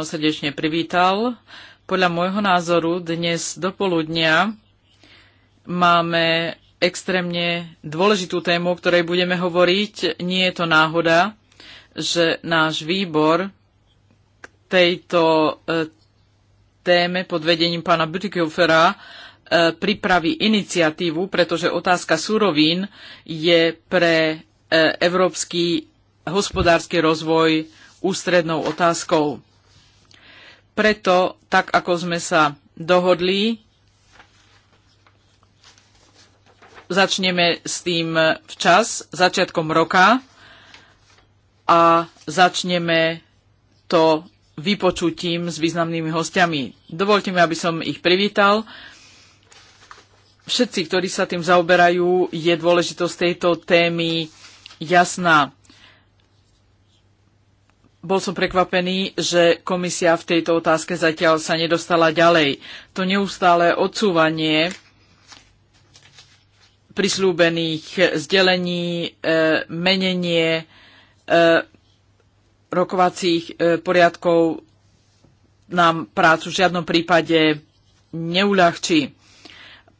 srdečne privítal. Podľa môjho názoru dnes do poludnia máme extrémne dôležitú tému, o ktorej budeme hovoriť. Nie je to náhoda, že náš výbor k tejto e, téme pod vedením pána Butikofera e, pripraví iniciatívu, pretože otázka surovín je pre e, európsky hospodársky rozvoj ústrednou otázkou preto, tak ako sme sa dohodli, začneme s tým včas, začiatkom roka a začneme to vypočutím s významnými hostiami. Dovolte mi, aby som ich privítal. Všetci, ktorí sa tým zaoberajú, je dôležitosť tejto témy jasná bol som prekvapený, že komisia v tejto otázke zatiaľ sa nedostala ďalej. To neustále odsúvanie prislúbených zdelení, e, menenie e, rokovacích e, poriadkov nám prácu v žiadnom prípade neuľahčí.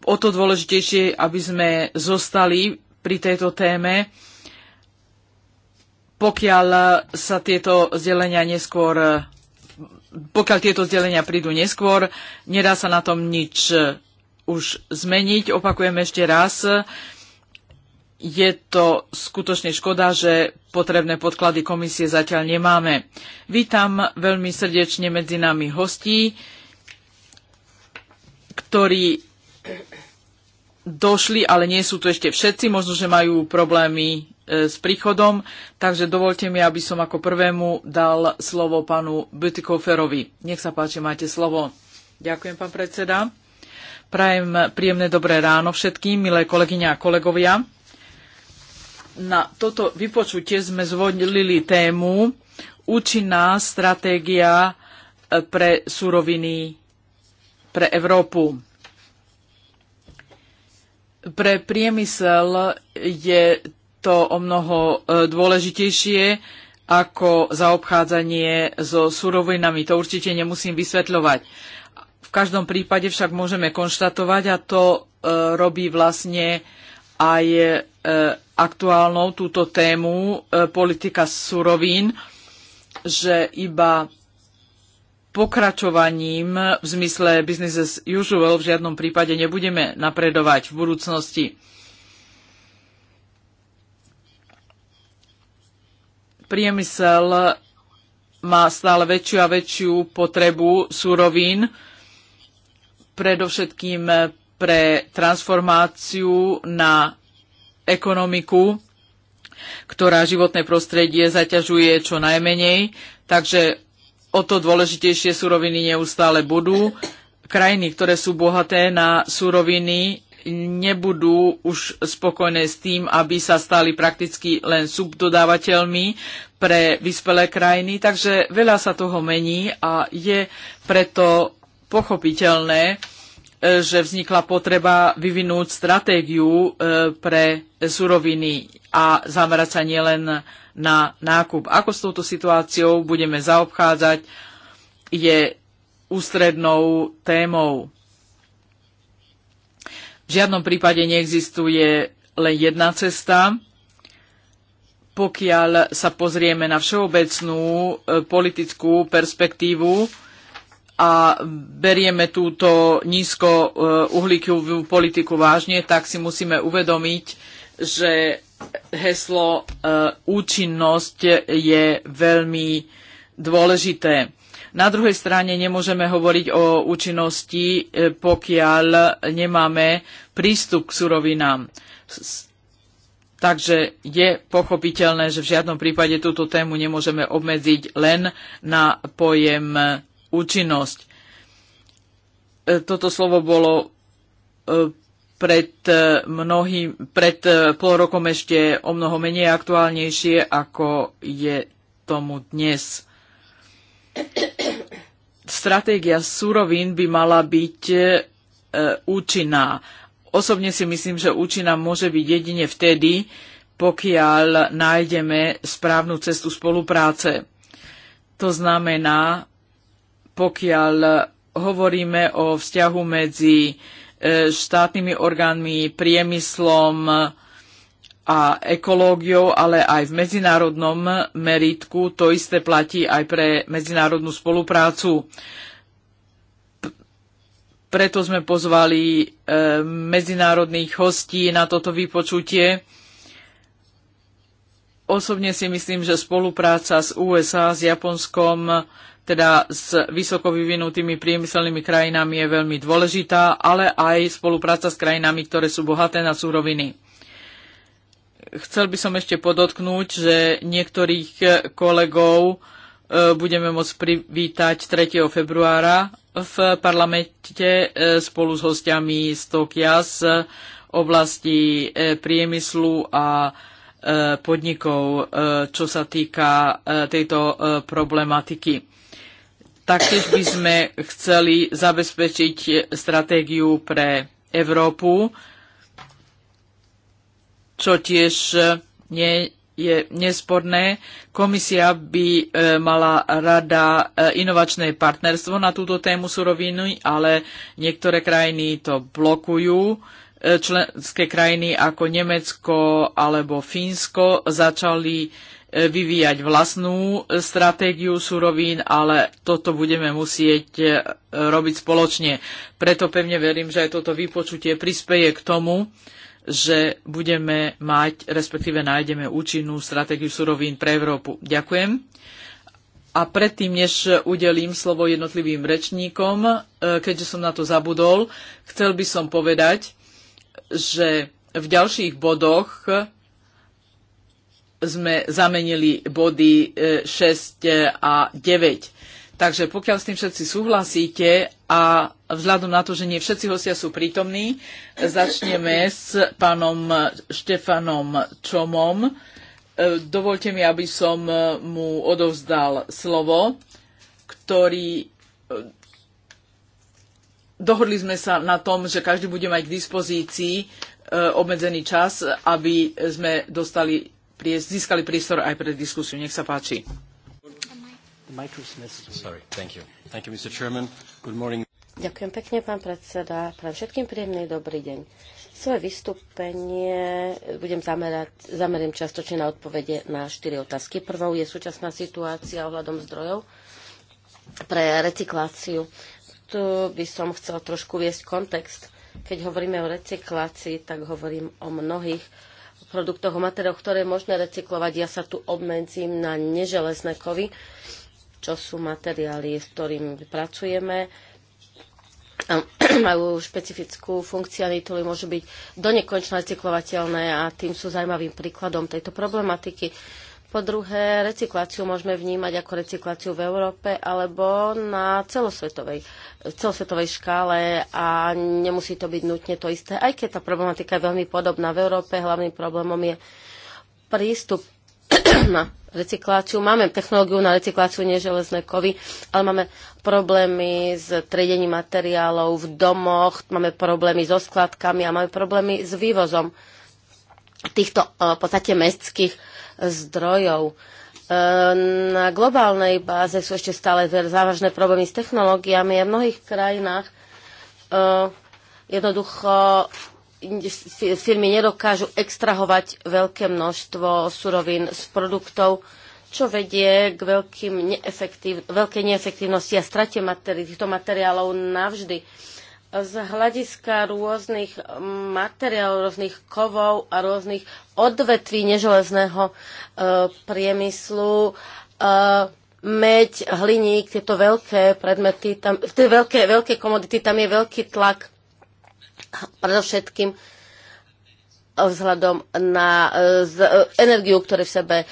O to dôležitejšie, aby sme zostali pri tejto téme pokiaľ sa tieto zdelenia neskôr pokiaľ tieto zdelenia prídu neskôr, nedá sa na tom nič e, už zmeniť. Opakujem ešte raz, je to skutočne škoda, že potrebné podklady komisie zatiaľ nemáme. Vítam veľmi srdečne medzi nami hostí, ktorí došli, ale nie sú tu ešte všetci, možno, že majú problémy E, s príchodom, takže dovolte mi, aby som ako prvému dal slovo panu Bytikoferovi. Nech sa páči, máte slovo. Ďakujem, pán predseda. Prajem príjemné dobré ráno všetkým, milé kolegyňa a kolegovia. Na toto vypočutie sme zvolili tému Účinná stratégia e, pre suroviny pre Európu. Pre priemysel je to o mnoho e, dôležitejšie ako zaobchádzanie so surovinami. To určite nemusím vysvetľovať. V každom prípade však môžeme konštatovať, a to e, robí vlastne aj e, aktuálnou túto tému politika surovín, že iba pokračovaním v zmysle business as usual v žiadnom prípade nebudeme napredovať v budúcnosti. Priemysel má stále väčšiu a väčšiu potrebu súrovín, predovšetkým pre transformáciu na ekonomiku, ktorá životné prostredie zaťažuje čo najmenej, takže o to dôležitejšie suroviny neustále budú. Krajiny, ktoré sú bohaté na suroviny, nebudú už spokojné s tým, aby sa stali prakticky len subdodávateľmi pre vyspelé krajiny. Takže veľa sa toho mení a je preto pochopiteľné, e, že vznikla potreba vyvinúť stratégiu e, pre suroviny a zamerať sa nielen na nákup. Ako s touto situáciou budeme zaobchádzať, je ústrednou témou. V žiadnom prípade neexistuje len jedna cesta. Pokiaľ sa pozrieme na všeobecnú e, politickú perspektívu a berieme túto nízko e, uhlíkovú politiku vážne, tak si musíme uvedomiť, že heslo e, účinnosť je veľmi dôležité. Na druhej strane nemôžeme hovoriť o účinnosti, e, pokiaľ nemáme prístup k surovinám. Takže je pochopiteľné, že v žiadnom prípade túto tému nemôžeme obmedziť len na pojem e, účinnosť. E, toto slovo bolo pred, mnohým, pred pol rokom ešte o mnoho menej aktuálnejšie, ako je tomu dnes stratégia surovín by mala byť e, účinná. Osobne si myslím, že účinná môže byť jedine vtedy, pokiaľ nájdeme správnu cestu spolupráce. To znamená, pokiaľ hovoríme o vzťahu medzi e, štátnymi orgánmi, priemyslom, a ekológiou, ale aj v medzinárodnom meritku. To isté platí aj pre medzinárodnú spoluprácu. Preto sme pozvali e, medzinárodných hostí na toto vypočutie. Osobne si myslím, že spolupráca s USA, s Japonskom, teda s vysoko vyvinutými priemyselnými krajinami je veľmi dôležitá, ale aj spolupráca s krajinami, ktoré sú bohaté na súroviny. Chcel by som ešte podotknúť, že niektorých kolegov e, budeme môcť privítať 3. februára v parlamente e, spolu s hostiami z Tokia z oblasti e, priemyslu a podnikov, čo sa týka tejto problematiky. Taktiež by sme chceli zabezpečiť stratégiu pre Európu, čo tiež e, nie je nesporné. Komisia by e, mala rada e, inovačné partnerstvo na túto tému suroviny, ale niektoré krajiny to blokujú. Členské krajiny ako Nemecko alebo Fínsko začali vyvíjať vlastnú stratégiu surovín, ale toto budeme musieť robiť spoločne. Preto pevne verím, že aj toto vypočutie prispieje k tomu, že budeme mať, respektíve nájdeme účinnú stratégiu surovín pre Európu. Ďakujem. A predtým, než udelím slovo jednotlivým rečníkom, e, keďže som na to zabudol, chcel by som povedať, že v ďalších bodoch sme zamenili body 6 e, a 9 Takže pokiaľ s tým všetci súhlasíte a vzhľadom na to, že nie všetci hostia sú prítomní, začneme s pánom Štefanom Čomom. E, dovolte mi, aby som mu odovzdal slovo, ktorý e, dohodli sme sa na tom, že každý bude mať k dispozícii e, obmedzený čas, aby sme dostali, získali priestor aj pre diskusiu. Nech sa páči. Sorry, thank you. Thank you, Mr. Chairman. Good morning. Ďakujem pekne, pán predseda. Prajem všetkým príjemný dobrý deň. Svoje vystúpenie budem zamerať, zameriem častočne na odpovede na štyri otázky. Prvou je súčasná situácia ohľadom zdrojov pre recykláciu. Tu by som chcel trošku viesť kontext. Keď hovoríme o recyklácii, tak hovorím o mnohých produktoch, o materiáloch, ktoré je možné recyklovať. Ja sa tu obmedzím na neželezné kovy čo sú materiály, s ktorými pracujeme a majú špecifickú funkcionalitu, môžu byť do nekonečna recyklovateľné a tým sú zaujímavým príkladom tejto problematiky. Po druhé, recykláciu môžeme vnímať ako recykláciu v Európe alebo na celosvetovej, celosvetovej škále a nemusí to byť nutne to isté, aj keď tá problematika je veľmi podobná. V Európe hlavným problémom je prístup na recykláciu. Máme technológiu na recykláciu neželezné kovy, ale máme problémy s tredením materiálov v domoch, máme problémy so skladkami a máme problémy s vývozom týchto eh, v podstate mestských eh, zdrojov. Eh, na globálnej báze sú ešte stále závažné problémy s technológiami a v mnohých krajinách jednoducho firmy nedokážu extrahovať veľké množstvo surovín z produktov, čo vedie k veľkým neefektív, veľkej neefektívnosti a strate materi- týchto materiálov navždy. Z hľadiska rôznych materiálov, rôznych kovov a rôznych odvetví neželezného e, priemyslu e, meď, hliník, tieto veľké predmety, tam, tie veľké, veľké komodity, tam je veľký tlak predovšetkým vzhľadom na e, e, energiu, ktoré v sebe e,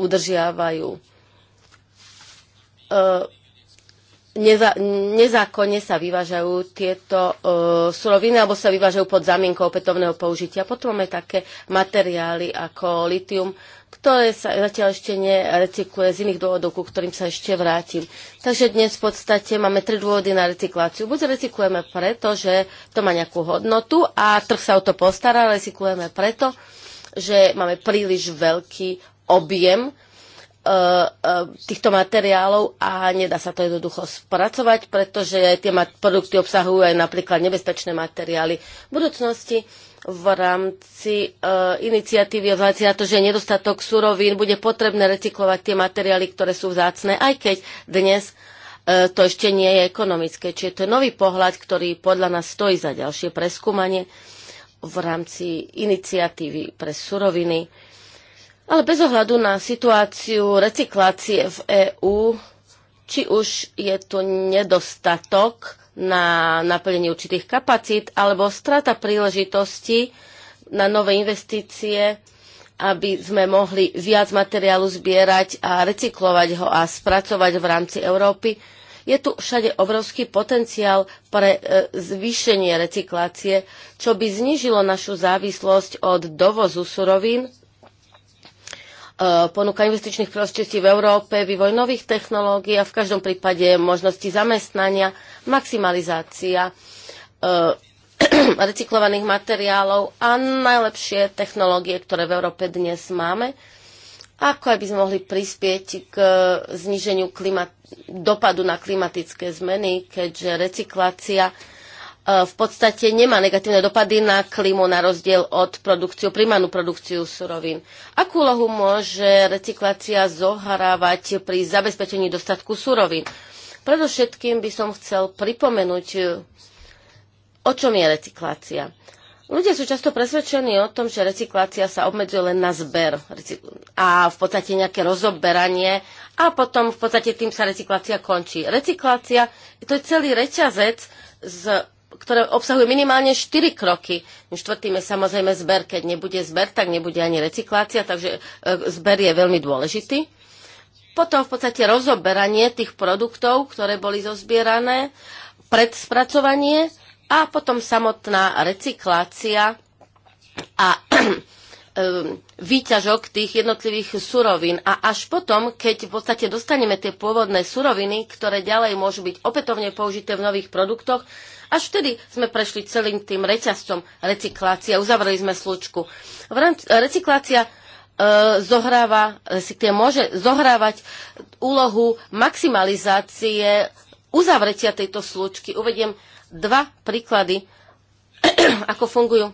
udržiavajú. Neza, nezákonne sa vyvážajú tieto suroviny alebo sa vyvážajú pod zámienkou opätovného použitia. Potom máme také materiály ako litium, ktoré sa zatiaľ ešte nerecykluje z iných dôvodov, ku ktorým sa ešte vrátim. Takže dnes v podstate máme tri dôvody na recykláciu. Buď recyklujeme preto, že to má nejakú hodnotu a trh sa o to postará, recyklujeme preto, že máme príliš veľký objem E, e, týchto materiálov a nedá sa to jednoducho spracovať, pretože tie produkty obsahujú aj napríklad nebezpečné materiály. V budúcnosti v rámci e, iniciatívy vzhľadom na to, že nedostatok surovín, bude potrebné recyklovať tie materiály, ktoré sú vzácne, aj keď dnes to ešte nie je ekonomické. Čiže to je nový pohľad, ktorý podľa nás stojí za ďalšie preskúmanie v rámci iniciatívy pre suroviny ale bez ohľadu na situáciu recyklácie v EÚ, či už je tu nedostatok na naplnenie určitých kapacít alebo strata príležitosti na nové investície, aby sme mohli viac materiálu zbierať a recyklovať ho a spracovať v rámci Európy. Je tu všade obrovský potenciál pre e, zvýšenie recyklácie, čo by znížilo našu závislosť od dovozu surovín Eh, ponuka investičných prostriedí v Európe, vývoj nových technológií a v každom prípade možnosti zamestnania, maximalizácia eh, recyklovaných materiálov a najlepšie technológie, ktoré v Európe dnes máme, ako aby sme mohli prispieť k eh, zniženiu dopadu na klimatické zmeny, keďže recyklácia E, v podstate nemá negatívne dopady na klimu na rozdiel od produkciu, primárnu produkciu surovín. Akú lohu môže recyklácia zohrávať pri zabezpečení dostatku surovín? Predovšetkým by som chcel pripomenúť, o čom je recyklácia. Ľudia sú často presvedčení o tom, že recyklácia sa obmedzuje len na zber a v podstate nejaké rozoberanie a potom v podstate tým sa recyklácia končí. Recyklácia to je celý reťazec z ktoré obsahujú minimálne 4 kroky. Štvrtým je samozrejme zber. Keď nebude zber, tak nebude ani recyklácia, takže e, zber je veľmi dôležitý. Potom v podstate rozoberanie tých produktov, ktoré boli zozbierané, predspracovanie a potom samotná recyklácia a e, výťažok tých jednotlivých surovín. A až potom, keď v podstate dostaneme tie pôvodné suroviny, ktoré ďalej môžu byť opätovne použité v nových produktoch, až vtedy sme prešli celým tým reťazcom recyklácie a uzavreli sme slučku. V rámci, recyklácia e, zohráva, e, tie môže zohrávať úlohu maximalizácie uzavretia tejto slučky. Uvediem dva príklady, ako fungujú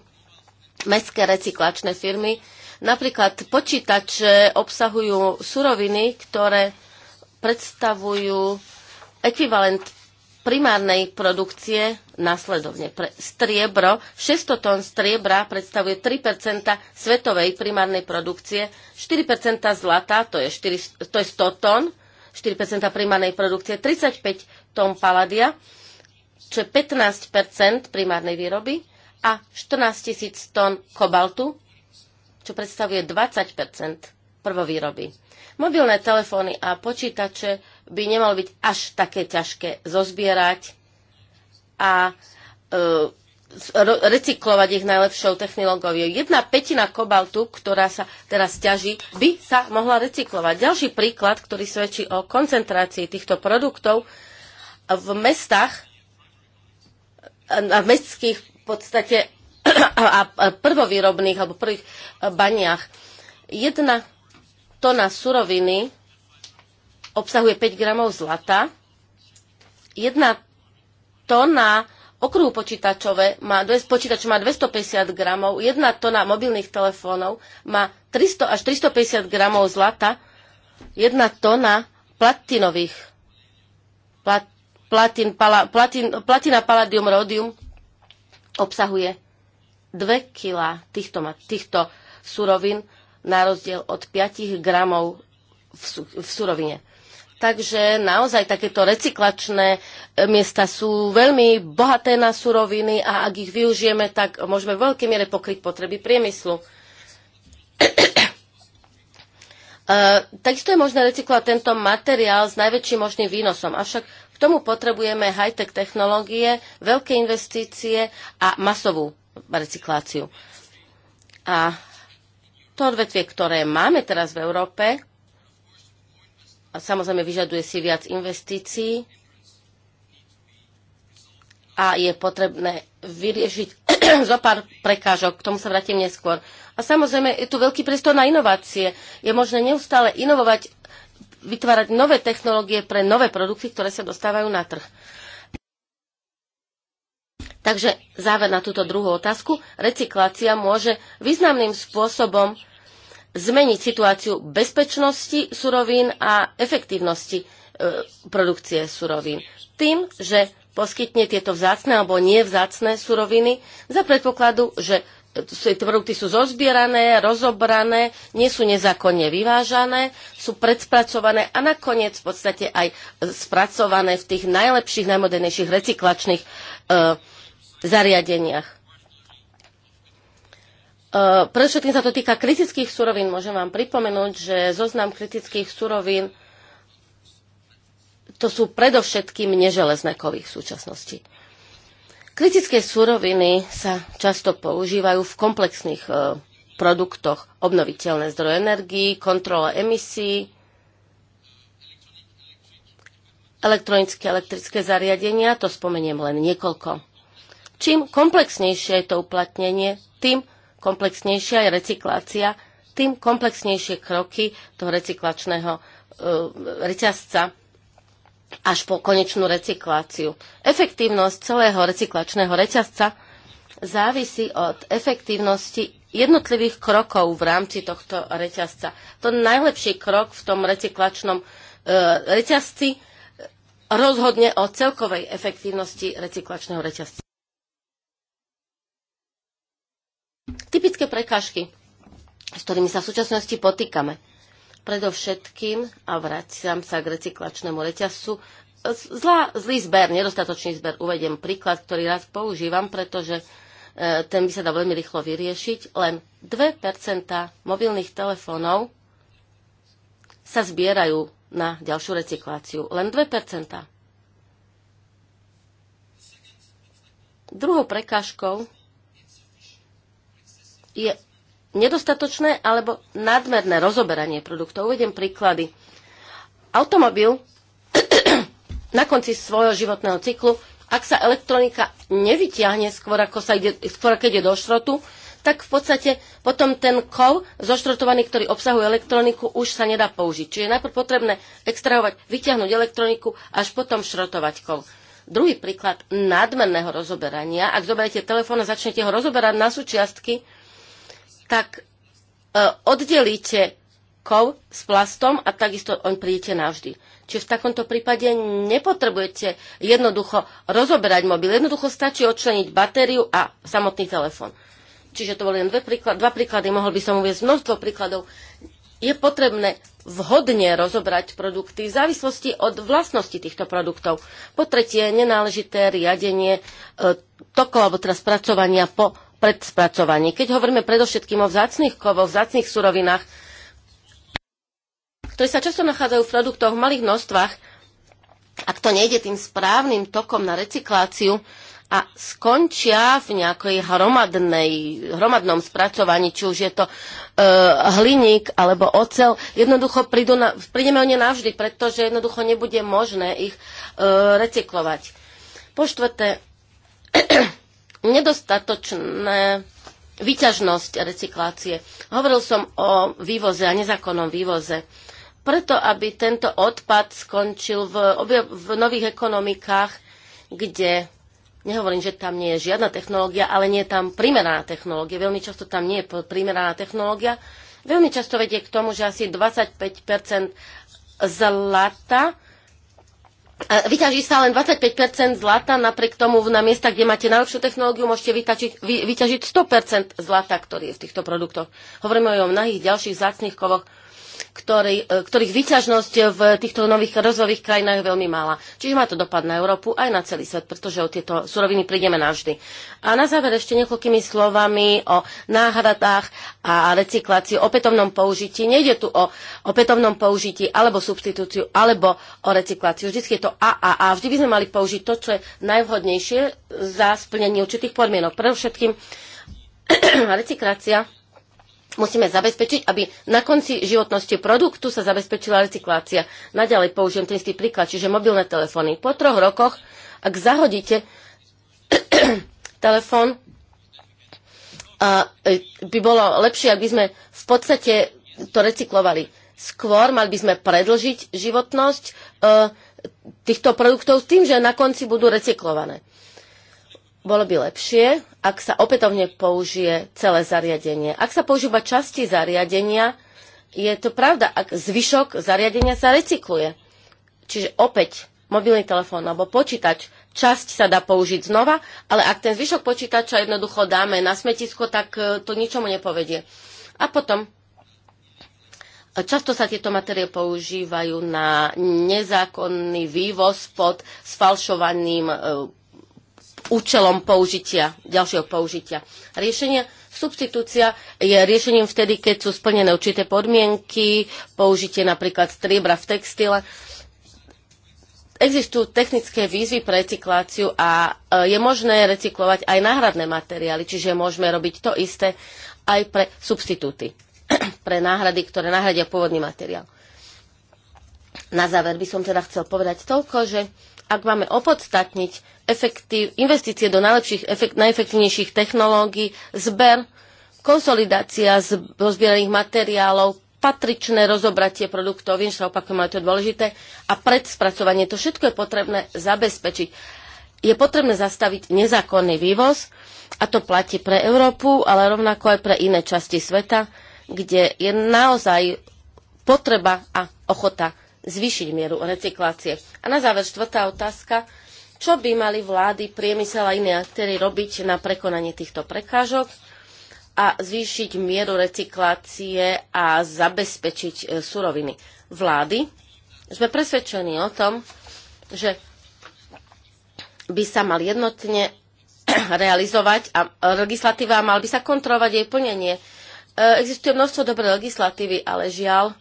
mestské recyklačné firmy. Napríklad počítače obsahujú suroviny, ktoré predstavujú ekvivalent primárnej produkcie nasledovne. Pre striebro, 600 tón striebra predstavuje 3 svetovej primárnej produkcie, 4 zlata, to je, 4, to je 100 tón, 4 primárnej produkcie, 35 tón paladia, čo je 15 primárnej výroby a 14 tisíc tón kobaltu, čo predstavuje 20 prvovýroby. Mobilné telefóny a počítače by nemalo byť až také ťažké zozbierať a e, recyklovať ich najlepšou technológiou. Jedna petina kobaltu, ktorá sa teraz ťaží, by sa mohla recyklovať. Ďalší príklad, ktorý svedčí o koncentrácii týchto produktov v mestách, na mestských v podstate a prvovýrobných alebo prvých baniach. Jedna tona suroviny obsahuje 5 gramov zlata. Jedna tona okruhu počítačové má, počítač má 250 gramov, jedna tona mobilných telefónov má 300 až 350 gramov zlata, jedna tona platinových, plat, platin, pala, platin, platina palladium rodium obsahuje 2 kg týchto, týchto surovín na rozdiel od 5 gramov v, v surovine. Takže naozaj takéto recyklačné e, miesta sú veľmi bohaté na suroviny a ak ich využijeme, tak môžeme v veľkej miere pokryť potreby priemyslu. Uh, takisto je možné recyklovať tento materiál s najväčším možným výnosom, avšak k tomu potrebujeme high-tech technológie, veľké investície a masovú recykláciu. A to odvetvie, ktoré máme teraz v Európe, a samozrejme vyžaduje si viac investícií a je potrebné vyriešiť zo pár prekážok, k tomu sa vrátim neskôr. A samozrejme je tu veľký priestor na inovácie. Je možné neustále inovovať, vytvárať nové technológie pre nové produkty, ktoré sa dostávajú na trh. Takže záver na túto druhú otázku. Recyklácia môže významným spôsobom zmeniť situáciu bezpečnosti surovín a efektívnosti e, produkcie surovín. Tým, že poskytne tieto vzácne alebo nevzácne suroviny za predpokladu, že tie produkty sú zozbierané, rozobrané, nie sú nezákonne vyvážané, sú predspracované a nakoniec v podstate aj spracované v tých najlepších, najmodernejších recyklačných e, zariadeniach. Eh, predovšetkým sa to týka kritických surovín. Môžem vám pripomenúť, že zoznam kritických surovín to sú predovšetkým neželezné kovy v súčasnosti. Kritické suroviny sa často používajú v komplexných e, produktoch obnoviteľné zdroje energií, kontrola emisí, elektronické elektrické zariadenia, to spomeniem len niekoľko. Čím komplexnejšie je to uplatnenie, tým komplexnejšia je recyklácia, tým komplexnejšie kroky toho recyklačného e, reťazca až po konečnú recykláciu. Efektívnosť celého recyklačného reťazca závisí od efektívnosti jednotlivých krokov v rámci tohto reťazca. To najlepší krok v tom recyklačnom e, reťazci eh, rozhodne o celkovej efektívnosti recyklačného reťazca. Typické prekážky, s ktorými sa v súčasnosti potýkame. Predovšetkým, a vraciam sa k recyklačnému reťazcu, zlá, zlý zber, nedostatočný zber. Uvediem príklad, ktorý rád používam, pretože e, ten by sa dá veľmi rýchlo vyriešiť. Len 2% mobilných telefónov sa zbierajú na ďalšiu recykláciu. Len 2%. Druhou prekážkou je nedostatočné alebo nadmerné rozoberanie produktov. Uvediem príklady. Automobil na konci svojho životného cyklu, ak sa elektronika nevyťahne skôr, ako sa ide, skôr keď je do šrotu, tak v podstate potom ten kov zoštrotovaný, ktorý obsahuje elektroniku, už sa nedá použiť. Čiže je najprv potrebné extrahovať, vyťahnuť elektroniku, až potom šrotovať kov. Druhý príklad nadmerného rozoberania. Ak zoberiete telefón a začnete ho rozoberať na súčiastky, tak e, oddelíte kov s plastom a takisto oň prídete navždy. Čiže v takomto prípade nepotrebujete jednoducho rozoberať mobil. Jednoducho stačí odčleniť batériu a samotný telefón. Čiže to boli len dve príklad, dva príklady, mohol by som uvieť množstvo príkladov. Je potrebné vhodne rozobrať produkty v závislosti od vlastnosti týchto produktov. Po tretie, nenáležité riadenie e, tokov alebo teraz pracovania po predspracovanie. Keď hovoríme predovšetkým o vzácných kovoch, vzácných surovinách, ktoré sa často nachádzajú v produktoch v malých množstvách, ak to nejde tým správnym tokom na recykláciu a skončia v nejakej hromadnej, hromadnom spracovaní, či už je to e, hliník alebo ocel, jednoducho prídu na, prídeme o ne navždy, pretože jednoducho nebude možné ich e, recyklovať. Po štvrté, nedostatočné vyťažnosť recyklácie. Hovoril som o vývoze a nezákonnom vývoze. Preto, aby tento odpad skončil v, v nových ekonomikách, kde, nehovorím, že tam nie je žiadna technológia, ale nie je tam primeraná technológia. Veľmi často tam nie je primeraná technológia. Veľmi často vedie k tomu, že asi 25 zlata E, vyťaží sa len 25% zlata, napriek tomu na miestach, kde máte najlepšiu technológiu, môžete vytačiť, vy, vyťažiť 100% zlata, ktorý je v týchto produktoch. Hovoríme o mnohých ďalších zácných kovoch, ktorý, e, ktorých vyťažnosť v týchto nových rozvojových krajinách je veľmi malá. Čiže má to dopad na Európu aj na celý svet, pretože o tieto suroviny prídeme navždy. A na záver ešte niekoľkými slovami o náhradách a recyklácii, o opätovnom použití. Nejde tu o opätovnom použití alebo substitúciu, alebo o recykláciu. Vždy je to a a a. Vždy by sme mali použiť to, čo je najvhodnejšie za splnenie určitých podmienok. Predovšetkým recyklácia musíme zabezpečiť, aby na konci životnosti produktu sa zabezpečila recyklácia. Naďalej použijem ten istý príklad, čiže mobilné telefóny. Po troch rokoch, ak zahodíte telefón, a e, by bolo lepšie, aby sme v podstate to recyklovali. Skôr mali by sme predlžiť životnosť e, týchto produktov s tým, že na konci budú recyklované. Bolo by lepšie, ak sa opätovne použije celé zariadenie. Ak sa používa časti zariadenia, je to pravda, ak zvyšok zariadenia sa recykluje. Čiže opäť mobilný telefón alebo počítač, časť sa dá použiť znova, ale ak ten zvyšok počítača jednoducho dáme na smetisko, tak e, to ničomu nepovedie. A potom, e, často sa tieto materie používajú na nezákonný vývoz pod sfalšovaným e, účelom použitia, ďalšieho použitia. Riešenie substitúcia je riešením vtedy, keď sú splnené určité podmienky, použitie napríklad striebra v textile. Existujú technické výzvy pre recykláciu a e, je možné recyklovať aj náhradné materiály, čiže môžeme robiť to isté aj pre substitúty, pre náhrady, ktoré nahradia pôvodný materiál. Na záver by som teda chcel povedať toľko, že ak máme opodstatniť efektív, investície do najlepších, efekt, najefektívnejších technológií, zber, konsolidácia rozbieraných materiálov, patričné rozobratie produktov, viem, že sa opakujem, ale to je dôležité, a predspracovanie. To všetko je potrebné zabezpečiť. Je potrebné zastaviť nezákonný vývoz a to platí pre Európu, ale rovnako aj pre iné časti sveta, kde je naozaj potreba a ochota zvýšiť mieru recyklácie. A na záver štvrtá otázka. Čo by mali vlády, priemysel a iné aktéry robiť na prekonanie týchto prekážok a zvýšiť mieru recyklácie a zabezpečiť e, suroviny? Vlády sme presvedčení o tom, že by sa mal jednotne realizovať a legislatíva mal by sa kontrolovať jej plnenie. E, existuje množstvo dobrej legislatívy, ale žiaľ,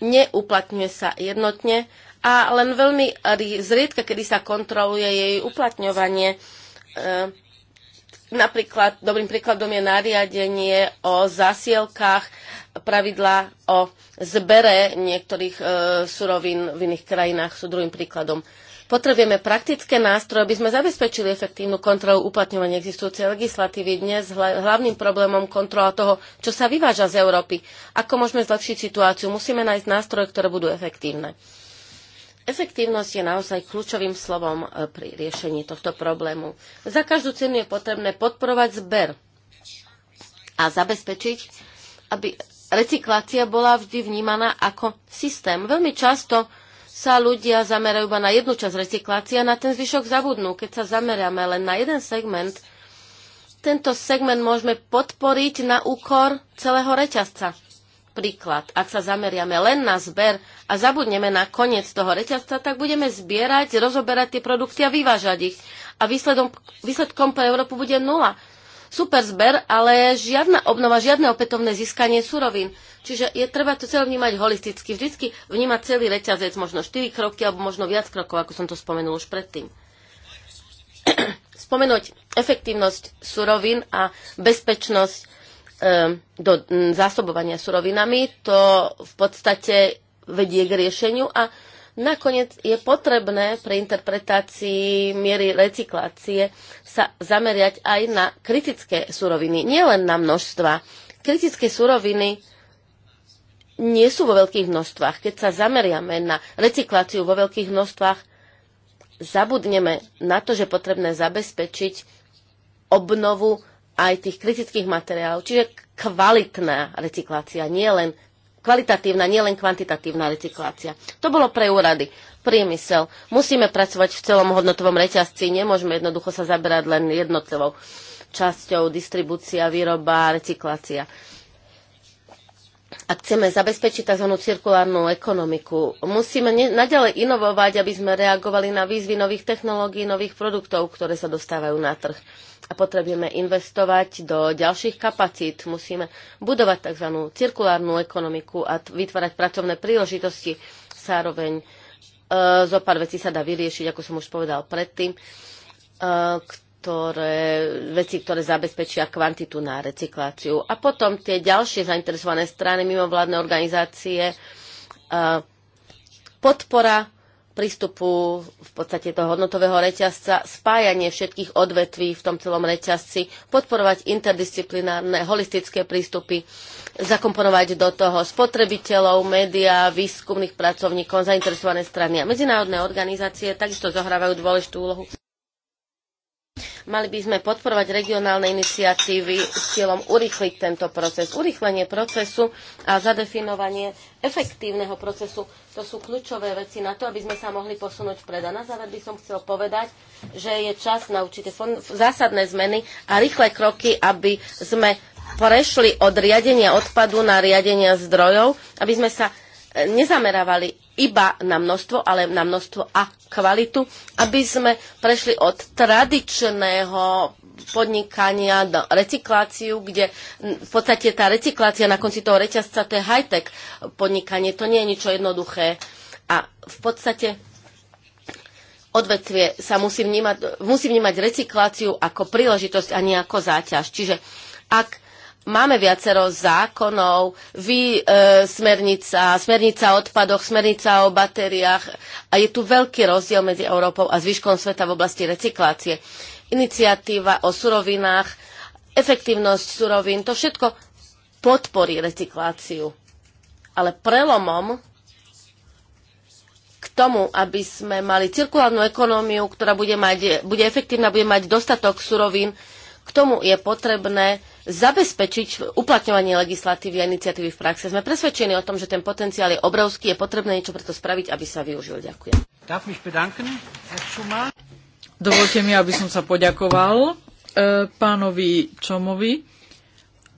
neuplatňuje sa jednotne a len veľmi zriedka, kedy sa kontroluje jej uplatňovanie. E, napríklad, dobrým príkladom je nariadenie o zasielkách, pravidla o zbere niektorých e, surovín v iných krajinách sú druhým príkladom. Potrebujeme praktické nástroje, aby sme zabezpečili efektívnu kontrolu uplatňovania existujúcej legislatívy. Dnes hlavným problémom kontrola toho, čo sa vyváža z Európy. Ako môžeme zlepšiť situáciu? Musíme nájsť nástroje, ktoré budú efektívne. Efektívnosť je naozaj kľúčovým slovom e, pri riešení tohto problému. Za každú cenu je potrebné podporovať zber a zabezpečiť, aby recyklácia bola vždy vnímaná ako systém. Veľmi často sa ľudia zamerajú iba na jednu časť recyklácie a na ten zvyšok zabudnú. Keď sa zameráme len na jeden segment, tento segment môžeme podporiť na úkor celého reťazca. Príklad, ak sa zameriame len na zber a zabudneme na koniec toho reťazca, tak budeme zbierať, rozoberať tie produkty a vyvážať ich. A výsledom, výsledkom pre Európu bude nula super zber, ale žiadna obnova, žiadne opätovné získanie surovín. Čiže je treba to celé vnímať holisticky. Vždycky vnímať celý reťazec, možno 4 kroky alebo možno viac krokov, ako som to spomenul už predtým. Spomenúť efektívnosť surovín a bezpečnosť um, do um, zásobovania surovinami, to v podstate vedie k riešeniu a Nakoniec je potrebné pri interpretácii miery recyklácie sa zameriať aj na kritické suroviny, nielen na množstva. Kritické suroviny nie sú vo veľkých množstvách. Keď sa zameriame na recykláciu vo veľkých množstvách, zabudneme na to, že je potrebné zabezpečiť obnovu aj tých kritických materiálov, čiže kvalitná recyklácia, nie len kvalitatívna, nielen kvantitatívna recyklácia. To bolo pre úrady. Priemysel. Musíme pracovať v celom hodnotovom reťazci, nemôžeme jednoducho sa zaberať len jednotlivou časťou distribúcia, výroba, recyklácia ak chceme zabezpečiť tzv. cirkulárnu ekonomiku, musíme naďalej inovovať, aby sme reagovali na výzvy nových technológií, nových produktov, ktoré sa dostávajú na trh. A potrebujeme investovať do ďalších kapacít. Musíme budovať tzv. cirkulárnu ekonomiku a vytvárať pracovné príležitosti. Zároveň e, zo pár vecí sa dá vyriešiť, ako som už povedal predtým, e, ktoré, veci, ktoré zabezpečia kvantitu na recykláciu. A potom tie ďalšie zainteresované strany, mimovládne organizácie, podpora prístupu v podstate toho hodnotového reťazca, spájanie všetkých odvetví v tom celom reťazci, podporovať interdisciplinárne, holistické prístupy, zakomponovať do toho spotrebiteľov, médiá, výskumných pracovníkov, zainteresované strany a medzinárodné organizácie takisto zohrávajú dôležitú úlohu Mali by sme podporovať regionálne iniciatívy s cieľom urýchliť tento proces. Urýchlenie procesu a zadefinovanie efektívneho procesu, to sú kľúčové veci na to, aby sme sa mohli posunúť vpred. A na záver by som chcel povedať, že je čas na určité zásadné zmeny a rýchle kroky, aby sme prešli od riadenia odpadu na riadenia zdrojov, aby sme sa e, nezamerávali iba na množstvo, ale na množstvo a kvalitu, aby sme prešli od tradičného podnikania do recykláciu, kde v podstate tá recyklácia na konci toho reťazca to je high-tech podnikanie, to nie je niečo jednoduché. A v podstate odvetvie sa musí vnímať, musí vnímať ako príležitosť a nie ako záťaž. Čiže ak máme viacero zákonov, vy, e, smernica, smernica o odpadoch, smernica o batériách a je tu veľký rozdiel medzi Európou a zvyškom sveta v oblasti recyklácie. Iniciatíva o surovinách, efektívnosť surovín, to všetko podporí recykláciu. Ale prelomom k tomu, aby sme mali cirkulárnu ekonómiu, ktorá bude, mať, bude efektívna, bude mať dostatok surovín, k tomu je potrebné zabezpečiť uplatňovanie legislatívy a iniciatívy v praxe. Sme presvedčení o tom, že ten potenciál je obrovský, je potrebné niečo preto spraviť, aby sa využil. Ďakujem. Dovolte mi, aby som sa poďakoval e, pánovi Čomovi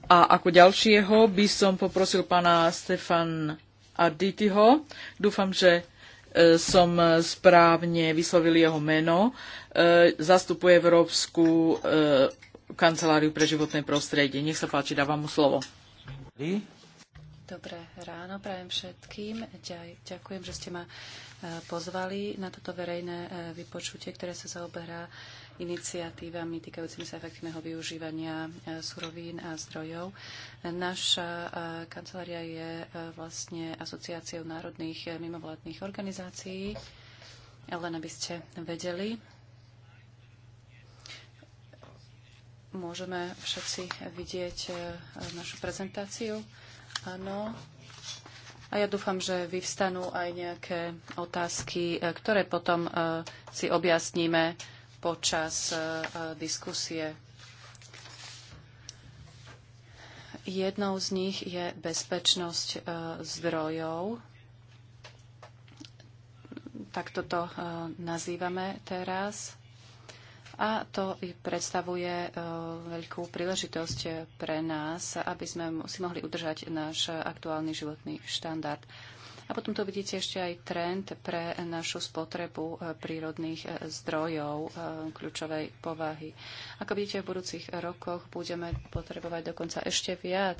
a ako ďalšieho by som poprosil pána Stefan Ardityho. Dúfam, že e, som správne vyslovil jeho meno, e, zastupuje Európsku e, kanceláriu pre životné prostredie. Nech sa páči, dávam mu slovo. Dobré ráno prajem všetkým. Ďakujem, že ste ma e, pozvali na toto verejné e, vypočutie, ktoré sa zaoberá iniciatívami týkajúcimi sa efektívneho využívania e, surovín a zdrojov. Naša kancelária je vlastne asociáciou národných mimovládnych organizácií. Len aby ste vedeli, Môžeme všetci vidieť e, našu prezentáciu. Áno. A ja dúfam, že vyvstanú aj nejaké otázky, e, ktoré potom e, si objasníme počas diskusie. Jednou z nich je bezpečnosť zdrojov. Takto to nazývame teraz. A to predstavuje e, veľkú príležitosť pre nás, aby sme si mohli udržať náš aktuálny životný štandard. A potom tu vidíte ešte aj trend pre našu spotrebu e, prírodných e, zdrojov kľúčovej povahy. Ako vidíte, v budúcich rokoch budeme potrebovať dokonca ešte viac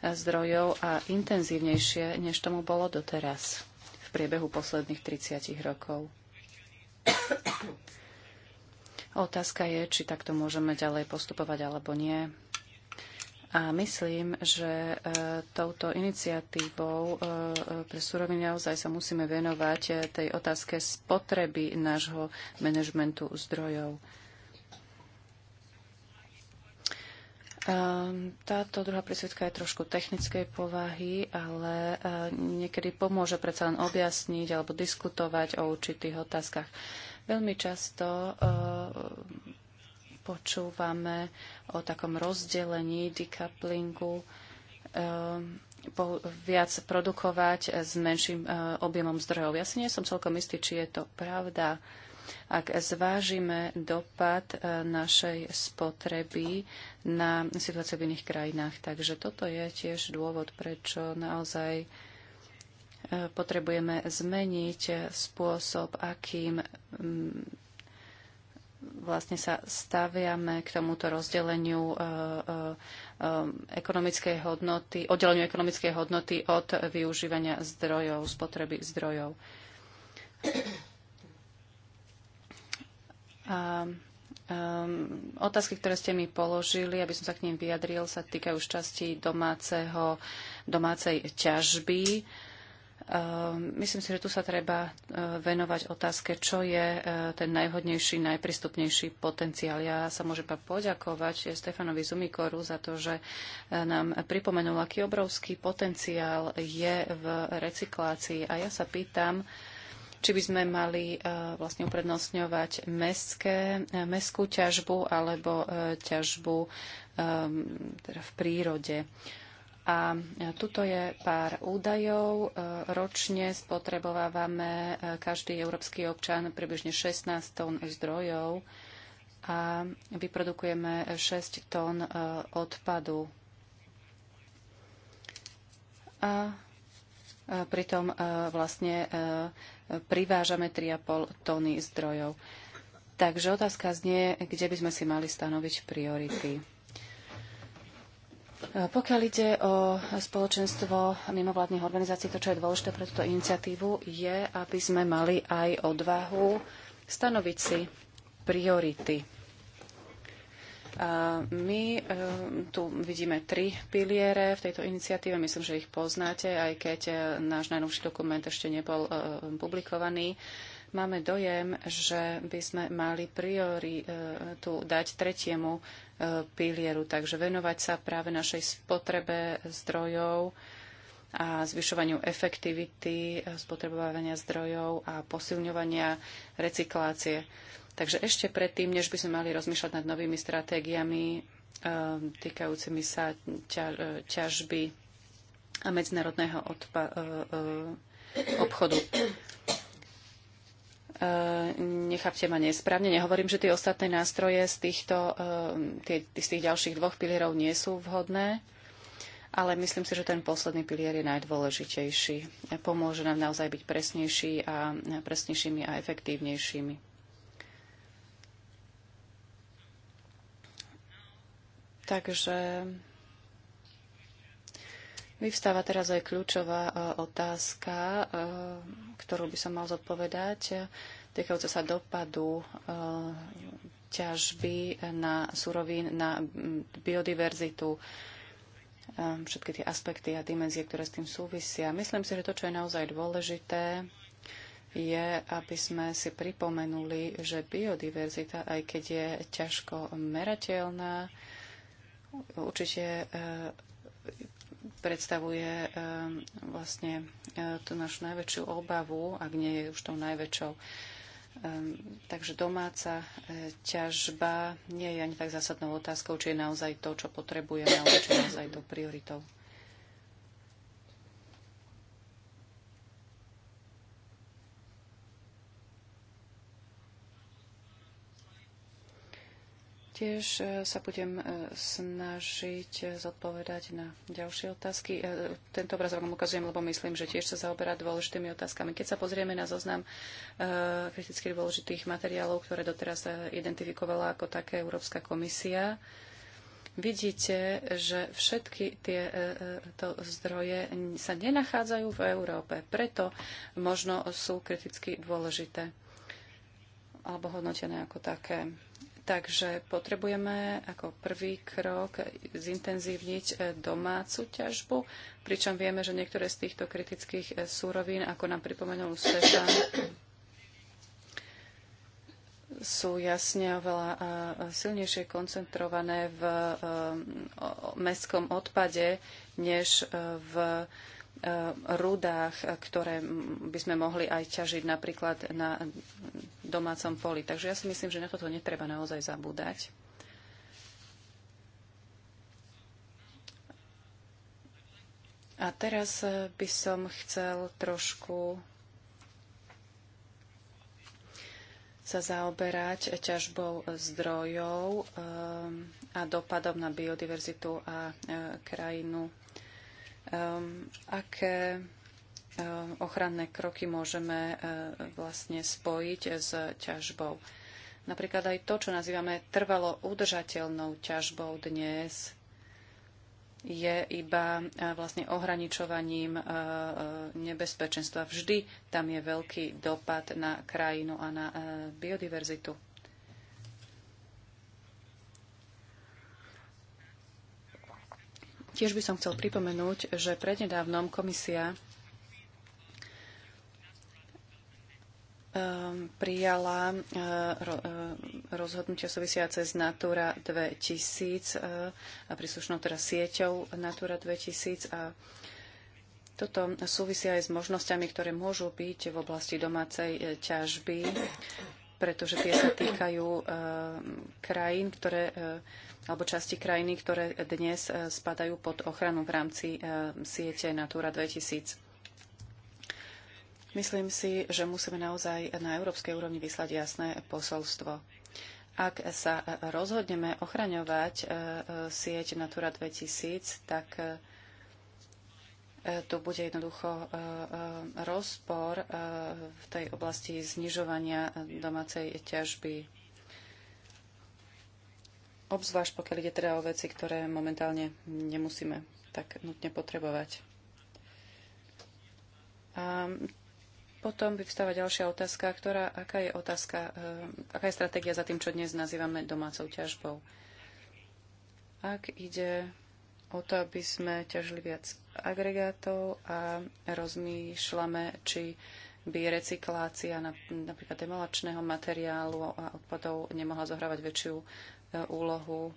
zdrojov a intenzívnejšie, než tomu bolo doteraz v priebehu posledných 30 rokov. Otázka je, či takto môžeme ďalej postupovať alebo nie. A myslím, že e, touto iniciatívou e, e, pre suroviny naozaj sa musíme venovať tej otázke spotreby nášho manažmentu zdrojov. Táto druhá presvedka je trošku technickej povahy, ale niekedy pomôže predsa len objasniť alebo diskutovať o určitých otázkach. Veľmi často počúvame o takom rozdelení, decouplingu, eh, viac produkovať s menším eh, objemom zdrojov. Ja si nie som celkom istý, či je to pravda. Ak zvážime dopad eh, našej spotreby na situáciu v iných krajinách. Takže toto je tiež dôvod, prečo naozaj potrebujeme zmeniť spôsob, akým mm, vlastne sa staviame k tomuto rozdeleniu e, e, e, ekonomickej hodnoty, oddeleniu ekonomickej hodnoty od využívania zdrojov, spotreby zdrojov. A, um, otázky, ktoré ste mi položili, aby som sa k ním vyjadril, sa týkajú časti domáceho, domácej ťažby. Ehm, myslím si, že tu sa treba e, venovať otázke, čo je e, ten najhodnejší, najprístupnejší potenciál. Ja sa môžem poďakovať e, Stefanovi Zumikoru za to, že nám pripomenul, aký obrovský potenciál je v recyklácii. A ja sa pýtam, či by sme mali vlastne uprednostňovať mestské, mestskú ťažbu alebo ťažbu teda v prírode. A tuto je pár údajov. E, ročne spotrebovávame e, každý európsky občan približne 16 tón zdrojov a vyprodukujeme 6 tón e, odpadu. A pritom vlastne privážame 3,5 tóny zdrojov. Takže otázka znie, kde by sme si mali stanoviť priority. E, pokiaľ ide o spoločenstvo mimovládnych organizácií, to, čo je dôležité pre túto iniciatívu, je, aby sme mali aj odvahu stanoviť si priority. E, my e, tu vidíme tri piliere v tejto iniciatíve. Myslím, že ich poznáte, aj keď náš najnovší dokument ešte nebol publikovaný. Máme dojem, že by sme mali prioritu e, dať tretiemu e, pilieru, takže venovať sa práve našej spotrebe zdrojov a zvyšovaniu efektivity e, spotrebovania zdrojov a posilňovania recyklácie. Takže ešte predtým, než by sme mali rozmýšľať nad novými stratégiami týkajúcimi sa ťažby a medzinárodného odpa- obchodu nechápte ma nesprávne, nehovorím, že tie ostatné nástroje z, týchto, eh, tie, z tých ďalších dvoch pilierov nie sú vhodné, ale myslím si, že ten posledný pilier je najdôležitejší. Pomôže nám naozaj byť presnejší a, presnejšími a efektívnejšími. Takže Vyvstáva teraz aj kľúčová e, otázka, e, ktorú by som mal zodpovedať, e, týkajúca sa dopadu ťažby na surovín, na biodiverzitu, všetky tie aspekty a dimenzie, ktoré s tým súvisia. Myslím si, že to, čo je naozaj dôležité, je, aby sme si pripomenuli, že biodiverzita, aj keď je ťažko merateľná, určite predstavuje eh, vlastne eh, tú našu najväčšiu obavu, ak nie je už tou najväčšou. Ehm, takže domáca eh, ťažba nie je ani tak zásadnou otázkou, či je naozaj to, čo potrebujeme, alebo či je naozaj to prioritou. taktiež e, sa budem e, snažiť e, zodpovedať na ďalšie otázky. Tento obrazok vám ukazujem, lebo myslím, že tiež sa zaoberá dôležitými otázkami. Keď sa pozrieme na zoznam kriticky dôležitých materiálov, ktoré doteraz identifikovala ako také Európska komisia, vidíte, že všetky tieto zdroje sa nenachádzajú v Európe. Preto možno sú kriticky dôležité alebo hodnotené ako také. Takže potrebujeme ako prvý krok zintenzívniť e, domácu ťažbu, pričom vieme, že niektoré z týchto kritických e, súrovín, ako nám pripomenul Stefan, sú jasne oveľa e, silnejšie koncentrované v mestskom odpade, než v Eh, rudách, ktoré by sme mohli aj ťažiť napríklad na domácom poli. Takže ja si myslím, že na toto netreba naozaj zabúdať. A teraz eh, by som chcel trošku sa zaoberať ťažbou zdrojov eh, a dopadom na biodiverzitu a krajinu Ehm, aké ehm, ochranné kroky môžeme eh, vlastne spojiť s ťažbou. Napríklad aj to, čo nazývame trvalo udržateľnou ťažbou dnes, je iba eh, vlastne ohraničovaním eh, nebezpečenstva. Vždy tam je veľký dopad na krajinu a na biodiverzitu. Tiež by som chcel pripomenúť, že prednedávnom komisia ehm, prijala eh, eh, rozhodnutia súvisiace s Natura 2000 eh, a príslušnou teda sieťou Natura 2000 a toto súvisia aj s možnosťami, ktoré môžu byť v oblasti domácej ťažby pretože tie sa týkajú eh, krajín, ktoré, eh, alebo časti krajiny, ktoré dnes eh, spadajú pod ochranu v rámci siete Natura 2000. Myslím si, že musíme naozaj na európskej úrovni vyslať jasné posolstvo. Ak sa rozhodneme ochraňovať sieť Natura 2000, tak E, tu bude jednoducho e, e, rozpor v tej oblasti znižovania domácej ťažby. Obzvlášť pokiaľ ide teda o veci, ktoré momentálne nemusíme tak nutne potrebovať. A potom by vstáva ďalšia otázka, ktorá, aká je otázka, aká je stratégia za tým, čo dnes nazývame domácou ťažbou. Ak ide o to, aby sme ťažili viac agregátov a rozmýšľame, či by recyklácia napríklad demolačného materiálu a odpadov nemohla zohrávať väčšiu e, úlohu.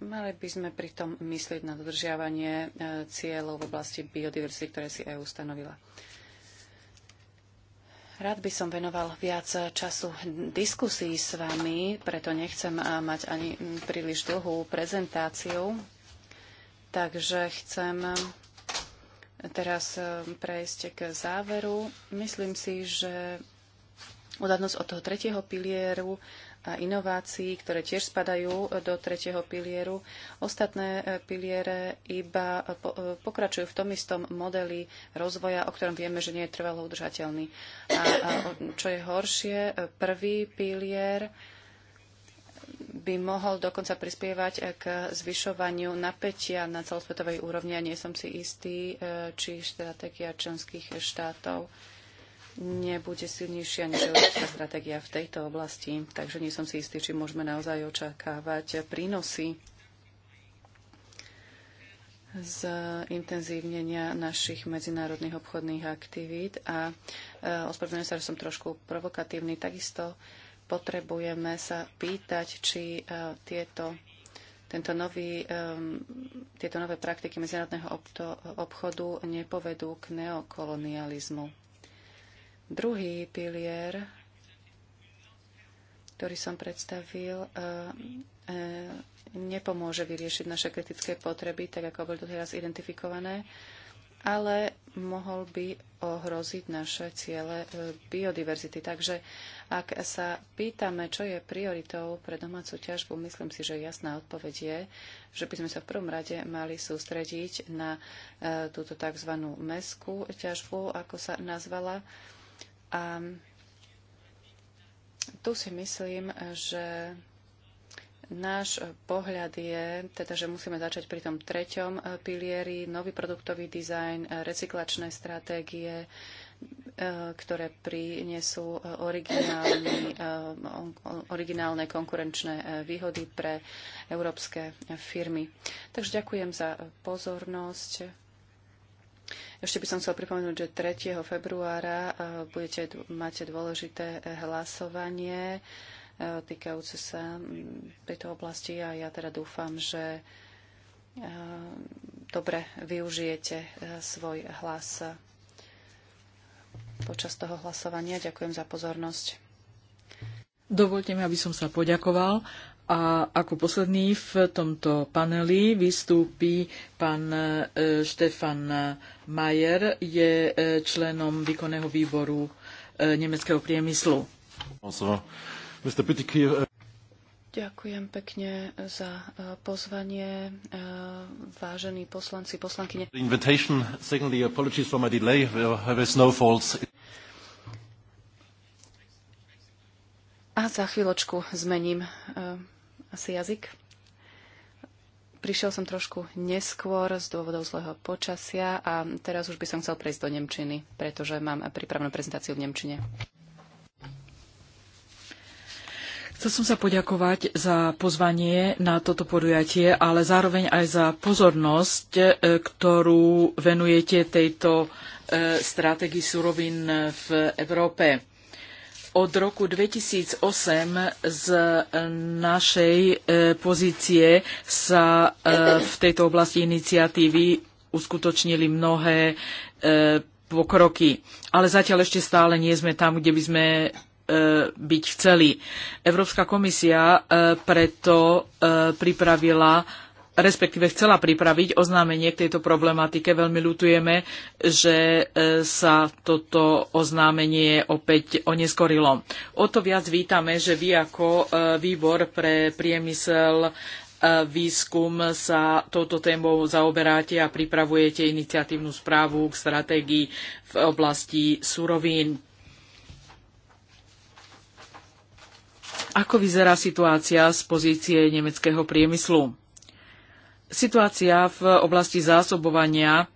Mali by sme pritom myslieť na dodržiavanie e, cieľov v oblasti biodiverzity, ktoré si EÚ stanovila. Rád by som venoval viac času diskusii s vami, preto nechcem eh, mať ani mm, príliš dlhú prezentáciu. Takže chcem eh, teraz eh, prejsť k záveru. Myslím si, že odhadnosť od toho tretieho pilieru a inovácií, ktoré tiež spadajú e, do tretieho pilieru. Ostatné e, piliere iba e, pokračujú v tom istom modeli rozvoja, o ktorom vieme, že nie je trvalo udržateľný. A, čo je horšie, prvý pilier by mohol dokonca prispievať k zvyšovaniu napätia na celosvetovej úrovni a nie som si istý, či stratégia členských štátov nebude silnejšia než európska stratégia v tejto oblasti, takže nie som si istý, či môžeme naozaj očakávať prínosy z intenzívnenia našich medzinárodných obchodných aktivít a e, ospravedlňujem sa, že som trošku provokatívny. Takisto potrebujeme sa pýtať, či e, tieto, tento nový, e, tieto nové praktiky medzinárodného obto, obchodu nepovedú k neokolonializmu. Druhý pilier, ktorý som predstavil, eh, eh, nepomôže vyriešiť naše kritické potreby, tak ako boli doteraz identifikované, ale mohol by ohroziť naše ciele eh, biodiverzity. Takže ak sa pýtame, čo je prioritou pre domácu ťažbu, myslím si, že jasná odpoveď je, že by sme sa v prvom rade mali sústrediť na túto tzv. meskú ťažbu, ako sa nazvala, a tu si myslím, že náš pohľad je, teda, že musíme začať pri tom treťom eh, pilieri, nový produktový dizajn, eh, recyklačné stratégie, eh, ktoré prinesú originálne konkurenčné výhody pre európske firmy. Takže ďakujem za pozornosť. Ešte by som chcel pripomenúť, že 3. februára e, budete, mať dôležité e, hlasovanie e, týkajúce sa mm, tejto oblasti a ja teda dúfam, že dobre využijete svoj hlas počas toho hlasovania. Ďakujem za pozornosť. Dovolte mi, aby som sa poďakoval a ako posledný v tomto paneli vystúpi pán e, Štefan Majer, je e, členom výkonného výboru e, nemeckého priemyslu. Ďakujem pekne za pozvanie, vážení poslanci, poslankyne. A za chvíľočku zmením asi jazyk. Prišiel som trošku neskôr z dôvodov zlého počasia a teraz už by som chcel prejsť do Nemčiny, pretože mám prípravnú prezentáciu v Nemčine. Chcel som sa poďakovať za pozvanie na toto podujatie, ale zároveň aj za pozornosť, e, ktorú venujete tejto e, strategii surovín v Európe od roku 2008 z našej e, pozície sa e, v tejto oblasti iniciatívy uskutočnili mnohé e, pokroky, ale zatiaľ ešte stále nie sme tam, kde by sme byť chceli. Európska komisia preto pripravila respektíve chcela pripraviť oznámenie k tejto problematike. Veľmi ľutujeme, že e, sa toto oznámenie opäť oneskorilo. O to viac vítame, že vy ako e, výbor pre priemysel e, výskum sa touto témou zaoberáte a pripravujete iniciatívnu správu k stratégii v oblasti surovín. Ako vyzerá situácia z pozície nemeckého priemyslu? Situácia v oblasti zásobovania,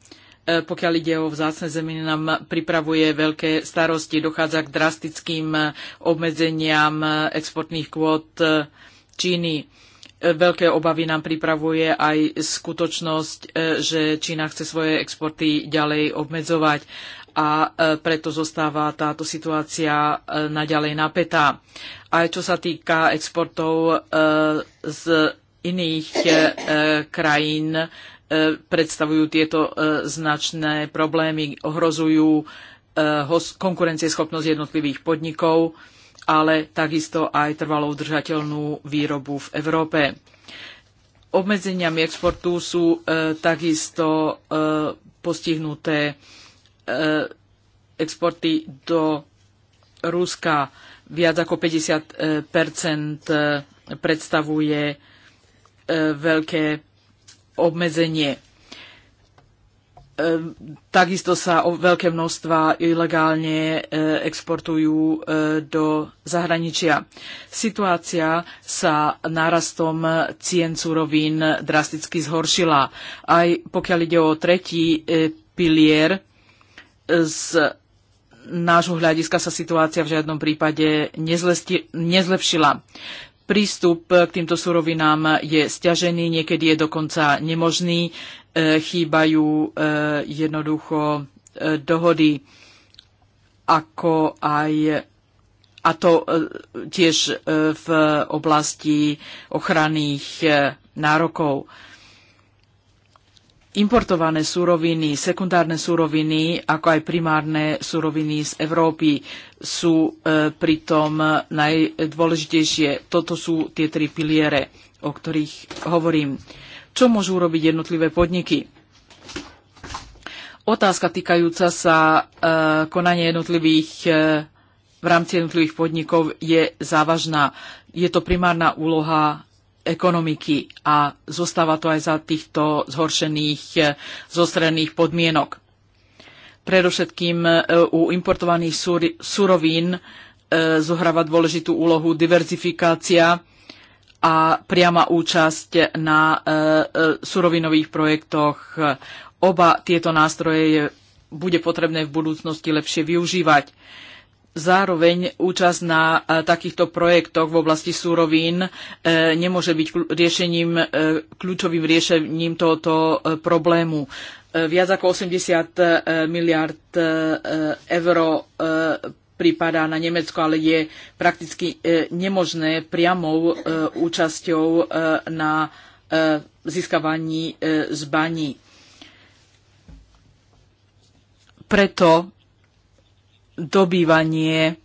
e, pokiaľ ide o vzácne zeminy, nám pripravuje veľké starosti. Dochádza k drastickým e, obmedzeniam e, exportných kvót Číny. Veľké obavy nám pripravuje aj skutočnosť, že Čína chce svoje exporty ďalej obmedzovať a preto zostáva táto situácia naďalej napätá. Aj čo sa týka exportov z iných e, e, krajín e, predstavujú tieto značné problémy, ohrozujú konkurencieschopnosť jednotlivých podnikov, ale takisto aj trvalo udržateľnú výrobu v Európe. Obmedzeniami exportu sú takisto postihnuté exporty do Ruska. Viac ako 50 predstavuje E, veľké obmedzenie. E, takisto sa o veľké množstva ilegálne e, exportujú do zahraničia. Situácia sa nárastom cien surovín drasticky zhoršila. Aj pokiaľ ide o tretí pilier, z nášho hľadiska sa situácia v žiadnom prípade nezlepšila. Prístup k týmto surovinám je stiažený, niekedy je dokonca nemožný, e, chýbajú e, jednoducho e, dohody ako aj a to tiež v oblasti ochranných nárokov importované súroviny, sekundárne súroviny, ako aj primárne súroviny z Európy sú e, pritom najdôležitejšie. Toto sú tie tri piliere, o ktorých hovorím. Čo môžu urobiť jednotlivé podniky? Otázka týkajúca sa e, konania jednotlivých e, v rámci jednotlivých podnikov je závažná. Je to primárna úloha ekonomiky a zostáva to aj za týchto zhoršených eh, zostrených podmienok. Predovšetkým eh, u importovaných surovín eh, zohráva dôležitú úlohu diverzifikácia a priama účasť na surovinových projektoch. Oba tieto nástroje bude potrebné v budúcnosti lepšie využívať Zároveň účasť na e, takýchto projektoch v oblasti súrovín e, nemôže byť riešením, e, kľúčovým riešením tohoto problému. Viac ako 80 miliard eur pripadá na Nemecko, ale je prakticky nemožné priamou účasťou na získavaní zbaní. Preto dobývanie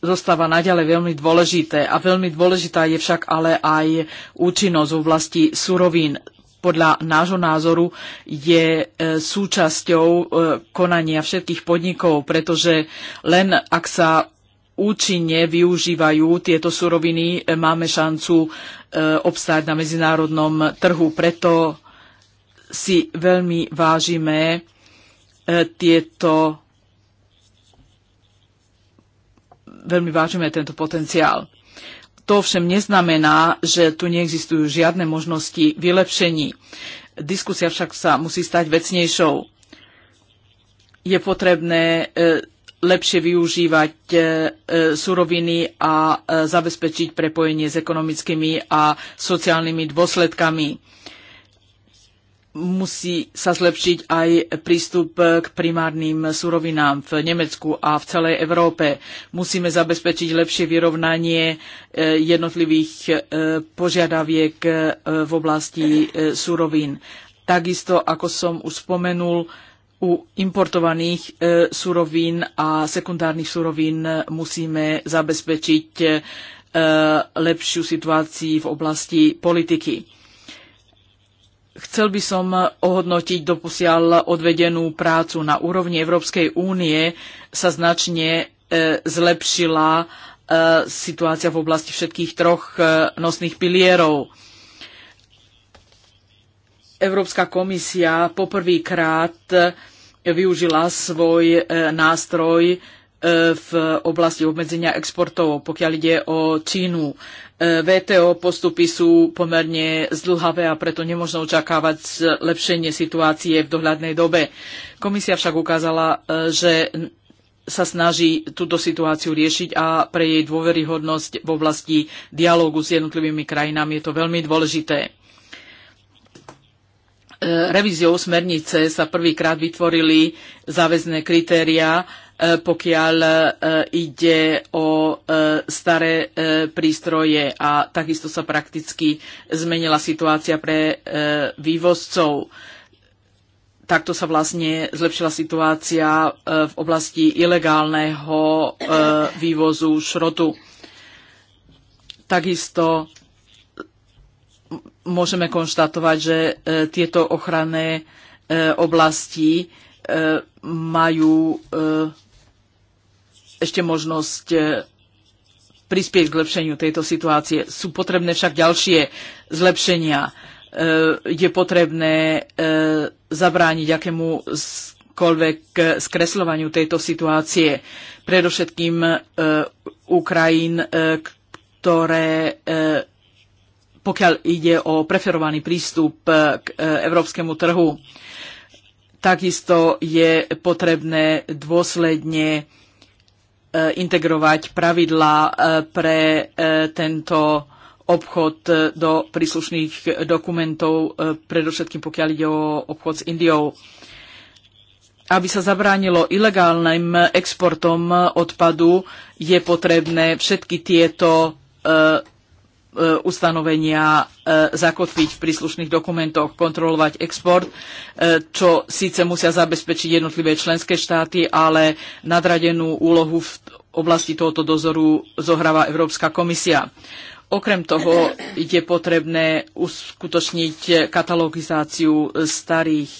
zostáva naďalej veľmi dôležité a veľmi dôležitá je však ale aj účinnosť v oblasti surovín. Podľa nášho názoru je e, súčasťou e, konania všetkých podnikov, pretože len ak sa účinne využívajú tieto suroviny, e, máme šancu obstáť na medzinárodnom trhu. Preto si veľmi vážime E, tieto veľmi vážime tento potenciál. To ovšem neznamená, že tu neexistujú žiadne možnosti vylepšení. Diskusia však sa musí stať vecnejšou. Je potrebné e, lepšie využívať e, suroviny a zabezpečiť prepojenie s ekonomickými a sociálnymi dôsledkami musí sa zlepšiť aj prístup k primárnym surovinám v Nemecku a v celej Európe. Musíme zabezpečiť lepšie vyrovnanie e, jednotlivých e, požiadaviek e, v oblasti surovín. Takisto, ako som už spomenul, u importovaných surovín a sekundárnych surovín musíme zabezpečiť lepšiu situáciu v oblasti politiky Chcel by som eh, ohodnotiť doposiaľ odvedenú prácu na úrovni Európskej únie sa značne eh, zlepšila eh, situácia v oblasti všetkých troch nosných pilierov. Európska komisia poprvýkrát využila svoj nástroj E, v oblasti obmedzenia exportov, pokiaľ ide o Čínu. E, VTO postupy sú pomerne zdlhavé a preto nemôžno očakávať zlepšenie situácie v dohľadnej dobe. Komisia však ukázala, e, že sa snaží túto situáciu riešiť a pre jej dôveryhodnosť v oblasti dialógu s jednotlivými krajinami je to veľmi dôležité. Revíziou smernice sa prvýkrát vytvorili záväzné kritériá E, pokiaľ e, ide o e, staré prístroje a takisto sa prakticky zmenila situácia pre vývozcov. Takto sa vlastne zlepšila situácia v oblasti ilegálneho vývozu šrotu. Takisto môžeme konštatovať, že tieto ochranné oblasti majú ešte možnosť e, prispieť k zlepšeniu tejto situácie. Sú potrebné však ďalšie zlepšenia. E, je potrebné e, zabrániť akému akémukoľvek skresľovaniu tejto situácie, predovšetkým u Ukrajín, ktoré, pokiaľ ide o preferovaný prístup k európskemu trhu, takisto je potrebné dôsledne Eh, integrovať pravidlá eh, pre eh, tento obchod do príslušných dokumentov, predovšetkým pokiaľ ide o obchod s Indiou aby sa zabránilo ilegálnym exportom odpadu, je potrebné všetky tieto E, ustanovenia e, zakotviť v príslušných dokumentoch, kontrolovať export, e, čo síce musia zabezpečiť jednotlivé členské štáty, ale nadradenú úlohu v oblasti tohoto dozoru zohráva Európska komisia. Okrem toho je potrebné uskutočniť katalogizáciu starých,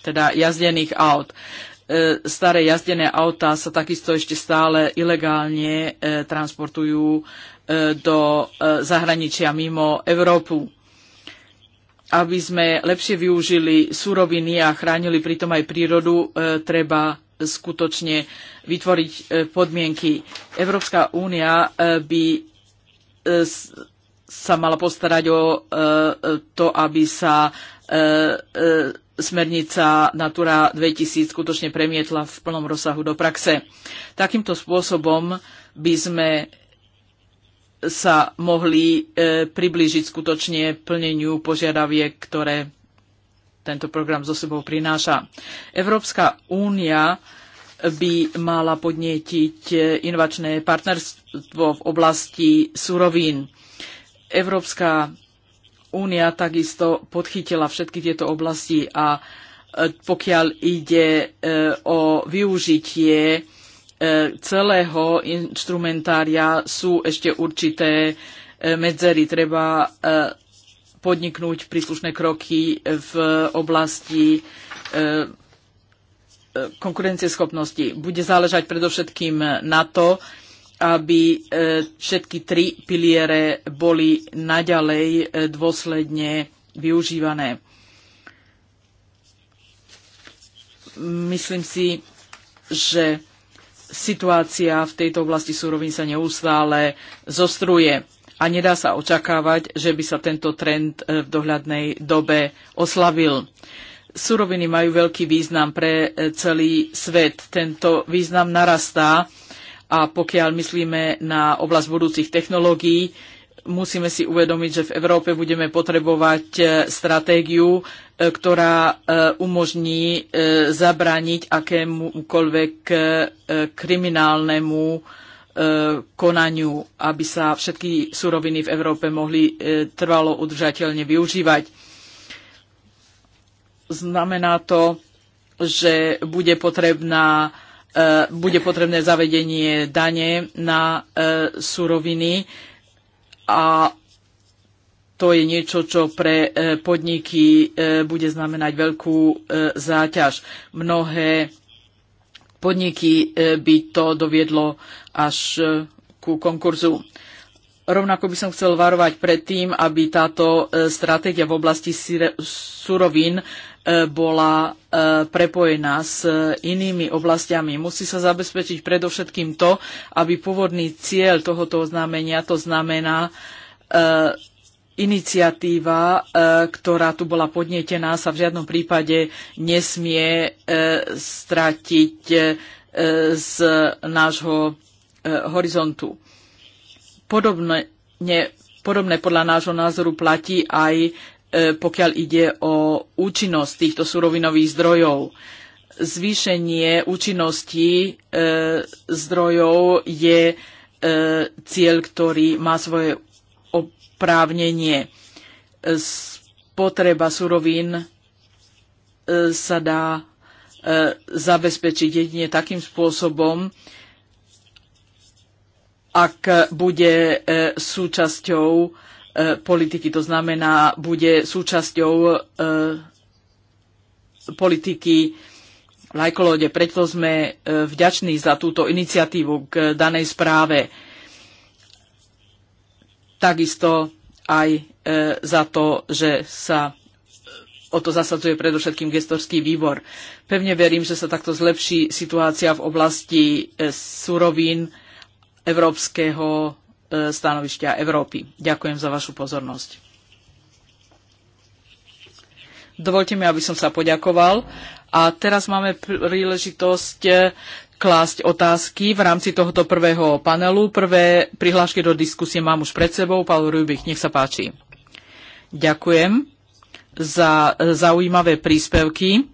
teda jazdených aut. Staré jazdené autá sa takisto ešte stále ilegálne transportujú E, do e, zahraničia mimo Európu aby sme lepšie využili suroviny a chránili pritom aj prírodu, e, treba skutočne vytvoriť podmienky. Európska únia by sa mala postarať o to, aby sa smernica Natura 2000 skutočne premietla v plnom rozsahu do praxe. Takýmto spôsobom by sme sa mohli e, priblížiť skutočne plneniu požiadaviek, ktoré tento program so sebou prináša. Európska únia by mala podnietiť e, inovačné partnerstvo v oblasti surovín. Európska únia takisto podchytila všetky tieto oblasti a e, pokiaľ ide o využitie E, celého instrumentária sú ešte určité e, medzery. Treba e, podniknúť príslušné kroky v oblasti konkurencieschopnosti. Bude záležať predovšetkým na to, aby všetky tri piliere boli naďalej dôsledne využívané. Myslím si, že situácia v tejto oblasti súrovín sa neustále zostruje a nedá sa očakávať, že by sa tento trend e, v dohľadnej dobe oslabil. Suroviny majú veľký význam pre e, celý svet. Tento význam narastá a pokiaľ myslíme na oblasť budúcich technológií, musíme si uvedomiť, že v Európe budeme potrebovať e, stratégiu, e, ktorá e, umožní zabrániť akémukoľvek kriminálnemu konaniu, aby sa všetky suroviny v Európe mohli trvalo udržateľne využívať. Znamená to, že bude potrebná bude potrebné zavedenie dane na suroviny, a to je niečo, čo pre e, podniky e, bude znamenať veľkú e, záťaž. Mnohé podniky by to doviedlo až ku konkurzu. Rovnako by som chcel varovať pred tým, aby táto e, stratégia v oblasti surovín e, bola e, prepojená s inými oblastiami. Musí sa zabezpečiť predovšetkým to, aby pôvodný cieľ tohoto oznámenia, to znamená iniciatíva, ktorá tu bola podnietená, sa v žiadnom prípade nesmie stratiť z nášho horizontu. Podobne, podobné podľa nášho názoru platí aj e, pokiaľ ide o účinnosť týchto surovinových zdrojov. Zvýšenie účinnosti e, zdrojov je e, cieľ, ktorý má svoje oprávnenie. Spotreba surovín sa dá zabezpečiť jedine takým spôsobom, ak bude e, súčasťou e, politiky, to znamená, bude súčasťou e, politiky Lajkolode. Preto sme vďační za túto iniciatívu k danej správe. Takisto aj za to, že sa o to zasadzuje predovšetkým gestorský výbor. Pevne verím, že sa takto zlepší situácia v oblasti surovín, Európskeho e, stanovišťa Európy. Ďakujem za vašu pozornosť. Dovolte mi, aby som sa poďakoval. A teraz máme príležitosť e, klásť otázky v rámci tohoto prvého panelu. Prvé prihlášky do diskusie mám už pred sebou. pán Rubik, nech sa páči. Ďakujem za e, zaujímavé príspevky.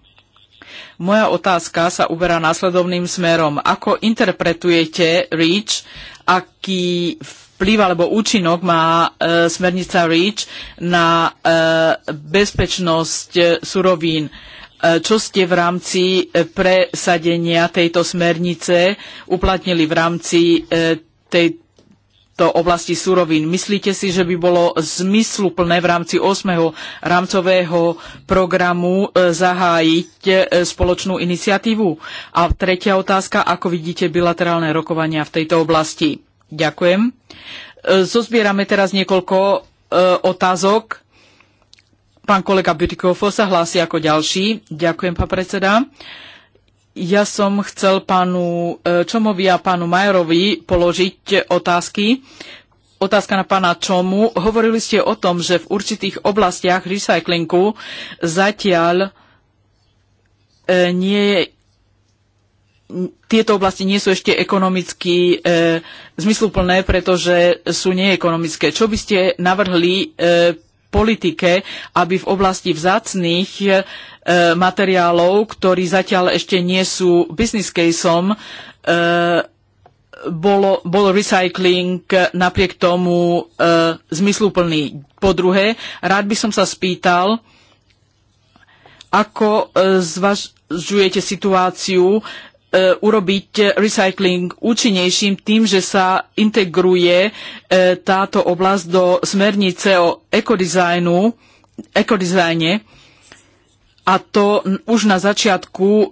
Moja otázka sa uberá následovným smerom. Ako interpretujete REACH, aký vplyv alebo účinok má e, smernica REACH na e, bezpečnosť e, surovín? E, čo ste v rámci e, presadenia tejto smernice uplatnili v rámci e, tej, tejto oblasti súrovín. Myslíte si, že by bolo zmysluplné v rámci 8. rámcového programu e, zahájiť e, spoločnú iniciatívu? A tretia otázka, ako vidíte bilaterálne rokovania v tejto oblasti? Ďakujem. E, zozbierame teraz niekoľko otázok. Pán kolega Bytikovo sa hlási ako ďalší. Ďakujem, pán predseda. Uh, ja som chcel pánu e, Čomovi a pánu Majerovi položiť otázky. Otázka na pána Čomu. Hovorili ste o tom, že v určitých oblastiach recyklingu zatiaľ e, nie tieto oblasti nie sú ešte ekonomicky e, zmysluplné, pretože sú neekonomické. Čo by ste navrhli e, politike, aby v oblasti vzácných E, materiálov, ktorí zatiaľ ešte nie sú business caseom, e, bolo, bol recycling napriek tomu e, zmysluplný. Po druhé, rád by som sa spýtal, ako zvažujete situáciu urobiť recycling účinnejším tým, že sa integruje táto oblasť do smernice o ekodizajnu, ekodizajne a to už na začiatku e,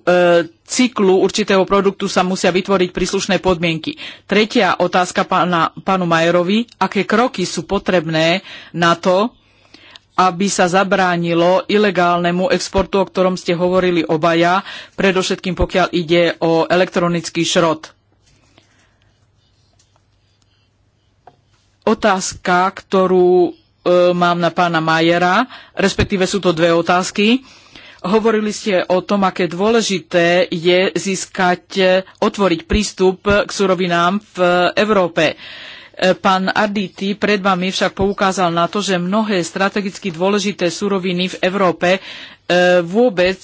cyklu určitého produktu sa musia vytvoriť príslušné podmienky. Tretia otázka pána, pánu Majerovi. Aké kroky sú potrebné na to, aby sa zabránilo ilegálnemu exportu, o ktorom ste hovorili obaja, predovšetkým pokiaľ ide o elektronický šrot? Otázka, ktorú e, mám na pána Majera, respektíve sú to dve otázky. E, Hovorili ste o tom, aké dôležité je získať, e, otvoriť prístup k surovinám v Európe. E, pán Arditi pred vami však poukázal na to, že mnohé strategicky dôležité suroviny v Európe e, vôbec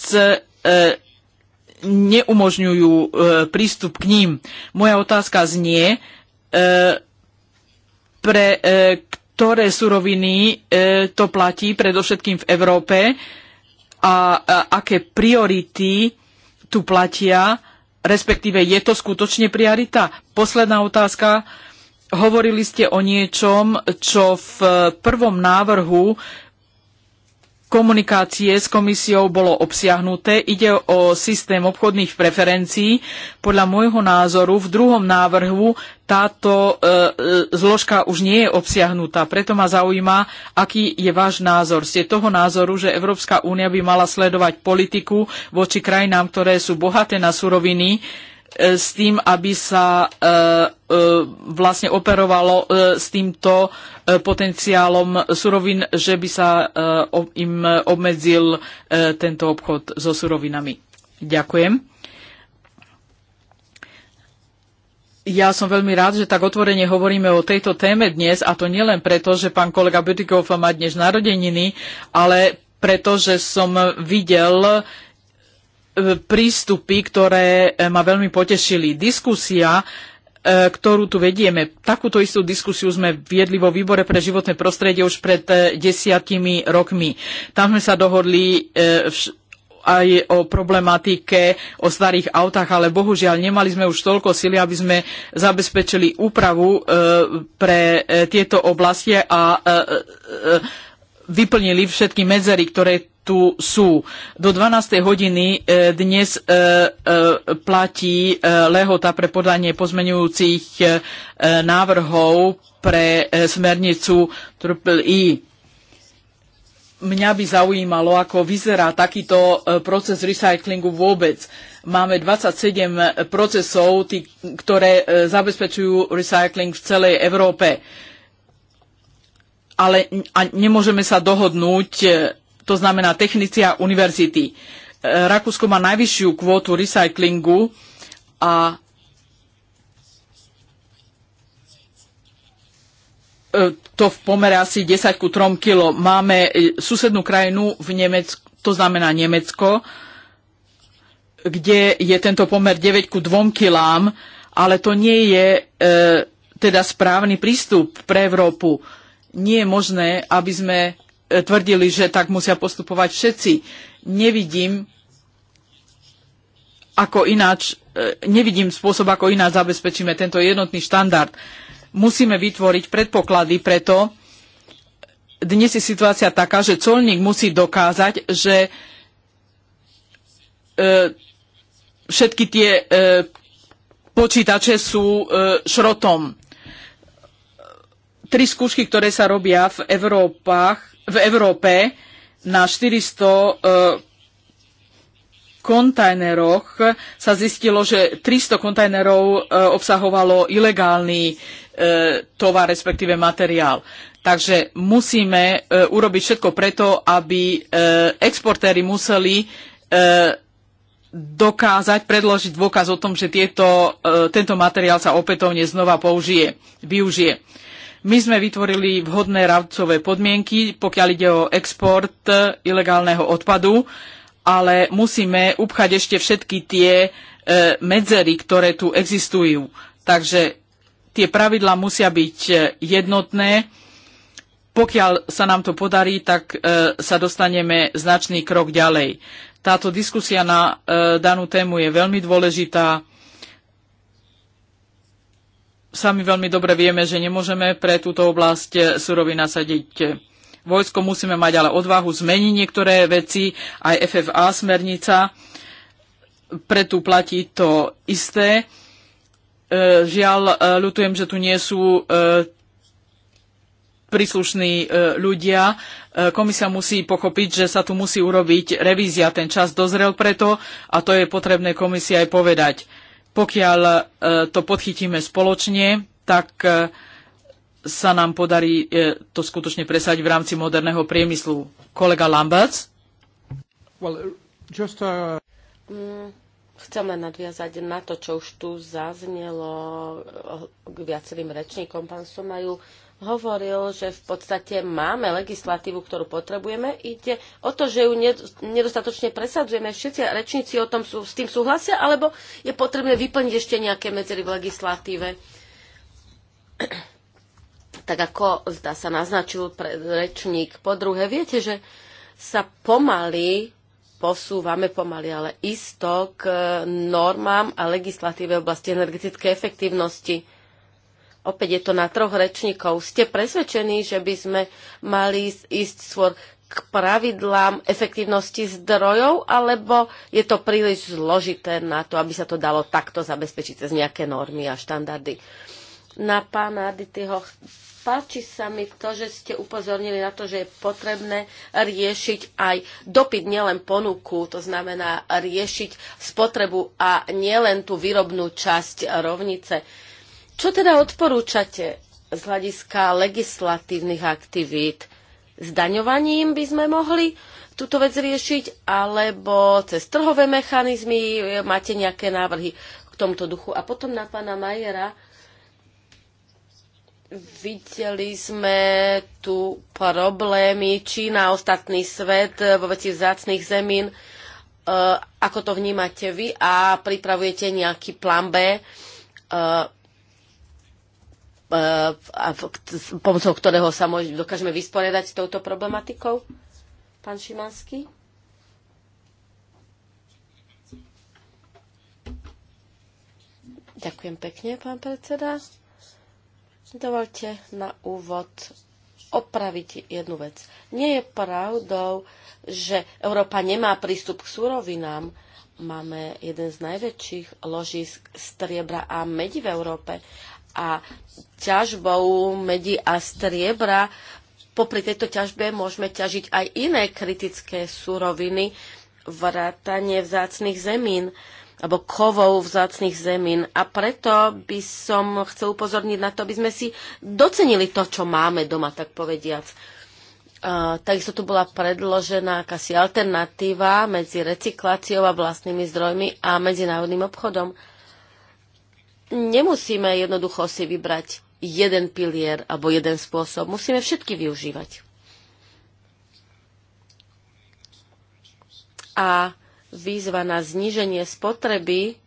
neumožňujú prístup k ním. Moja otázka znie, pre ktoré suroviny to platí predovšetkým v Európe, a, a aké priority tu platia, respektíve je to skutočne priorita. Posledná otázka. Hovorili ste o niečom, čo v prvom návrhu komunikácie s komisiou bolo obsiahnuté. Ide o systém obchodných preferencií. Podľa môjho názoru v druhom návrhu táto e, e, zložka už nie je obsiahnutá. Preto ma zaujíma, aký je váš názor. Ste toho názoru, že Európska únia by mala sledovať politiku voči krajinám, ktoré sú bohaté na suroviny, E, s tým, aby sa e, e, vlastne operovalo s týmto potenciálom surovín, že by sa im obmedzil tento obchod so surovinami. Ďakujem. Ja som veľmi rád, že tak otvorene hovoríme o tejto téme dnes a to nielen preto, že pán kolega Butikov má dnes narodeniny, ale preto, že som videl prístupy, ktoré e, ma veľmi potešili. Diskusia, e, ktorú tu vedieme. Takúto istú diskusiu sme viedli vo výbore pre životné prostredie už pred e, desiatimi rokmi. Tam sme sa dohodli aj o problematike, o starých autách, ale bohužiaľ nemali sme už toľko sily, aby sme zabezpečili úpravu pre tieto oblasti a vyplnili všetky medzery, ktoré tu sú. Do 12. hodiny e, dnes e, e, platí lehota pre podanie pozmenujúcich návrhov pre smernicu I. Mňa by zaujímalo, ako vyzerá takýto proces recyklingu vôbec. Máme 27 procesov, tí, ktoré zabezpečujú recycling v celej Európe. Ale a nemôžeme sa dohodnúť to znamená technici a univerzity. E, Rakúsko má najvyššiu kvótu recyklingu a e, to v pomere asi 10 ku 3 kilo. Máme e, susednú krajinu v Nemecku, to znamená Nemecko, kde je tento pomer 9 ku 2 kilám, ale to nie je e, teda správny prístup pre Európu. Nie je možné, aby sme tvrdili, že tak musia postupovať všetci. Nevidím, ako ináč, e, nevidím spôsob, ako ináč zabezpečíme tento jednotný štandard. Musíme vytvoriť predpoklady preto. Dnes je situácia taká, že colník musí dokázať, že e, všetky tie e, počítače sú šrotom. Tri skúšky, ktoré sa robia v Európach, v Európe na 400 e, kontajneroch sa zistilo, že 300 kontajnerov e, obsahovalo ilegálny e, tovar, respektíve materiál. Takže musíme urobiť všetko preto, aby exportéry museli dokázať predložiť dôkaz o tom, že tieto, tento materiál sa opätovne znova použije, využije. My sme vytvorili vhodné rámcové podmienky, pokiaľ ide o export e, ilegálneho odpadu, ale musíme upchať ešte všetky tie e, medzery, ktoré tu existujú. Takže tie pravidla musia byť e, jednotné. Pokiaľ sa nám to podarí, tak sa dostaneme značný krok ďalej. Táto diskusia na danú tému je veľmi dôležitá sami veľmi dobre vieme, že nemôžeme pre túto oblasť e, surovy nasadiť vojsko. Musíme mať ale odvahu zmeniť niektoré veci. Aj FFA smernica pre tu platí to isté. E, žiaľ, e, ľutujem, že tu nie sú príslušní ľudia. Komisia musí pochopiť, že sa tu musí urobiť revízia. Ten čas dozrel preto a to je potrebné komisii aj povedať pokiaľ e, to podchytíme spoločne, tak e, sa nám podarí e, to skutočne presať v rámci moderného priemyslu. Kolega Lamberts? Well, just a... Uh, mm, chcem len nadviazať na to, čo už tu zaznelo k viacerým rečníkom. Pán Somajú, hovoril, že v podstate máme legislatívu, ktorú potrebujeme. Ide o to, že ju nedostatočne presadzujeme. Všetci rečníci o tom sú, s tým súhlasia, alebo je potrebné vyplniť ešte nejaké medzery v legislatíve. Tak ako zdá sa naznačil pre, rečník. Po druhé, viete, že sa pomaly posúvame pomaly, ale isto k normám a legislatíve v oblasti energetickej efektívnosti Opäť je to na troch rečníkov. Ste presvedčení, že by sme mali ísť skôr k pravidlám efektívnosti zdrojov, alebo je to príliš zložité na to, aby sa to dalo takto zabezpečiť cez nejaké normy a štandardy? Na pána Adityho páči sa mi to, že ste upozornili na to, že je potrebné riešiť aj dopyt, nielen ponuku, to znamená riešiť spotrebu a nielen tú výrobnú časť rovnice. Čo teda odporúčate z hľadiska legislatívnych aktivít? Zdaňovaním by sme mohli túto vec riešiť, alebo cez trhové mechanizmy e, máte nejaké návrhy k tomuto duchu. A potom na pána Majera videli sme tu problémy Čína, ostatný svet e, vo veci vzácných zemín. E, ako to vnímate vy a pripravujete nejaký plán B? a pomocou ktorého sa môž, dokážeme vysporiadať s touto problematikou? Pán Šimanský? Ďakujem pekne, pán predseda. Dovolte na úvod opraviť jednu vec. Nie je pravdou, že Európa nemá prístup k surovinám. Máme jeden z najväčších ložisk striebra a medi v Európe a ťažbou medi a striebra. Popri tejto ťažbe môžeme ťažiť aj iné kritické suroviny, vrátanie vzácných zemín alebo kovov vzácných zemín. A preto by som chcel upozorniť na to, aby sme si docenili to, čo máme doma, tak povediac. Uh, takisto tu bola predložená akási alternatíva medzi recykláciou a vlastnými zdrojmi a medzinárodným obchodom nemusíme jednoducho si vybrať jeden pilier alebo jeden spôsob. Musíme všetky využívať. A výzva na zníženie spotreby,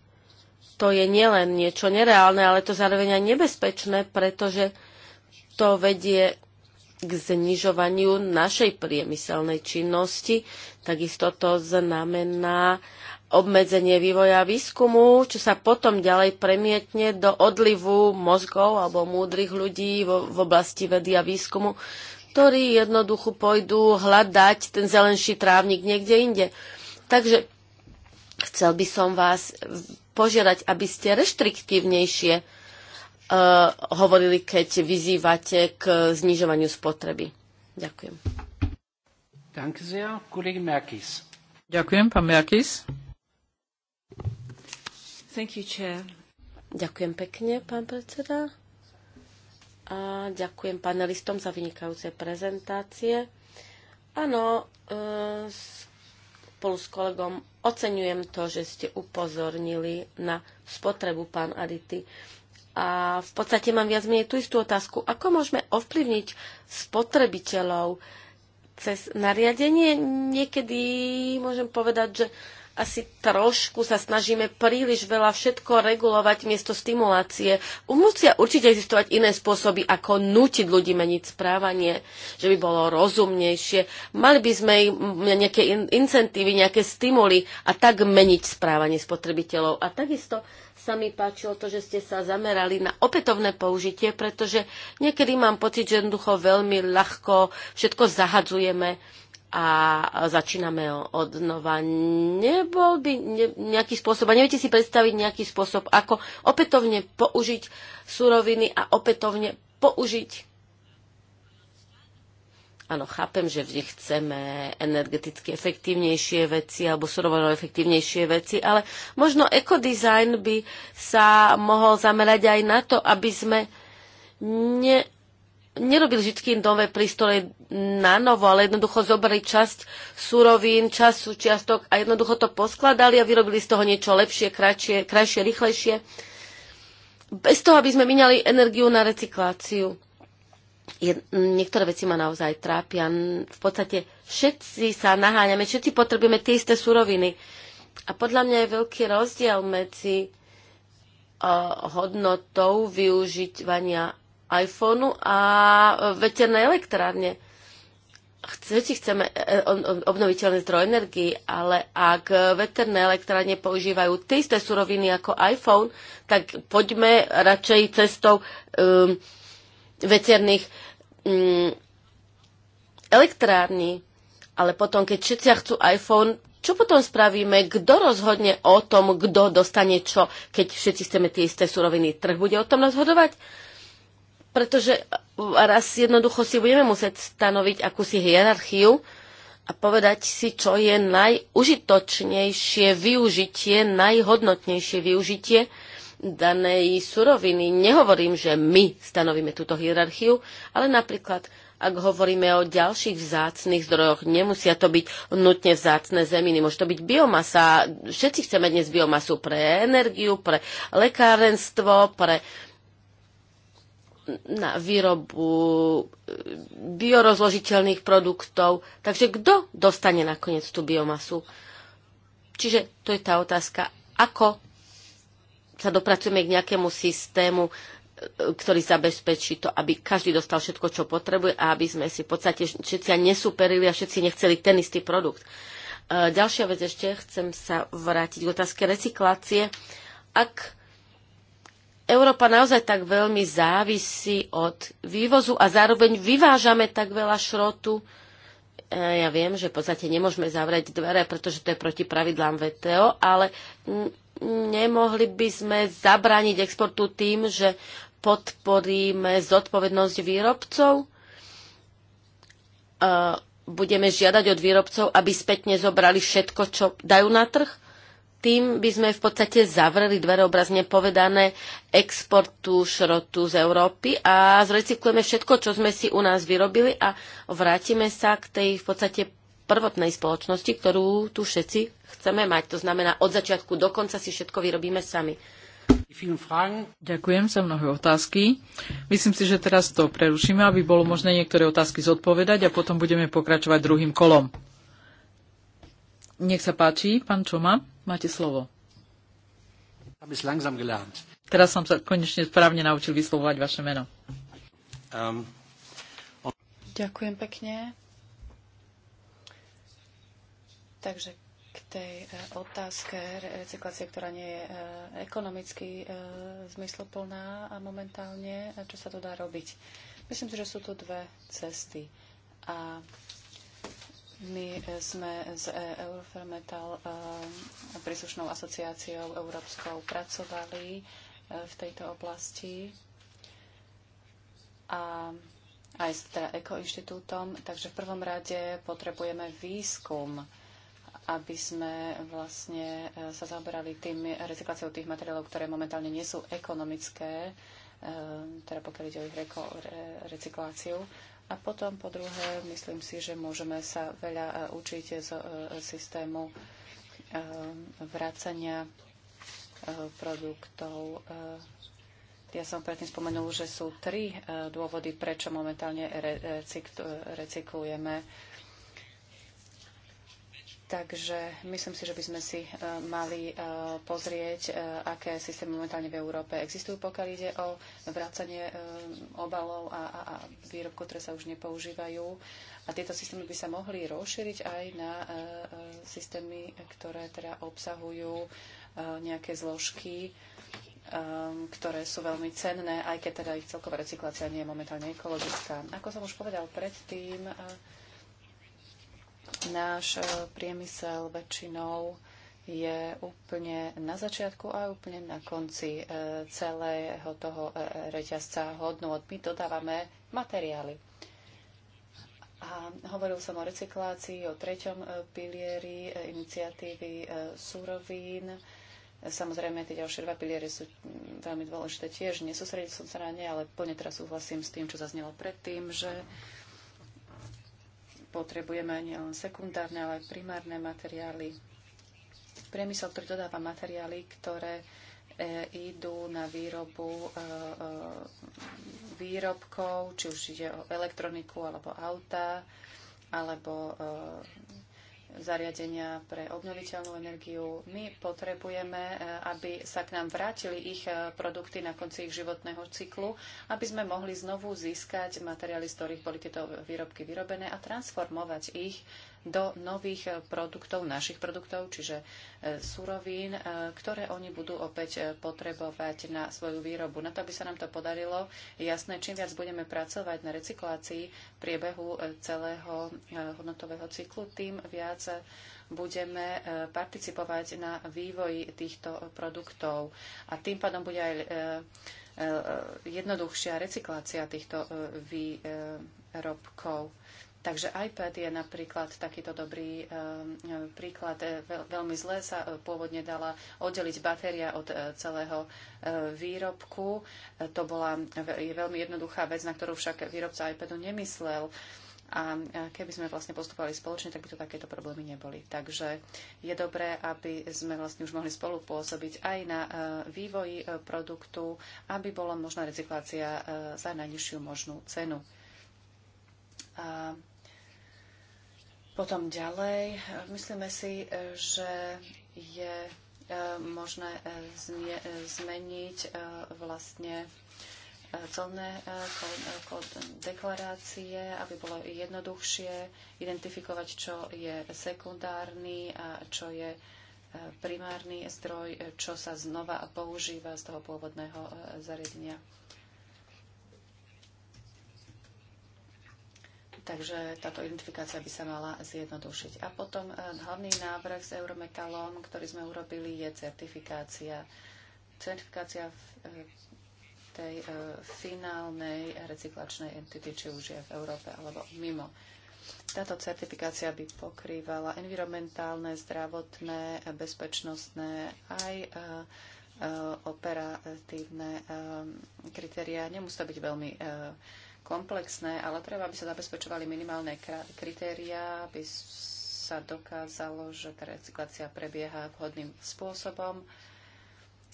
to je nielen niečo nereálne, ale to zároveň aj nebezpečné, pretože to vedie k znižovaniu našej priemyselnej činnosti. Takisto to znamená obmedzenie vývoja výskumu, čo sa potom ďalej premietne do odlivu mozgov alebo múdrych ľudí v, v oblasti vedy a výskumu, ktorí jednoducho pôjdu hľadať ten zelenší trávnik niekde inde. Takže chcel by som vás požiadať, aby ste reštriktívnejšie uh, hovorili, keď vyzývate k znižovaniu spotreby. Ďakujem. Ďakujem, pán Merkis. Thank you, chair. Ďakujem pekne, pán predseda. A ďakujem panelistom za vynikajúce prezentácie. Áno, e, spolu s kolegom oceňujem to, že ste upozornili na spotrebu pán Adity. A v podstate mám viac menej tú istú otázku. Ako môžeme ovplyvniť spotrebiteľov cez nariadenie? Niekedy môžem povedať, že asi trošku sa snažíme príliš veľa všetko regulovať miesto stimulácie. Musia určite existovať iné spôsoby, ako nutiť ľudí meniť správanie, že by bolo rozumnejšie. Mali by sme nejaké in- incentívy, nejaké stimuly a tak meniť správanie spotrebiteľov. A takisto sa mi páčilo to, že ste sa zamerali na opätovné použitie, pretože niekedy mám pocit, že jednoducho veľmi ľahko všetko zahadzujeme a začíname od nova. Nebol by nejaký spôsob, a neviete si predstaviť nejaký spôsob, ako opätovne použiť suroviny a opätovne použiť. Áno, chápem, že vždy chceme energeticky efektívnejšie veci alebo surovino efektívnejšie veci, ale možno ekodizajn by sa mohol zamerať aj na to, aby sme ne Nerobili vždy nové prístroje na novo, ale jednoducho zobrali časť surovín, časť súčiastok a jednoducho to poskladali a vyrobili z toho niečo lepšie, kratšie, krajšie, rýchlejšie. Bez toho, aby sme minali energiu na recykláciu. Je, niektoré veci ma naozaj trápia. V podstate všetci sa naháňame, všetci potrebujeme tie isté suroviny. A podľa mňa je veľký rozdiel medzi uh, hodnotou využívania iPhoneu a veternej elektrárne. Všetci chceme e, e, obnoviteľné zdroj energii, ale ak veterné elektrárne používajú tie isté suroviny ako iPhone, tak poďme radšej cestou um, veterných um, elektrární. Ale potom, keď všetci chcú iPhone, čo potom spravíme? Kto rozhodne o tom, kto dostane čo? Keď všetci chceme tie isté suroviny, trh bude o tom rozhodovať? pretože e, raz jednoducho si budeme musieť stanoviť akúsi hierarchiu a povedať si, čo je najužitočnejšie využitie, najhodnotnejšie využitie danej suroviny. Nehovorím, že my stanovíme túto hierarchiu, ale napríklad ak hovoríme o ďalších vzácných zdrojoch, nemusia to byť nutne vzácne zeminy, môže to byť biomasa. Všetci chceme dnes biomasu pre energiu, pre lekárenstvo, pre na výrobu e, biorozložiteľných produktov. Takže kto dostane nakoniec tú biomasu? Čiže to je tá otázka, ako sa dopracujeme k nejakému systému, e, ktorý zabezpečí to, aby každý dostal všetko, čo potrebuje a aby sme si v podstate všetci nesuperili a všetci nechceli ten istý produkt. E, ďalšia vec ešte, chcem sa vrátiť k otázke recyklácie. Ak Európa naozaj tak veľmi závisí od vývozu a zároveň vyvážame tak veľa šrotu. E, ja viem, že v podstate nemôžeme zavrieť dvere, pretože to je proti pravidlám VTO, ale nemohli by sme zabrániť exportu tým, že podporíme zodpovednosť výrobcov. E, budeme žiadať od výrobcov, aby spätne zobrali všetko, čo dajú na trh tým by sme v podstate zavreli dvere obrazne povedané exportu šrotu z Európy a zrecyklujeme všetko, čo sme si u nás vyrobili a vrátime sa k tej v podstate prvotnej spoločnosti, ktorú tu všetci chceme mať. To znamená, od začiatku do konca si všetko vyrobíme sami. Ďakujem za mnohé otázky. Myslím si, že teraz to prerušíme, aby bolo možné niektoré otázky zodpovedať a potom budeme pokračovať druhým kolom. Nech sa páči, pán Čoma. Máte slovo. Teraz som sa konečne správne naučil vyslovovať vaše meno. Um, Ďakujem pekne. Takže k tej e, otázke recyklácie, ktorá nie je e, ekonomicky e, zmysloplná a momentálne, čo sa to dá robiť. Myslím si, že sú tu dve cesty. A my eh, sme z Eurofermetal eh, príslušnou asociáciou európskou pracovali eh, v tejto oblasti a aj s teda ekoinštitútom. Takže v prvom rade potrebujeme výskum, aby sme vlastne sa zaoberali tým recykláciou tých materiálov, ktoré momentálne nie sú ekonomické, teda pokiaľ ide o ich re recykláciu. A potom po druhé, myslím si, že môžeme sa veľa e, učiť z e, systému e, vracania produktov. Ja som predtým spomenul, že sú tri dôvody, prečo momentálne recyklujeme Takže myslím si, že by sme si e, mali e, pozrieť, e, aké systémy momentálne v Európe existujú, pokiaľ ide o vracanie obalov a, a, a výrobkov, ktoré sa už nepoužívajú. A tieto systémy by sa mohli rozšíriť aj na systémy, ktoré teda obsahujú nejaké zložky, ktoré sú veľmi cenné, aj keď teda ich celková recyklácia nie je momentálne ekologická. Ako som už povedal predtým, náš e, priemysel väčšinou je úplne na začiatku a úplne na konci e, celého toho e, reťazca od My dodávame materiály. A hovoril som o recyklácii, o treťom pilieri iniciatívy súrovín. Samozrejme, tie ďalšie dva piliery sú mm, veľmi dôležité tiež. Nesúsredil som sa na ne, ale plne teraz súhlasím s tým, čo zaznelo predtým, že potrebujeme nielen sekundárne, ale aj primárne materiály. Priemysel, ktorý dodáva materiály, ktoré e, idú na výrobu e, e, výrobkov, či už ide o elektroniku alebo auta, alebo zariadenia pre obnoviteľnú energiu. My potrebujeme, e, aby sa k nám vrátili ich e, produkty na konci ich životného cyklu, aby sme mohli znovu získať materiály, z ktorých boli tieto výrobky vyrobené a transformovať ich do nových eh, produktov, našich produktov, čiže eh, surovín, eh, ktoré oni budú opäť potrebovať na svoju výrobu. Na to, aby sa nám to podarilo, jasné, čím viac budeme pracovať na recyklácii v priebehu celého hodnotového cyklu, tým viac budeme participovať na vývoji týchto produktov. A tým pádom bude aj jednoduchšia recyklácia týchto výrobkov. Takže iPad je napríklad takýto dobrý eh, príklad. Eh, veľmi zle sa eh, pôvodne dala oddeliť batéria od celého výrobku. To bola e, veľmi jednoduchá vec, na ktorú však výrobca iPadu nemyslel. A keby sme vlastne postupovali spoločne, tak by to takéto problémy neboli. Takže je dobré, aby sme vlastne už mohli spolupôsobiť aj na vývoji produktu, aby bola možná recyklácia za najnižšiu možnú cenu. A potom ďalej, myslíme si, že je možné zmeniť vlastne celné deklarácie, aby bolo jednoduchšie identifikovať, čo je sekundárny a čo je e, primárny zdroj, e, čo sa znova používa z toho pôvodného e, zariadenia. Takže táto identifikácia by sa mala zjednodušiť. A potom eh, hlavný návrh s Eurometalom, ktorý sme urobili, je certifikácia. Certifikácia v eh, tej eh, finálnej recyklačnej entity, či už je v Európe alebo mimo. Táto certifikácia by pokrývala environmentálne, zdravotné, bezpečnostné aj operatívne kritériá. Nemusí to byť veľmi komplexné, ale treba, aby sa zabezpečovali minimálne kritériá, aby sa dokázalo, že tá recyklácia prebieha vhodným spôsobom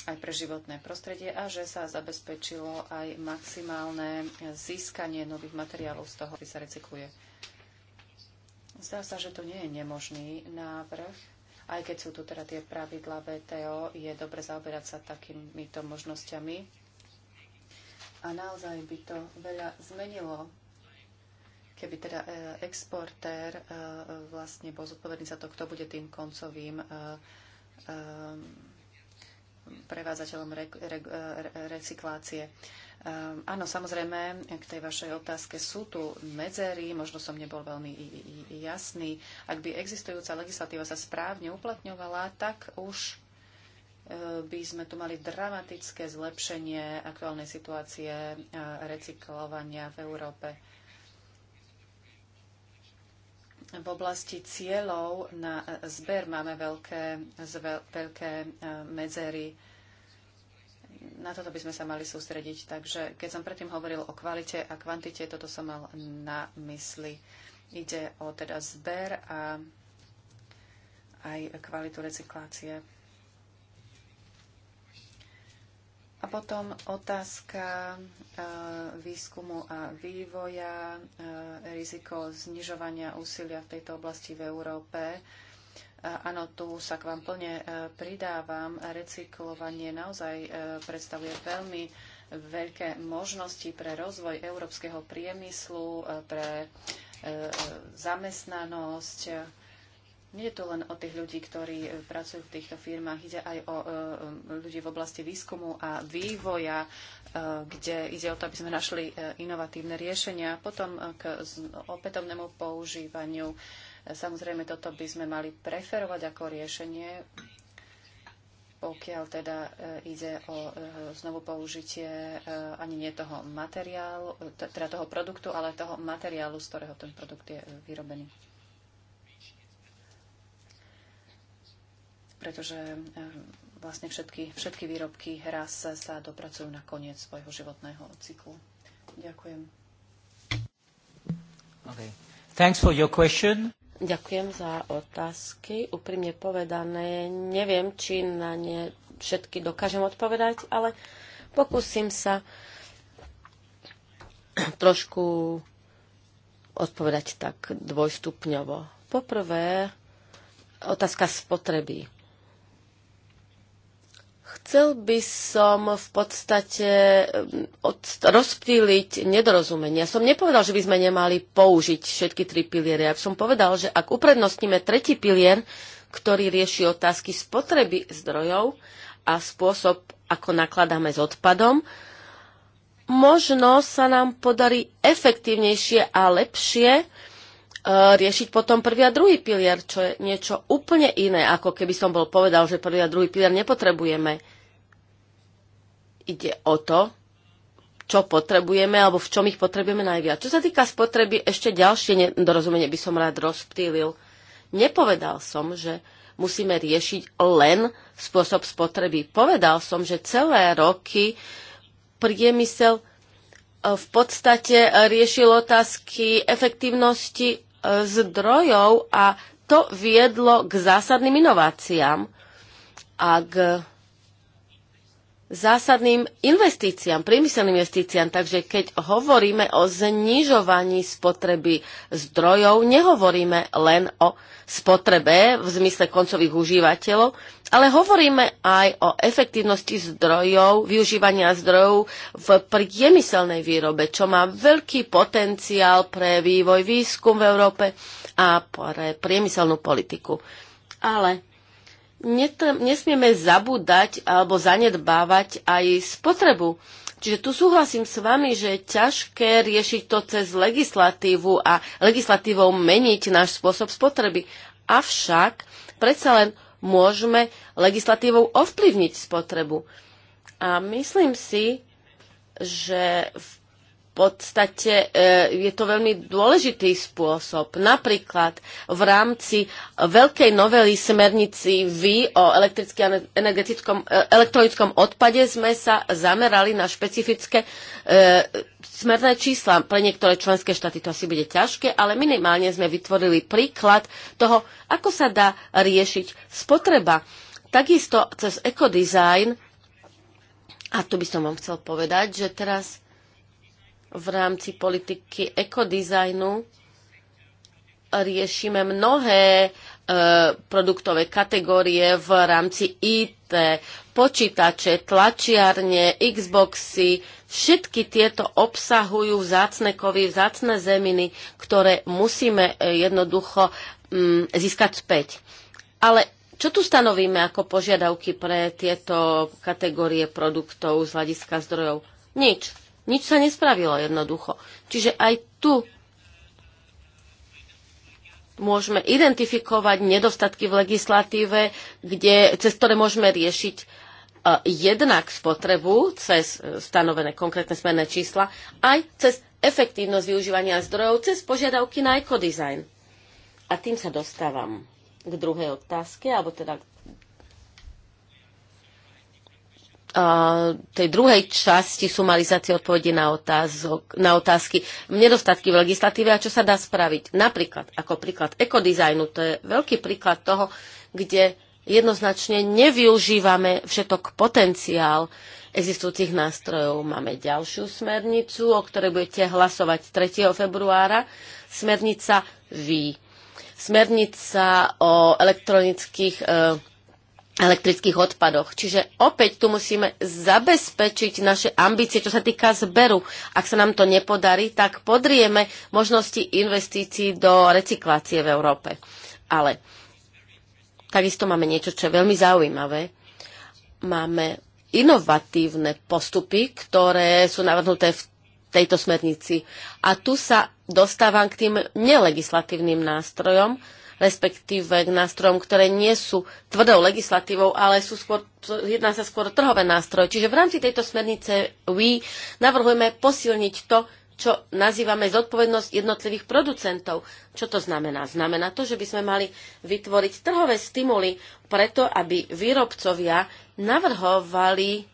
aj pre životné prostredie a že sa zabezpečilo aj maximálne získanie nových materiálov z toho, ktorý sa recykluje. Zdá sa, že to nie je nemožný návrh, aj keď sú tu teda tie pravidla VTO, je dobre zaoberať sa takýmito možnosťami a naozaj by to veľa zmenilo, keby teda e, exportér e, vlastne bol zodpovedný za to, kto bude tým koncovým e, prevádzateľom re, re, recyklácie. Um, áno, samozrejme, k tej vašej otázke sú tu medzery, možno som nebol veľmi jasný. Ak by existujúca legislatíva sa správne uplatňovala, tak už by sme tu mali dramatické zlepšenie aktuálnej situácie recyklovania v Európe. V oblasti cieľov na zber máme veľké, veľké e, medzery. Na toto by sme sa mali sústrediť. Takže keď som predtým hovoril o kvalite a kvantite, toto som mal na mysli. Ide o teda zber a aj kvalitu recyklácie. A potom otázka e, výskumu a vývoja, e, riziko znižovania úsilia v tejto oblasti v Európe. E, áno, tu sa k vám plne pridávam. Recyklovanie naozaj predstavuje veľmi veľké možnosti pre rozvoj európskeho priemyslu, pre zamestnanosť nie je to len o tých ľudí, ktorí e, pracujú v týchto firmách, ide aj o e, e, ľudí v oblasti výskumu a vývoja, e, kde ide o to, aby sme našli e, inovatívne riešenia. Potom k opätovnému používaniu. Samozrejme, toto by sme mali preferovať ako riešenie, pokiaľ teda ide o znovu použitie ani nie toho materiálu, teda toho produktu, ale toho materiálu, z ktorého ten produkt je vyrobený. pretože e, vlastne všetky, všetky výrobky raz sa dopracujú na koniec svojho životného cyklu. Ďakujem. Okay. Thanks for your question. Ďakujem za otázky. Úprimne povedané, neviem, či na ne všetky dokážem odpovedať, ale pokúsim sa trošku odpovedať tak dvojstupňovo. Poprvé, otázka spotreby Chcel by som v podstate od, rozptýliť nedorozumenia. Som nepovedal, že by sme nemali použiť všetky tri piliery. Ja som povedal, že ak uprednostníme tretí pilier, ktorý rieši otázky spotreby zdrojov a spôsob, ako nakladáme s odpadom, možno sa nám podarí efektívnejšie a lepšie Eh, riešiť potom prvý a druhý pilier, čo je niečo úplne iné, ako keby som bol povedal, že prvý a druhý pilier nepotrebujeme. Ide o to, čo potrebujeme alebo v čom ich potrebujeme najviac. Čo sa týka spotreby, ešte ďalšie nedorozumenie by som rád rozptýlil. Nepovedal som, že musíme riešiť len spôsob spotreby. Povedal som, že celé roky priemysel eh, v podstate eh, riešil otázky efektívnosti zdrojov a to viedlo k zásadným inováciám a k zásadným investíciám, priemyselným investíciám. Takže keď hovoríme o znižovaní spotreby zdrojov, nehovoríme len o spotrebe v zmysle koncových užívateľov, ale hovoríme aj o efektívnosti zdrojov, využívania zdrojov v priemyselnej výrobe, čo má veľký potenciál pre vývoj výskum v Európe a pre priemyselnú politiku. Ale nesmieme zabúdať alebo zanedbávať aj spotrebu. Čiže tu súhlasím s vami, že je ťažké riešiť to cez legislatívu a legislatívou meniť náš spôsob spotreby. Avšak predsa len môžeme legislatívou ovplyvniť spotrebu. A myslím si, že v podstate e, je to veľmi dôležitý spôsob. Napríklad v rámci veľkej novely smernici VY o energetickom, e, elektronickom odpade sme sa zamerali na špecifické e, smerné čísla. Pre niektoré členské štáty to asi bude ťažké, ale minimálne sme vytvorili príklad toho, ako sa dá riešiť spotreba. Takisto cez ekodizajn, a tu by som vám chcel povedať, že teraz v rámci politiky ekodizajnu riešime mnohé e, produktové kategórie v rámci IT, počítače, tlačiarne, Xboxy. Všetky tieto obsahujú vzácne kovy, vzácne zeminy, ktoré musíme e, jednoducho mm, získať späť. Ale čo tu stanovíme ako požiadavky pre tieto kategórie produktov z hľadiska zdrojov? Nič nič sa nespravilo jednoducho. Čiže aj tu môžeme identifikovať nedostatky v legislatíve, kde, cez ktoré môžeme riešiť e, jednak spotrebu cez e, stanovené konkrétne smerné čísla, aj cez efektívnosť využívania zdrojov, cez požiadavky na ekodizajn. A tým sa dostávam k druhej otázke, alebo teda k tej druhej časti sumarizácie odpovedí na, otázok, na otázky nedostatky v legislatíve a čo sa dá spraviť. Napríklad, ako príklad ekodizajnu, to je veľký príklad toho, kde jednoznačne nevyužívame všetok potenciál existujúcich nástrojov. Máme ďalšiu smernicu, o ktorej budete hlasovať 3. februára. Smernica V. Smernica o elektronických e, elektrických odpadoch. Čiže opäť tu musíme zabezpečiť naše ambície, čo sa týka zberu. Ak sa nám to nepodarí, tak podrieme možnosti investícií do recyklácie v Európe. Ale takisto máme niečo, čo je veľmi zaujímavé. Máme inovatívne postupy, ktoré sú navrhnuté v tejto smernici. A tu sa dostávam k tým nelegislatívnym nástrojom, respektíve k nástrojom, ktoré nie sú tvrdou legislatívou, ale sú skôr, jedná sa skôr trhové nástroje. Čiže v rámci tejto smernice WE navrhujeme posilniť to, čo nazývame zodpovednosť jednotlivých producentov. Čo to znamená? Znamená to, že by sme mali vytvoriť trhové stimuly preto, aby výrobcovia navrhovali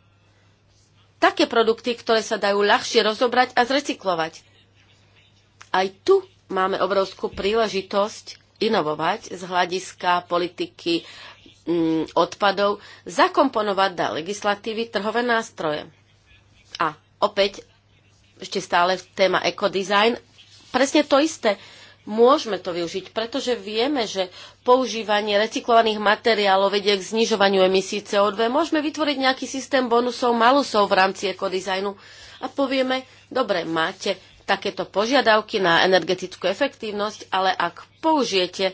také produkty, ktoré sa dajú ľahšie rozobrať a zrecyklovať. Aj tu máme obrovskú príležitosť inovovať z hľadiska politiky mm, odpadov, zakomponovať do legislatívy trhové nástroje. A opäť, ešte stále téma ekodizajn, presne to isté. Môžeme to využiť, pretože vieme, že používanie recyklovaných materiálov vedie k znižovaniu emisí CO2. Môžeme vytvoriť nejaký systém bonusov, malusov v rámci ekodizajnu a povieme, dobre, máte takéto požiadavky na energetickú efektívnosť, ale ak použijete e,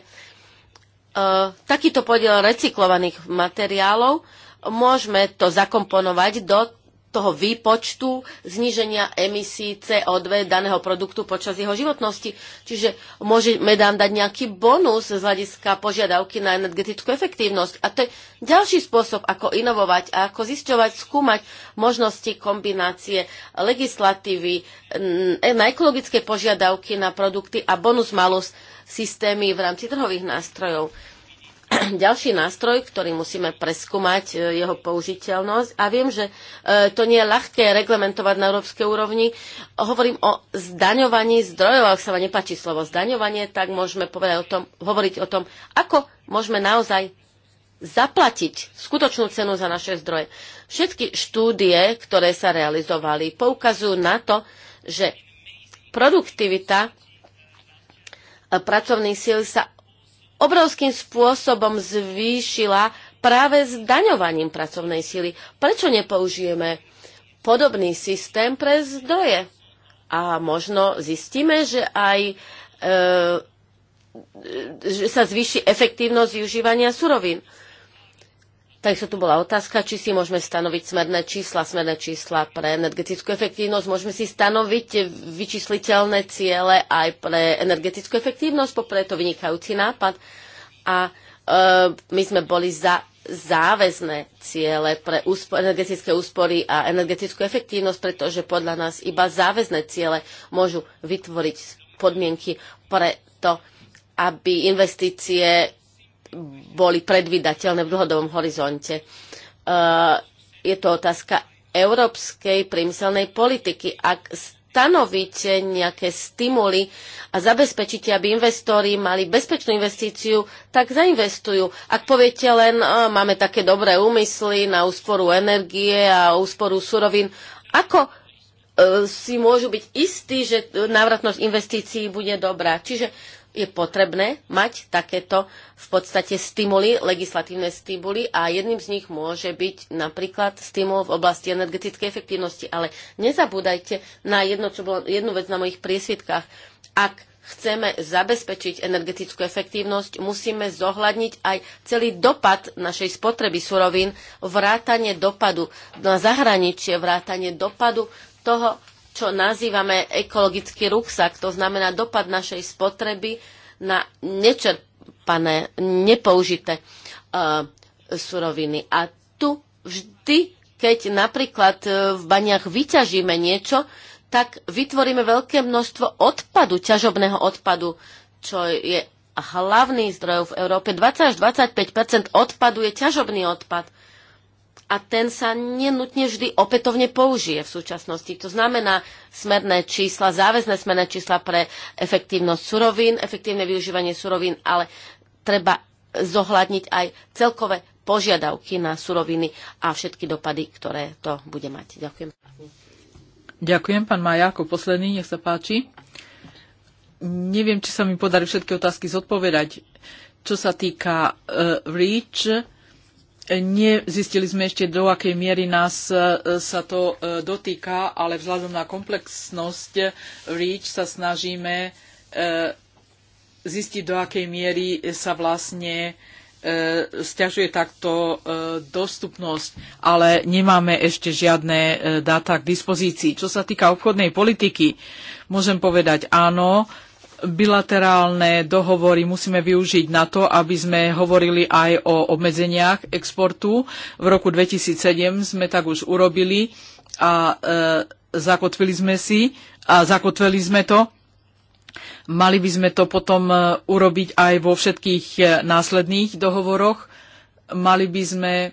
takýto podiel recyklovaných materiálov, môžeme to zakomponovať do toho výpočtu zníženia emisí CO2 daného produktu počas jeho životnosti. Čiže môžeme dám dať nejaký bonus z hľadiska požiadavky na energetickú efektívnosť. A to je ďalší spôsob, ako inovovať a ako zisťovať, skúmať možnosti kombinácie legislatívy, mm, na ekologické požiadavky na produkty a bonus-malus systémy v rámci trhových nástrojov. ďalší nástroj, ktorý musíme preskúmať, e, jeho použiteľnosť. A viem, že e, to nie je ľahké reglementovať na európskej úrovni. Hovorím o zdaňovaní zdrojov. Ak sa vám nepáči slovo zdaňovanie, tak môžeme povedať o tom, hovoriť o tom, ako môžeme naozaj zaplatiť skutočnú cenu za naše zdroje. Všetky štúdie, ktoré sa realizovali, poukazujú na to, že produktivita e, pracovných síl sa obrovským spôsobom zvýšila práve s daňovaním pracovnej síly. Prečo nepoužijeme podobný systém pre zdroje? A možno zistíme, že aj e, e že sa zvýši efektívnosť využívania surovín. Takisto tu bola otázka, či si môžeme stanoviť smerné čísla, smerné čísla pre energetickú efektívnosť. Môžeme si stanoviť vyčísliteľné ciele aj pre energetickú efektívnosť, popre je to vynikajúci nápad. A e, my sme boli za záväzné ciele pre úspor, energetické úspory a energetickú efektívnosť, pretože podľa nás iba záväzné ciele môžu vytvoriť podmienky pre to, aby investície boli predvydateľné v dlhodobom horizonte. Uh, je to otázka európskej priemyselnej politiky. Ak stanovíte nejaké stimuly a zabezpečíte, aby investori mali bezpečnú investíciu, tak zainvestujú. Ak poviete len, máme také dobré úmysly na úsporu energie a úsporu surovín, ako uh, si môžu byť istí, že návratnosť investícií bude dobrá. Čiže je potrebné mať takéto v podstate stimuly, legislatívne stimuly a jedným z nich môže byť napríklad stimul v oblasti energetickej efektivnosti. Ale nezabúdajte na jedno, čo bolo, jednu vec na mojich priesvitkách. Ak chceme zabezpečiť energetickú efektívnosť, musíme zohľadniť aj celý dopad našej spotreby surovín, vrátanie dopadu na zahraničie, vrátanie dopadu toho, čo nazývame ekologický ruksak. To znamená dopad našej spotreby na nečerpané, nepoužité uh, suroviny. A tu vždy, keď napríklad e, v baniach vyťažíme niečo, tak vytvoríme veľké množstvo odpadu, ťažobného odpadu, čo je hlavný zdroj v Európe. 20 až 25 odpadu je ťažobný odpad a ten sa nenutne vždy opätovne použije v súčasnosti. To znamená smerné čísla, záväzné smerné čísla pre efektívnosť surovín, efektívne využívanie surovín, ale treba zohľadniť aj celkové požiadavky na suroviny a všetky dopady, ktoré to bude mať. Ďakujem. Ďakujem, pán Maja, ako posledný, nech sa páči. Neviem, či sa mi podarí všetky otázky zodpovedať. Čo sa týka uh, REACH, Nezistili sme ešte, do akej miery nás e, sa to e, dotýka, ale vzhľadom na komplexnosť e, REACH sa snažíme zistiť, do akej miery sa vlastne stiažuje takto dostupnosť, ale nemáme ešte žiadne dáta k dispozícii. Čo sa týka obchodnej politiky, môžem povedať áno, bilaterálne dohovory musíme využiť na to, aby sme hovorili aj o obmedzeniach exportu. V roku 2007 sme tak už urobili a e, zakotvili sme si a zakotvili sme to. Mali by sme to potom e, urobiť aj vo všetkých e, následných dohovoroch. Mali by sme e,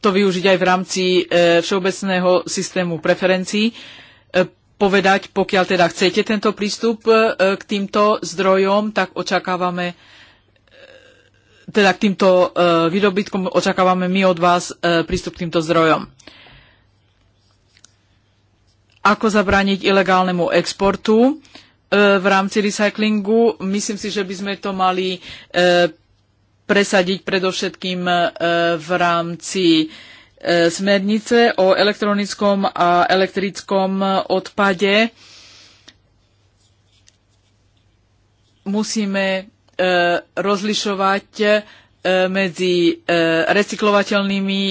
to využiť aj v rámci e, všeobecného systému preferencií, e, povedať, pokiaľ teda chcete tento prístup e, k týmto zdrojom, tak očakávame teda k týmto výrobitkom očakávame my od vás prístup k týmto zdrojom. Ako zabrániť ilegálnemu exportu v rámci recyklingu? Myslím si, že by sme to mali presadiť predovšetkým e, v rámci e, smernice o elektronickom a elektrickom e, odpade. Musíme rozlišovať medzi recyklovateľnými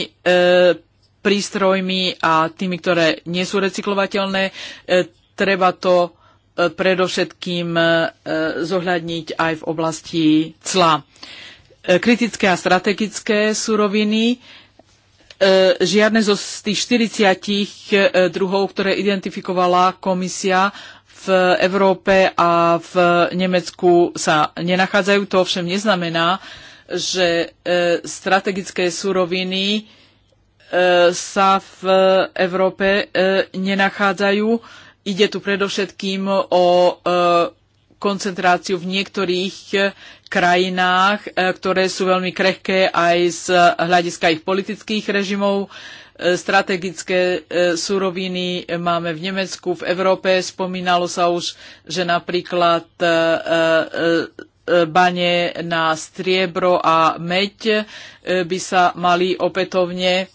prístrojmi a tými, ktoré nie sú recyklovateľné. Treba to predovšetkým zohľadniť aj v oblasti cla. E, kritické a strategické suroviny, e, žiadne zo z tých 40 e, druhov, ktoré identifikovala komisia v Európe a v Nemecku sa nenachádzajú. To ovšem neznamená, že strategické suroviny sa v Európe nenachádzajú. Ide tu predovšetkým o koncentráciu v niektorých eh, krajinách, eh, ktoré sú veľmi krehké aj z hľadiska ich politických režimov. Eh, strategické súroviny máme v Nemecku, v Európe. Spomínalo sa už, že napríklad bane na striebro a meď by sa mali opätovne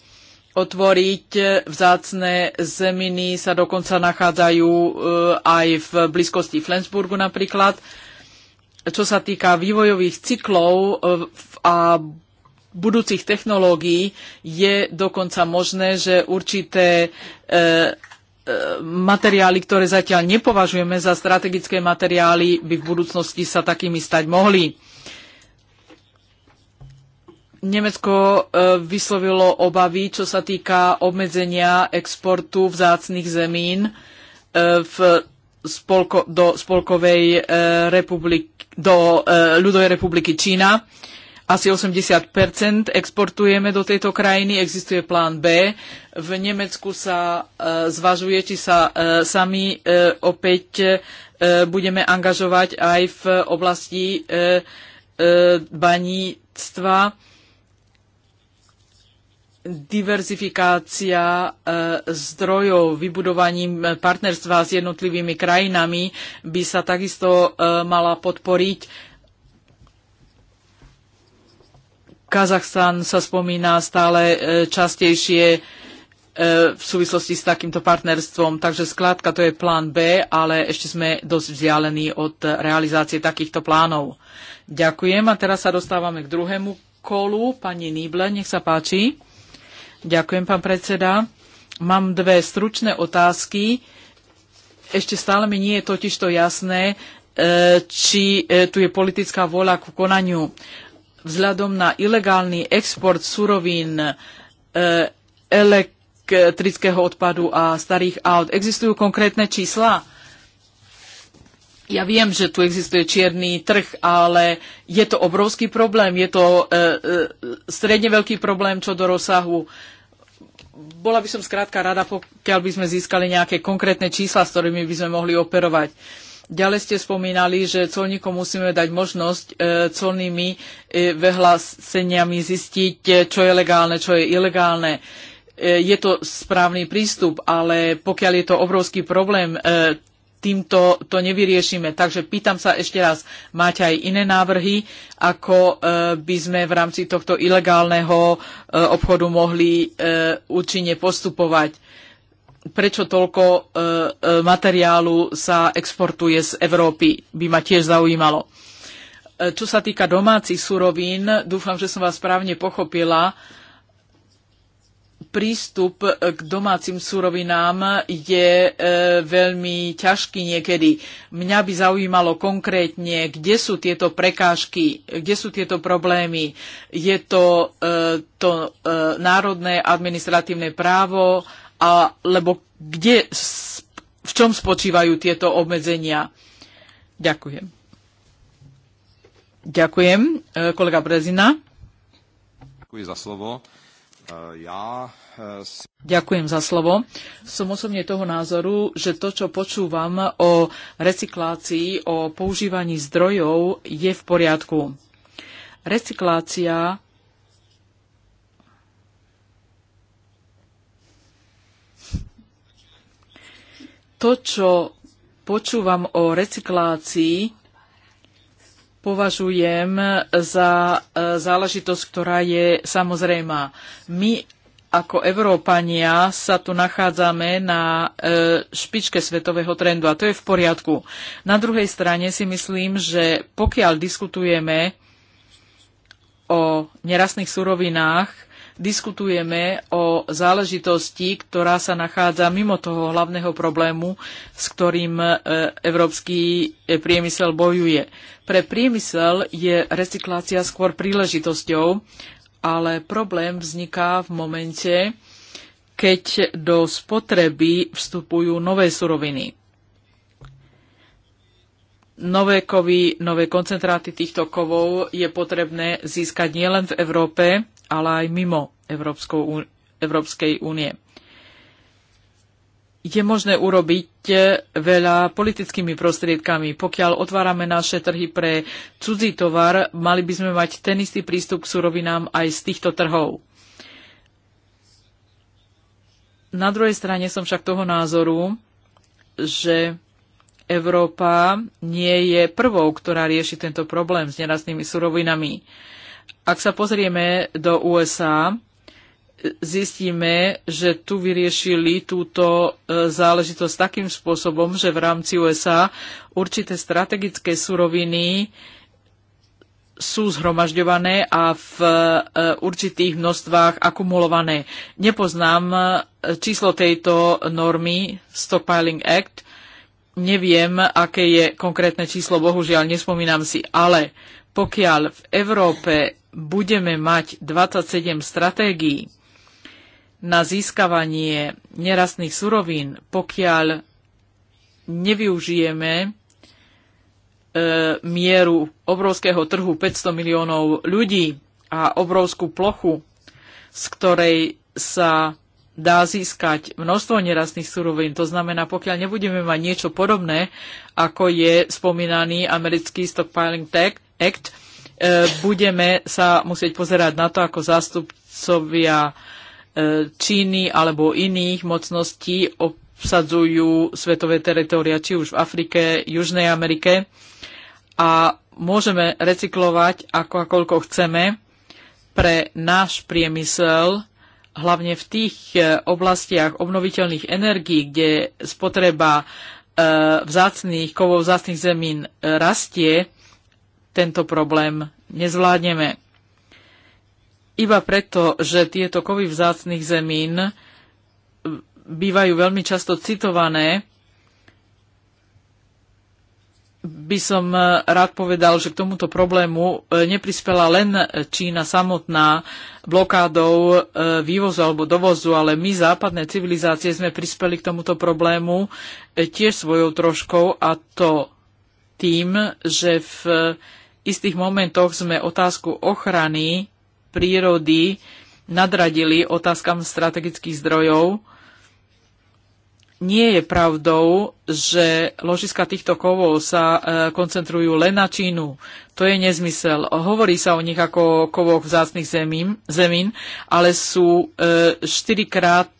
otvoriť. Vzácne zeminy sa dokonca nachádzajú e, aj v blízkosti Flensburgu napríklad. Čo sa týka vývojových cyklov e, a budúcich technológií, je dokonca možné, že určité e, materiály, ktoré zatiaľ nepovažujeme za strategické materiály, by v budúcnosti sa takými stať mohli. Nemecko e, vyslovilo obavy, čo sa týka obmedzenia exportu vzácných zemín e, v spolko, do Spolkovej e, republiky, do ľudovej republiky Čína. Asi 80 exportujeme do tejto krajiny, existuje plán B. V Nemecku sa zvažuje, či sa sami opäť budeme angažovať aj v oblasti baníctva diverzifikácia e, zdrojov vybudovaním partnerstva s jednotlivými krajinami by sa takisto e, mala podporiť. Kazachstan sa spomína stále e, častejšie v súvislosti s takýmto partnerstvom. Takže skládka to je plán B, ale ešte sme dosť vzdialení od realizácie takýchto plánov. Ďakujem a teraz sa dostávame k druhému kolu. Pani Nýble, nech sa páči. Ďakujem, pán predseda. Mám dve stručné otázky. Ešte stále mi nie je totiž to jasné, e, či e, tu je politická vôľa ku konaniu. Vzhľadom na ilegálny export surovín e, elektrického odpadu a starých aut. Existujú konkrétne čísla? Ja viem, že tu existuje čierny trh, ale je to obrovský problém. Je to e, e, stredne veľký problém čo do rozsahu. E, bola by som skrátka rada, pokiaľ by sme získali nejaké konkrétne čísla, s ktorými by sme mohli operovať. Ďalej ste spomínali, že colníkom musíme dať možnosť e, colnými e, vehlaseniami zistiť, e, čo je legálne, čo je ilegálne. E, je to správny prístup, ale pokiaľ je to obrovský problém e, týmto to nevyriešime. Takže pýtam sa ešte raz, máte aj iné návrhy, ako e, by sme v rámci tohto ilegálneho e, obchodu mohli e, účinne postupovať? Prečo toľko materiálu sa exportuje z Európy? By ma tiež zaujímalo. Čo sa týka domácich surovín, dúfam, že som vás správne pochopila prístup k domácim surovinám je e, veľmi ťažký niekedy. Mňa by zaujímalo konkrétne, kde sú tieto prekážky, kde sú tieto problémy. Je to, e, to e, národné administratívne právo, alebo kde, v čom spočívajú tieto obmedzenia? Ďakujem. Ďakujem. E, kolega Brezina. Ďakujem za slovo. E, ja Ďakujem za slovo. Som osobne toho názoru, že to, čo počúvam o recyklácii, o používaní zdrojov, je v poriadku. Recyklácia to, čo počúvam o recyklácii, považujem za e, záležitosť, ktorá je samozrejmá. My ako Európania sa tu nachádzame na e, špičke svetového trendu a to je v poriadku. Na druhej strane si myslím, že pokiaľ diskutujeme o nerastných surovinách, diskutujeme o záležitosti, ktorá sa nachádza mimo toho hlavného problému, s ktorým e, európsky e, priemysel bojuje. Pre priemysel je recyklácia skôr príležitosťou ale problém vzniká v momente, keď do spotreby vstupujú nové suroviny. Nové kovy, nové koncentráty týchto kovov je potrebné získať nielen v Európe, ale aj mimo Európskej únie je možné urobiť eh, veľa politickými prostriedkami. Pokiaľ otvárame naše trhy pre cudzí tovar, mali by sme mať ten istý prístup k surovinám aj z týchto trhov. Na druhej strane som však toho názoru, že Európa nie je prvou, ktorá rieši tento problém s nerastnými surovinami. Ak sa pozrieme do USA, zistíme, že tu vyriešili túto e, záležitosť takým spôsobom, že v rámci USA určité strategické suroviny sú zhromažďované a v e, určitých množstvách akumulované. Nepoznám e, číslo tejto normy Stockpiling Act. Neviem, aké je konkrétne číslo, bohužiaľ nespomínam si, ale pokiaľ v Európe budeme mať 27 stratégií, na získavanie nerastných surovín, pokiaľ nevyužijeme e, mieru obrovského trhu 500 miliónov ľudí a obrovskú plochu, z ktorej sa dá získať množstvo nerastných surovín. To znamená, pokiaľ nebudeme mať niečo podobné, ako je spomínaný americký Stockpiling Act, e, budeme sa musieť pozerať na to, ako zástupcovia Číny alebo iných mocností obsadzujú svetové teritoria, či už v Afrike, Južnej Amerike a môžeme recyklovať ako a koľko chceme pre náš priemysel, hlavne v tých eh, oblastiach obnoviteľných energií, kde spotreba eh, vzácných, kovov vzácných zemín eh, rastie, tento problém nezvládneme iba preto, že tieto kovy vzácných zemín bývajú veľmi často citované, by som rád povedal, že k tomuto problému e, neprispela len Čína samotná blokádou e, vývozu alebo dovozu, ale my západné civilizácie sme prispeli k tomuto problému e, tiež svojou troškou a to tým, že v istých momentoch sme otázku ochrany prírody nadradili otázkam strategických zdrojov. Nie je pravdou, že ložiska týchto kovov sa e, koncentrujú len na Čínu. To je nezmysel. Hovorí sa o nich ako o kovoch vzácných zemín, zemín ale sú e, štyrikrát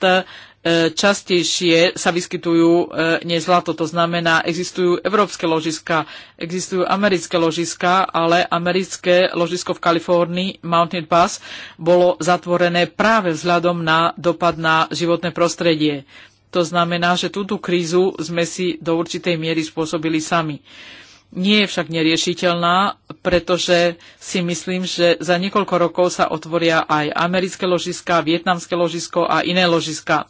E, častejšie sa vyskytujú e, nezlato. To znamená, existujú európske ložiska, existujú americké ložiska, ale americké ložisko v Kalifornii, Mountain Pass, bolo zatvorené práve vzhľadom na dopad na životné prostredie. To znamená, že túto krízu sme si do určitej miery spôsobili sami. Uh, nie je však neriešiteľná, pretože si myslím, že za niekoľko rokov sa otvoria aj americké ložiska, vietnamské ložisko a iné ložiska.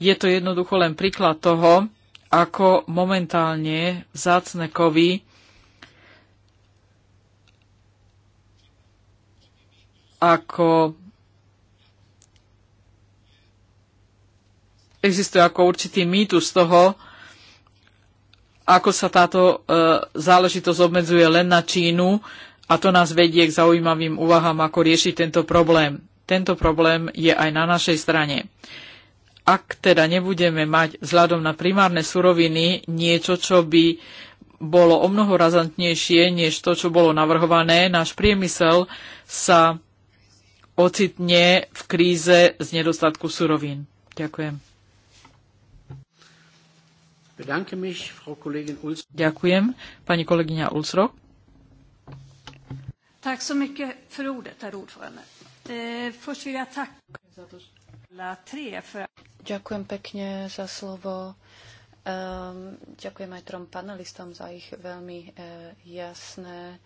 Je to jednoducho len príklad toho, ako momentálne vzácne kovy ako existuje ako určitý mýtus toho, ako sa táto e, záležitosť obmedzuje len na Čínu a to nás vedie k zaujímavým úvahám, ako riešiť tento problém. Tento problém je aj na našej strane. Ak teda nebudeme mať vzhľadom na primárne suroviny niečo, čo by bolo o mnoho razantnejšie než to, čo bolo navrhované, náš priemysel sa ocitne v kríze z nedostatku surovín. Ďakujem. Ďakujem. Pani kolegyňa Ulsrok. mycket för ordet, herr ordförande. Eh, först vill jag tacka alla tre för... Ďakujem pekne za slovo. Um, ďakujem aj trom panelistom za ich veľmi uh, jasné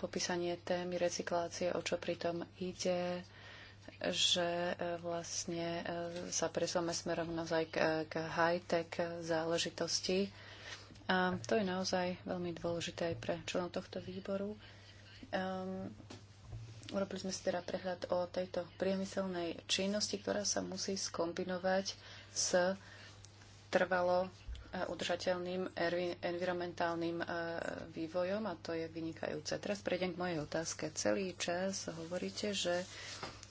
popísanie témy recyklácie, o čo pritom ide že e, vlastne e, sa presúvame smerom naozaj k, k high-tech záležitosti. A to je naozaj veľmi dôležité aj pre členov tohto výboru. Um, urobili sme si teda prehľad o tejto priemyselnej činnosti, ktorá sa musí skombinovať s trvalo e, udržateľným environmentálnym vývojom a to je vynikajúce. Teraz prejdem k mojej otázke. Celý čas hovoríte, že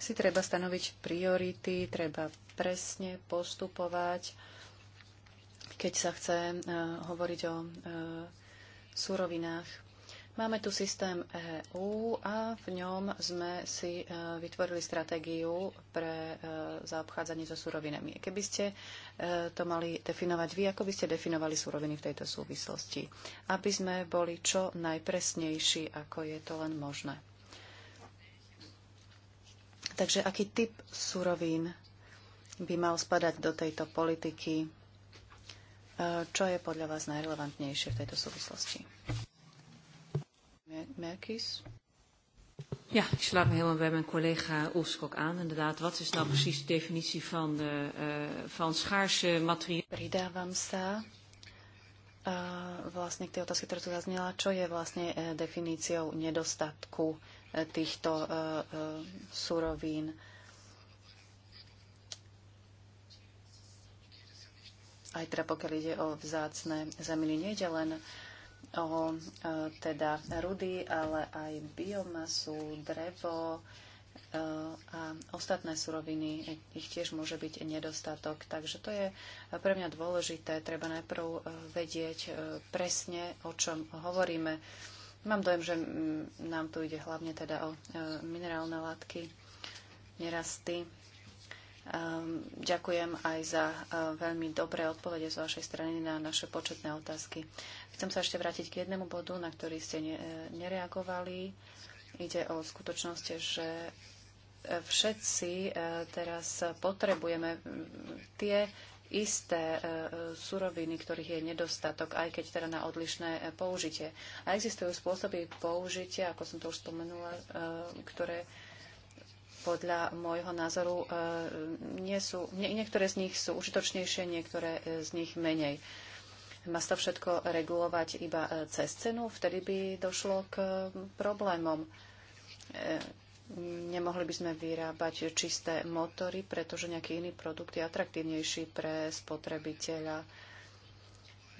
si treba stanoviť priority, treba presne postupovať, keď sa chce eh, hovoriť o eh, surovinách. Máme tu systém EÚ a v ňom sme si eh, vytvorili stratégiu pre zaobchádzanie so surovinami. Keby ste to mali definovať vy, ako by ste definovali suroviny v tejto súvislosti? Aby sme boli čo najpresnejší, ako je to len možné. Takže aký typ surovín by mal spadať do tejto politiky? E, čo je podľa vás najrelevantnejšie v tejto súvislosti? Merkis? Ja, ik sluit me helemaal bij mijn collega Oeskok aan. Inderdaad, wat is nou precies de definitie van, de, uh, van schaarse materiaal? Pridávam sa uh, vlastne k tej otázke, ktorá tu zaznela. Čo je vlastne uh, definíciou nedostatku? týchto e, e, surovín. Aj teda pokiaľ ide o vzácne zeminy, nejde len o e, teda rudy, ale aj biomasu, drevo a ostatné suroviny, ich tiež môže byť nedostatok. Takže to je pre mňa dôležité. Treba najprv vedieť presne, o čom hovoríme Mám dojem, že nám tu ide hlavne teda o e, minerálne látky, nerasty. E, ďakujem aj za e, veľmi dobré odpovede z vašej strany na naše početné otázky. Chcem sa ešte vrátiť k jednému bodu, na ktorý ste nereagovali. Ide o skutočnosť, že všetci teraz potrebujeme tie isté e, e, suroviny, ktorých je nedostatok, aj keď teda na odlišné e, použitie. A existujú spôsoby použitia, ako som to už spomenula, ktoré podľa môjho názoru nie sú, nie, niektoré z nich sú užitočnejšie, niektoré z nich menej. Má sa to všetko regulovať iba cez cenu, vtedy by došlo k problémom Nemohli by sme vyrábať čisté motory, pretože nejaký iný produkt je atraktívnejší pre spotrebiteľa.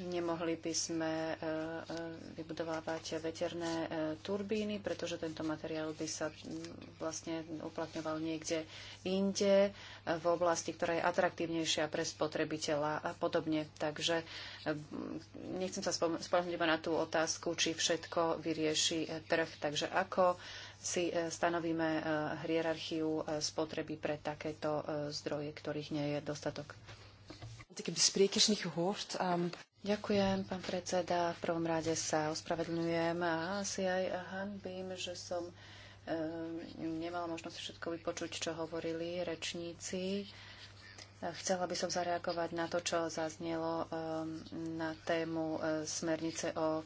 Nemohli by sme e, e, vybudovávať veterné e, turbíny, pretože tento materiál by sa vlastne uplatňoval niekde inde, v oblasti, ktorá je atraktívnejšia pre spotrebiteľa a podobne. Takže nechcem sa spolahnuť iba na tú otázku, či všetko vyrieši trh. Takže ako si e, stanovíme e, hierarchiu e, spotreby pre takéto zdroje, ktorých nie je dostatok. Ehm. Ďakujem, pán predseda. V prvom rade sa ospravedlňujem a asi aj hanbím, že som nemala možnosť všetko vypočuť, čo hovorili rečníci. Chcela by som zareagovať na to, čo zaznelo ehm, na tému smernice o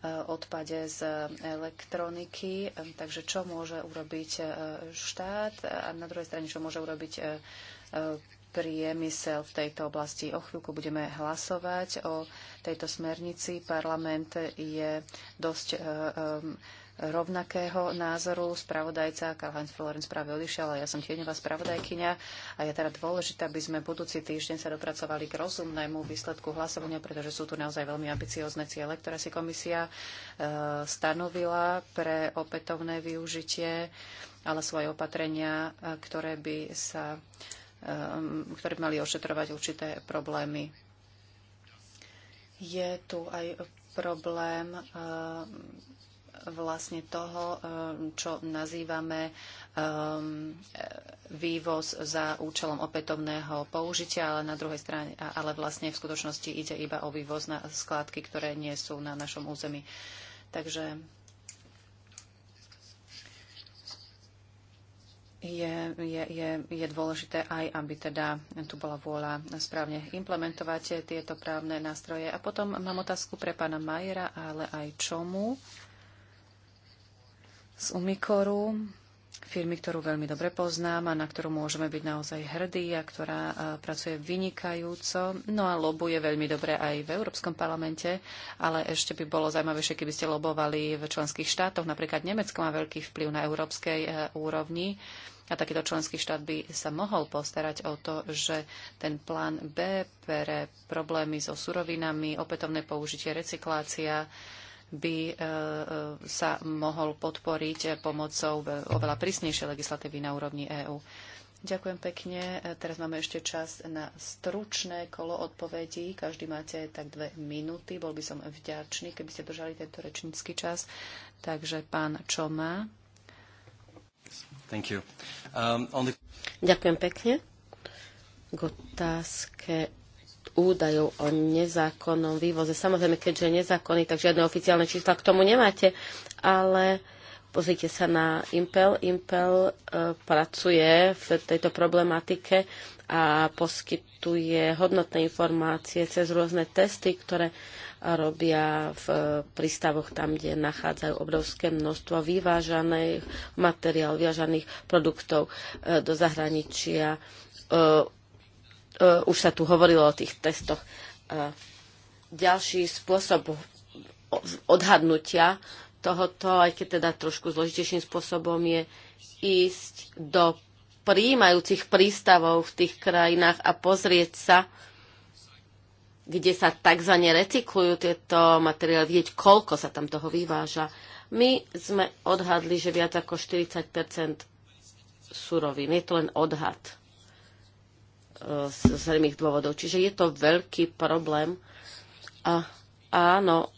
Eh, odpade z elektroniky. Takže čo môže urobiť eh, štát a na druhej strane, čo môže urobiť eh, priemysel v tejto oblasti. O chvíľku budeme hlasovať o tejto smernici. Parlament je dosť um, rovnakého názoru. Spravodajca Karl-Heinz Florence práve odišiel, ale ja som tieňová spravodajkyňa a je teda dôležité, aby sme budúci týždeň sa dopracovali k rozumnému výsledku hlasovania, pretože sú tu naozaj veľmi ambiciozne ciele, ktoré si komisia e, stanovila pre opätovné využitie, ale sú aj opatrenia, e, ktoré by sa e, ktoré by mali ošetrovať určité problémy. Je tu aj problém vlastne toho, eh, čo nazývame eh, vývoz za účelom opätovného použitia, ale na druhej strane, ale vlastne v skutočnosti ide iba o vývoz na skládky, ktoré nie sú na našom území. Takže je, je, je, je dôležité aj, aby teda tu bola vôľa správne implementovať tieto právne nástroje. A potom mám otázku pre pána Majera, ale aj čomu z Umikoru, firmy, ktorú veľmi dobre poznám a na ktorú môžeme byť naozaj hrdí a ktorá e, pracuje vynikajúco. No a lobuje veľmi dobre aj v Európskom parlamente, ale ešte by bolo zaujímavejšie, keby ste lobovali v členských štátoch. Napríklad Nemecko má veľký vplyv na európskej e, úrovni a takýto členský štát by sa mohol postarať o to, že ten plán B pre problémy so surovinami, opätovné použitie, recyklácia, by e, e, sa mohol podporiť pomocou oveľa prísnejšej legislatívy na úrovni EÚ. Ďakujem pekne. E, teraz máme ešte čas na stručné kolo odpovedí. Každý máte tak dve minúty. Bol by som vďačný, keby ste držali tento rečnícky čas. Takže pán Čoma. Um, the... Ďakujem pekne. K otázke údajov o nezákonnom vývoze. Samozrejme, keďže je nezákonný, tak žiadne oficiálne čísla k tomu nemáte, ale pozrite sa na Impel. Impel uh, pracuje v tejto problematike a poskytuje hodnotné informácie cez rôzne testy, ktoré robia v prístavoch tam, kde nachádzajú obrovské množstvo vyvážaných materiál, vyvážaných produktov e, do zahraničia e, E, už sa tu hovorilo o tých testoch. E, ďalší spôsob odhadnutia tohoto, aj keď teda trošku zložitejším spôsobom, je ísť do príjmajúcich prístavov v tých krajinách a pozrieť sa, kde sa tzv. recyklujú tieto materiály, vidieť, koľko sa tam toho vyváža. My sme odhadli, že viac ako 40 surovín. Je to len odhad z zrejmých dôvodov. Čiže je to veľký problém a áno,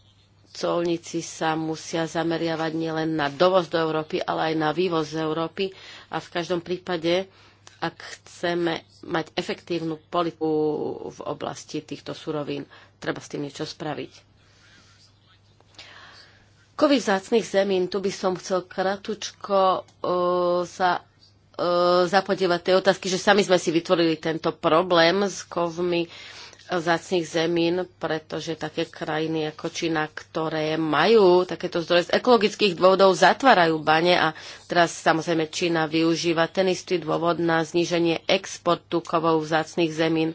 colníci sa musia zameriavať nielen na dovoz do Európy, ale aj na vývoz z Európy a v každom prípade, ak chceme mať efektívnu politiku v oblasti týchto surovín, treba s tým niečo spraviť. Kovy vzácných zemín, tu by som chcel kratučko uh, eh, sa E, zapodievať tej otázky, že sami sme si vytvorili tento problém s kovmi zácných zemín, pretože také krajiny ako Čína, ktoré majú takéto zdroje z ekologických dôvodov, zatvárajú bane a teraz samozrejme Čína využíva ten istý dôvod na zníženie exportu kovov zácných zemín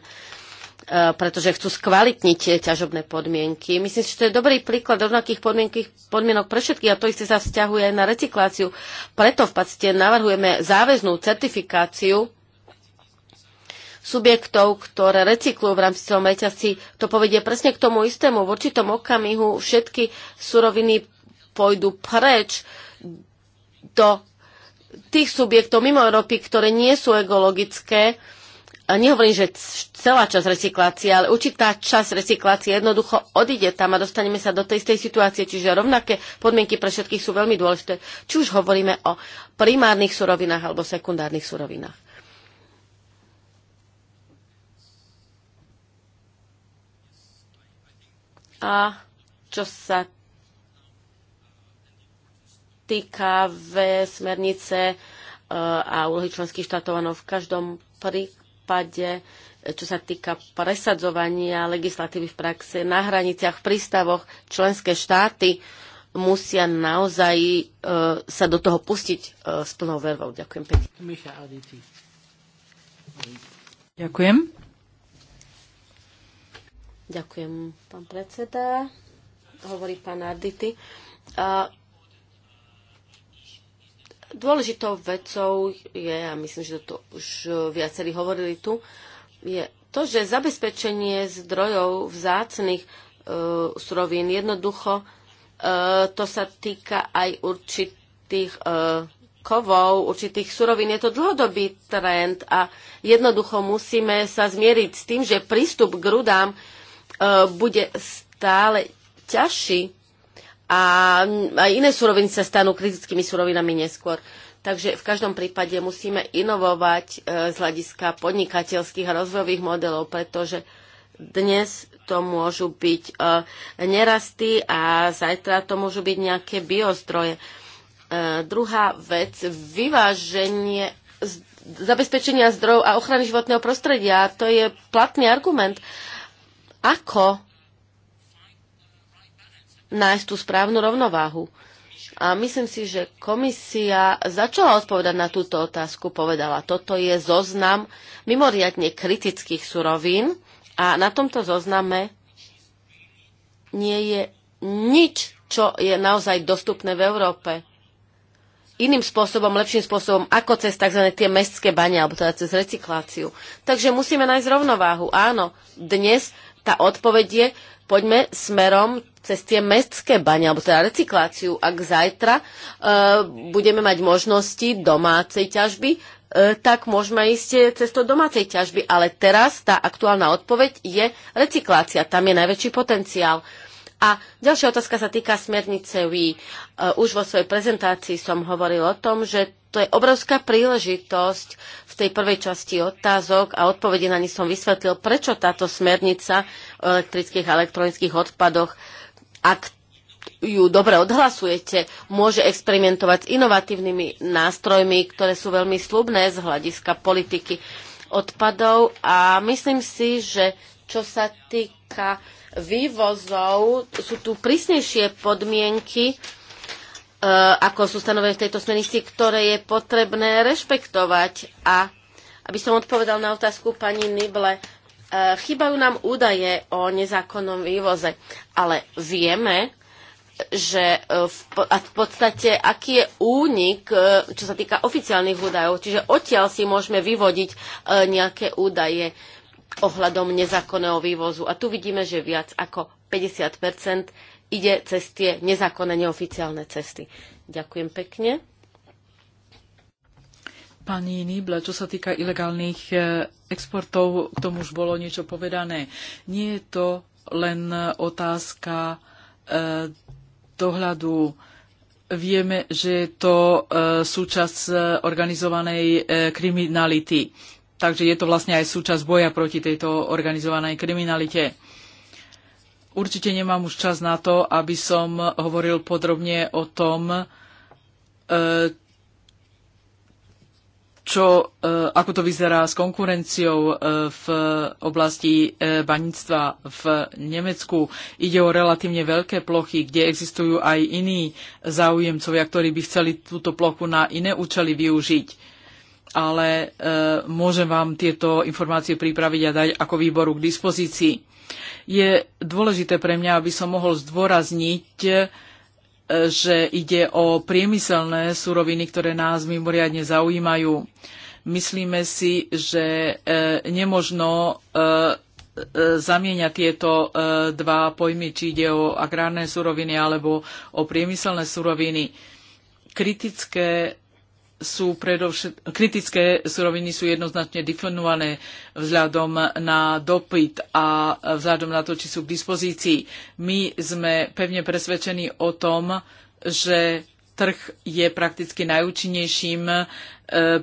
Eh, pretože chcú skvalitniť ťažobné podmienky. Myslím si, že to je dobrý príklad rovnakých podmienok pre všetkých a to isté sa vzťahuje aj na recykláciu. Preto v podstate navrhujeme záväznú certifikáciu subjektov, ktoré recyklujú v rámci celom reťazci. To povedie presne k tomu istému. V určitom okamihu všetky suroviny pôjdu preč do tých subjektov mimo Európy, ktoré nie sú ekologické, nehovorím, že celá časť recyklácie, ale určitá časť recyklácie jednoducho odíde tam a dostaneme sa do tej istej situácie. Čiže rovnaké podmienky pre všetkých sú veľmi dôležité. Či už hovoríme o primárnych surovinách alebo sekundárnych surovinách. A čo sa týka v smernice e, a úlohy členských štátov, áno, v každom prípade prípade, e, čo sa týka presadzovania legislatívy v praxe na hraniciach, v prístavoch, členské štáty musia naozaj e, sa do toho pustiť e, s plnou vervou. Ďakujem pekne. Ďakujem. Ďakujem, pán predseda. Hovorí pán Ardity. A Dôležitou vecou je, a myslím, že to už viacerí hovorili tu, je to, že zabezpečenie zdrojov vzácných e, surovín jednoducho e, to sa týka aj určitých e, kovov, určitých surovín. Je to dlhodobý trend a jednoducho musíme sa zmieriť s tým, že prístup k rudám e, bude stále ťažší a aj iné suroviny sa stanú kritickými surovinami neskôr. Takže v každom prípade musíme inovovať e, z hľadiska podnikateľských a rozvojových modelov, pretože dnes to môžu byť e, nerasty a zajtra to môžu byť nejaké biozdroje. E, druhá vec, vyváženie zabezpečenia zdrojov a ochrany životného prostredia. To je platný argument. Ako nájsť tú správnu rovnováhu. A myslím si, že komisia začala odpovedať na túto otázku, povedala, toto je zoznam mimoriadne kritických surovín a na tomto zozname nie je nič, čo je naozaj dostupné v Európe. Iným spôsobom, lepším spôsobom, ako cez tzv. tie mestské bane, alebo teda cez recikláciu. Takže musíme nájsť rovnováhu. Áno, dnes tá odpoveď je, poďme smerom cez tie mestské bane, alebo teda recikláciu, ak zajtra e, budeme mať možnosti domácej ťažby, e, tak môžeme ísť cez to domácej ťažby. Ale teraz tá aktuálna odpoveď je recyklácia, Tam je najväčší potenciál. A ďalšia otázka sa týka smernice WI. E, už vo svojej prezentácii som hovoril o tom, že to je obrovská príležitosť v tej prvej časti otázok a odpovede na ní som vysvetlil, prečo táto smernica o elektrických a elektronických odpadoch ak ju dobre odhlasujete, môže experimentovať s inovatívnymi nástrojmi, ktoré sú veľmi slubné z hľadiska politiky odpadov a myslím si, že čo sa týka vývozov, sú tu prísnejšie podmienky, e, ako sú stanovené v tejto smernici, ktoré je potrebné rešpektovať. A aby som odpovedal na otázku pani Nible, Eh, chýbajú nám údaje o nezákonnom vývoze, ale vieme, že eh, v, a v podstate aký je únik, eh, čo sa týka oficiálnych údajov, čiže odtiaľ si môžeme vyvodiť nejaké údaje ohľadom nezákonného vývozu. A tu vidíme, že viac ako 50 ide cez tie nezákonné neoficiálne cesty. Ďakujem pekne pani Nýble, čo sa týka ilegálnych e, exportov, k tomu už bolo niečo povedané. Nie je to len otázka e, dohľadu. Vieme, že je to e, súčasť organizovanej kriminality. Takže je to vlastne aj súčasť boja proti tejto organizovanej kriminalite. Určite nemám už čas na to, aby som hovoril podrobne o tom, čo, e, ako to vyzerá s konkurenciou e, v oblasti e, baníctva v Nemecku. Ide o relatívne veľké plochy, kde existujú aj iní záujemcovia, ktorí by chceli túto plochu na iné účely využiť. Ale môžem vám tieto informácie pripraviť a dať ako výboru k dispozícii. Je dôležité pre mňa, aby som mohol zdôrazniť, že ide o priemyselné suroviny, ktoré nás mimoriadne zaujímajú. Myslíme si, že e, nemožno e, e, zamieňa tieto dva pojmy, či ide o agrárne suroviny alebo o priemyselné suroviny. Kritické sú predovšet... kritické suroviny sú jednoznačne definované vzhľadom na dopyt a vzhľadom na to, či sú k dispozícii. My sme pevne presvedčení o tom, že trh je prakticky najúčinnejším e,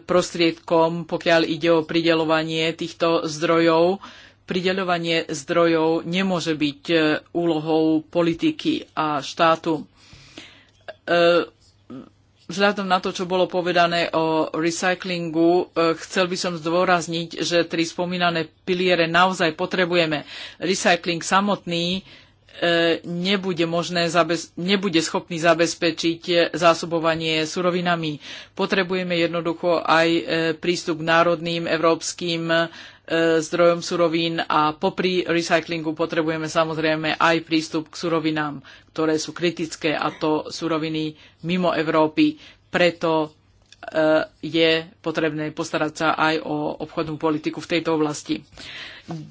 prostriedkom, pokiaľ ide o pridelovanie týchto zdrojov. Prideľovanie zdrojov nemôže byť e, úlohou politiky a štátu e, Vzhľadom na to, čo bolo povedané o recyklingu, e, chcel by som zdôrazniť, že tri spomínané piliere naozaj potrebujeme. Recycling samotný e, nebude, možné, nebude schopný zabezpečiť e, zásobovanie surovinami. Potrebujeme jednoducho aj prístup k národným, európskym E, zdrojom surovín a popri recyklingu potrebujeme samozrejme aj prístup k surovinám, ktoré sú kritické a to suroviny mimo Európy. Preto e, je potrebné postarať sa aj o obchodnú politiku v tejto oblasti.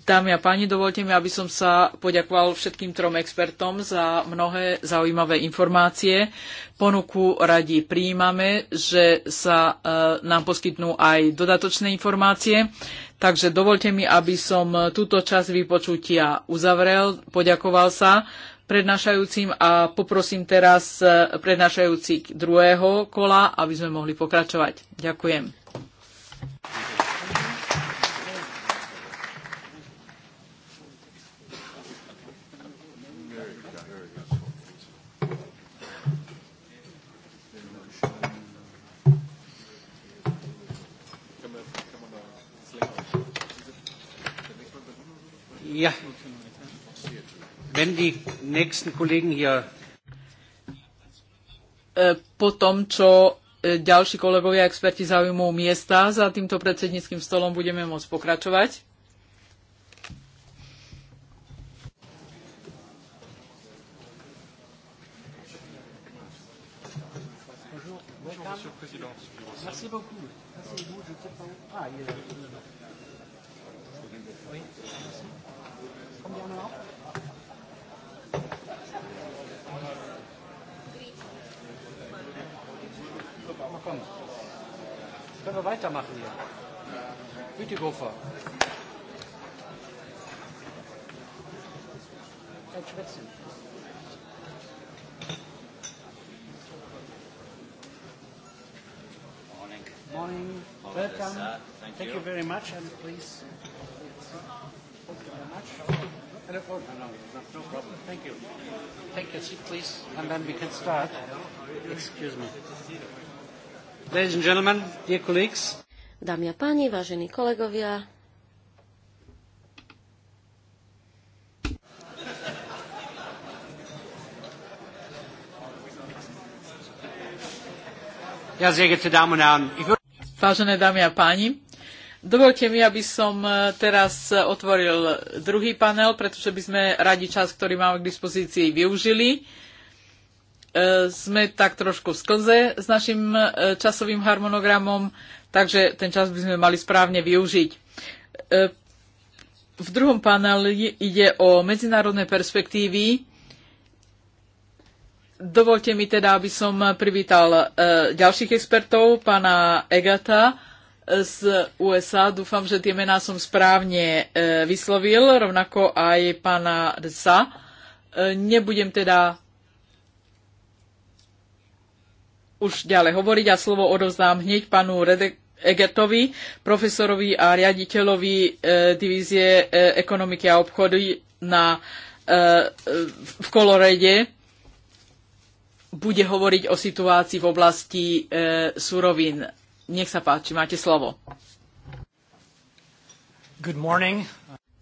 Dámy a páni, dovolte mi, aby som sa poďakoval všetkým trom expertom za mnohé zaujímavé informácie. Ponuku radi príjmame, že sa e, nám poskytnú aj dodatočné informácie. Takže dovolte mi, aby som túto časť vypočutia uzavrel. Poďakoval sa prednášajúcim a poprosím teraz e, prednášajúcich druhého kola, aby sme mohli pokračovať. Ďakujem. Ja. Wenn die nächsten Kollegen hier e, po tom, čo e, ďalší kolegovia experti zaujmú miesta za týmto predsedníckým stolom, budeme môcť pokračovať. können wir weitermachen hier. Bütikofer. Herr Schwitzen. Morning. Morning. Welcome. Thank, Thank you. you very much and please. Thank you very much. No, no, no, no problem. Thank you. Thank you. seat, please, and then we can start. Excuse me. Dámy a páni, vážení kolegovia. Vážené dámy a páni, Dovolte mi, aby som e, teraz e, otvoril druhý panel, pretože by sme radi čas, ktorý máme k dispozícii, využili. E, sme tak trošku v sklze s našim e, časovým harmonogramom, takže ten čas by sme mali správne využiť. E, v druhom paneli ide o medzinárodné perspektívy. Dovolte mi teda, aby som privítal ďalších expertov, pána Egata, z USA. Dúfam, že tie mená som správne vyslovil, rovnako aj pána Dsa. nebudem teda už ďalej hovoriť a slovo odovzdám hneď panu Redek Egetovi, profesorovi a riaditeľovi e, divízie e, ekonomiky a obchodu na, e, v Kolorede. Bude hovoriť o situácii v oblasti e, surovín. Nech sa páči, máte slovo. Good morning.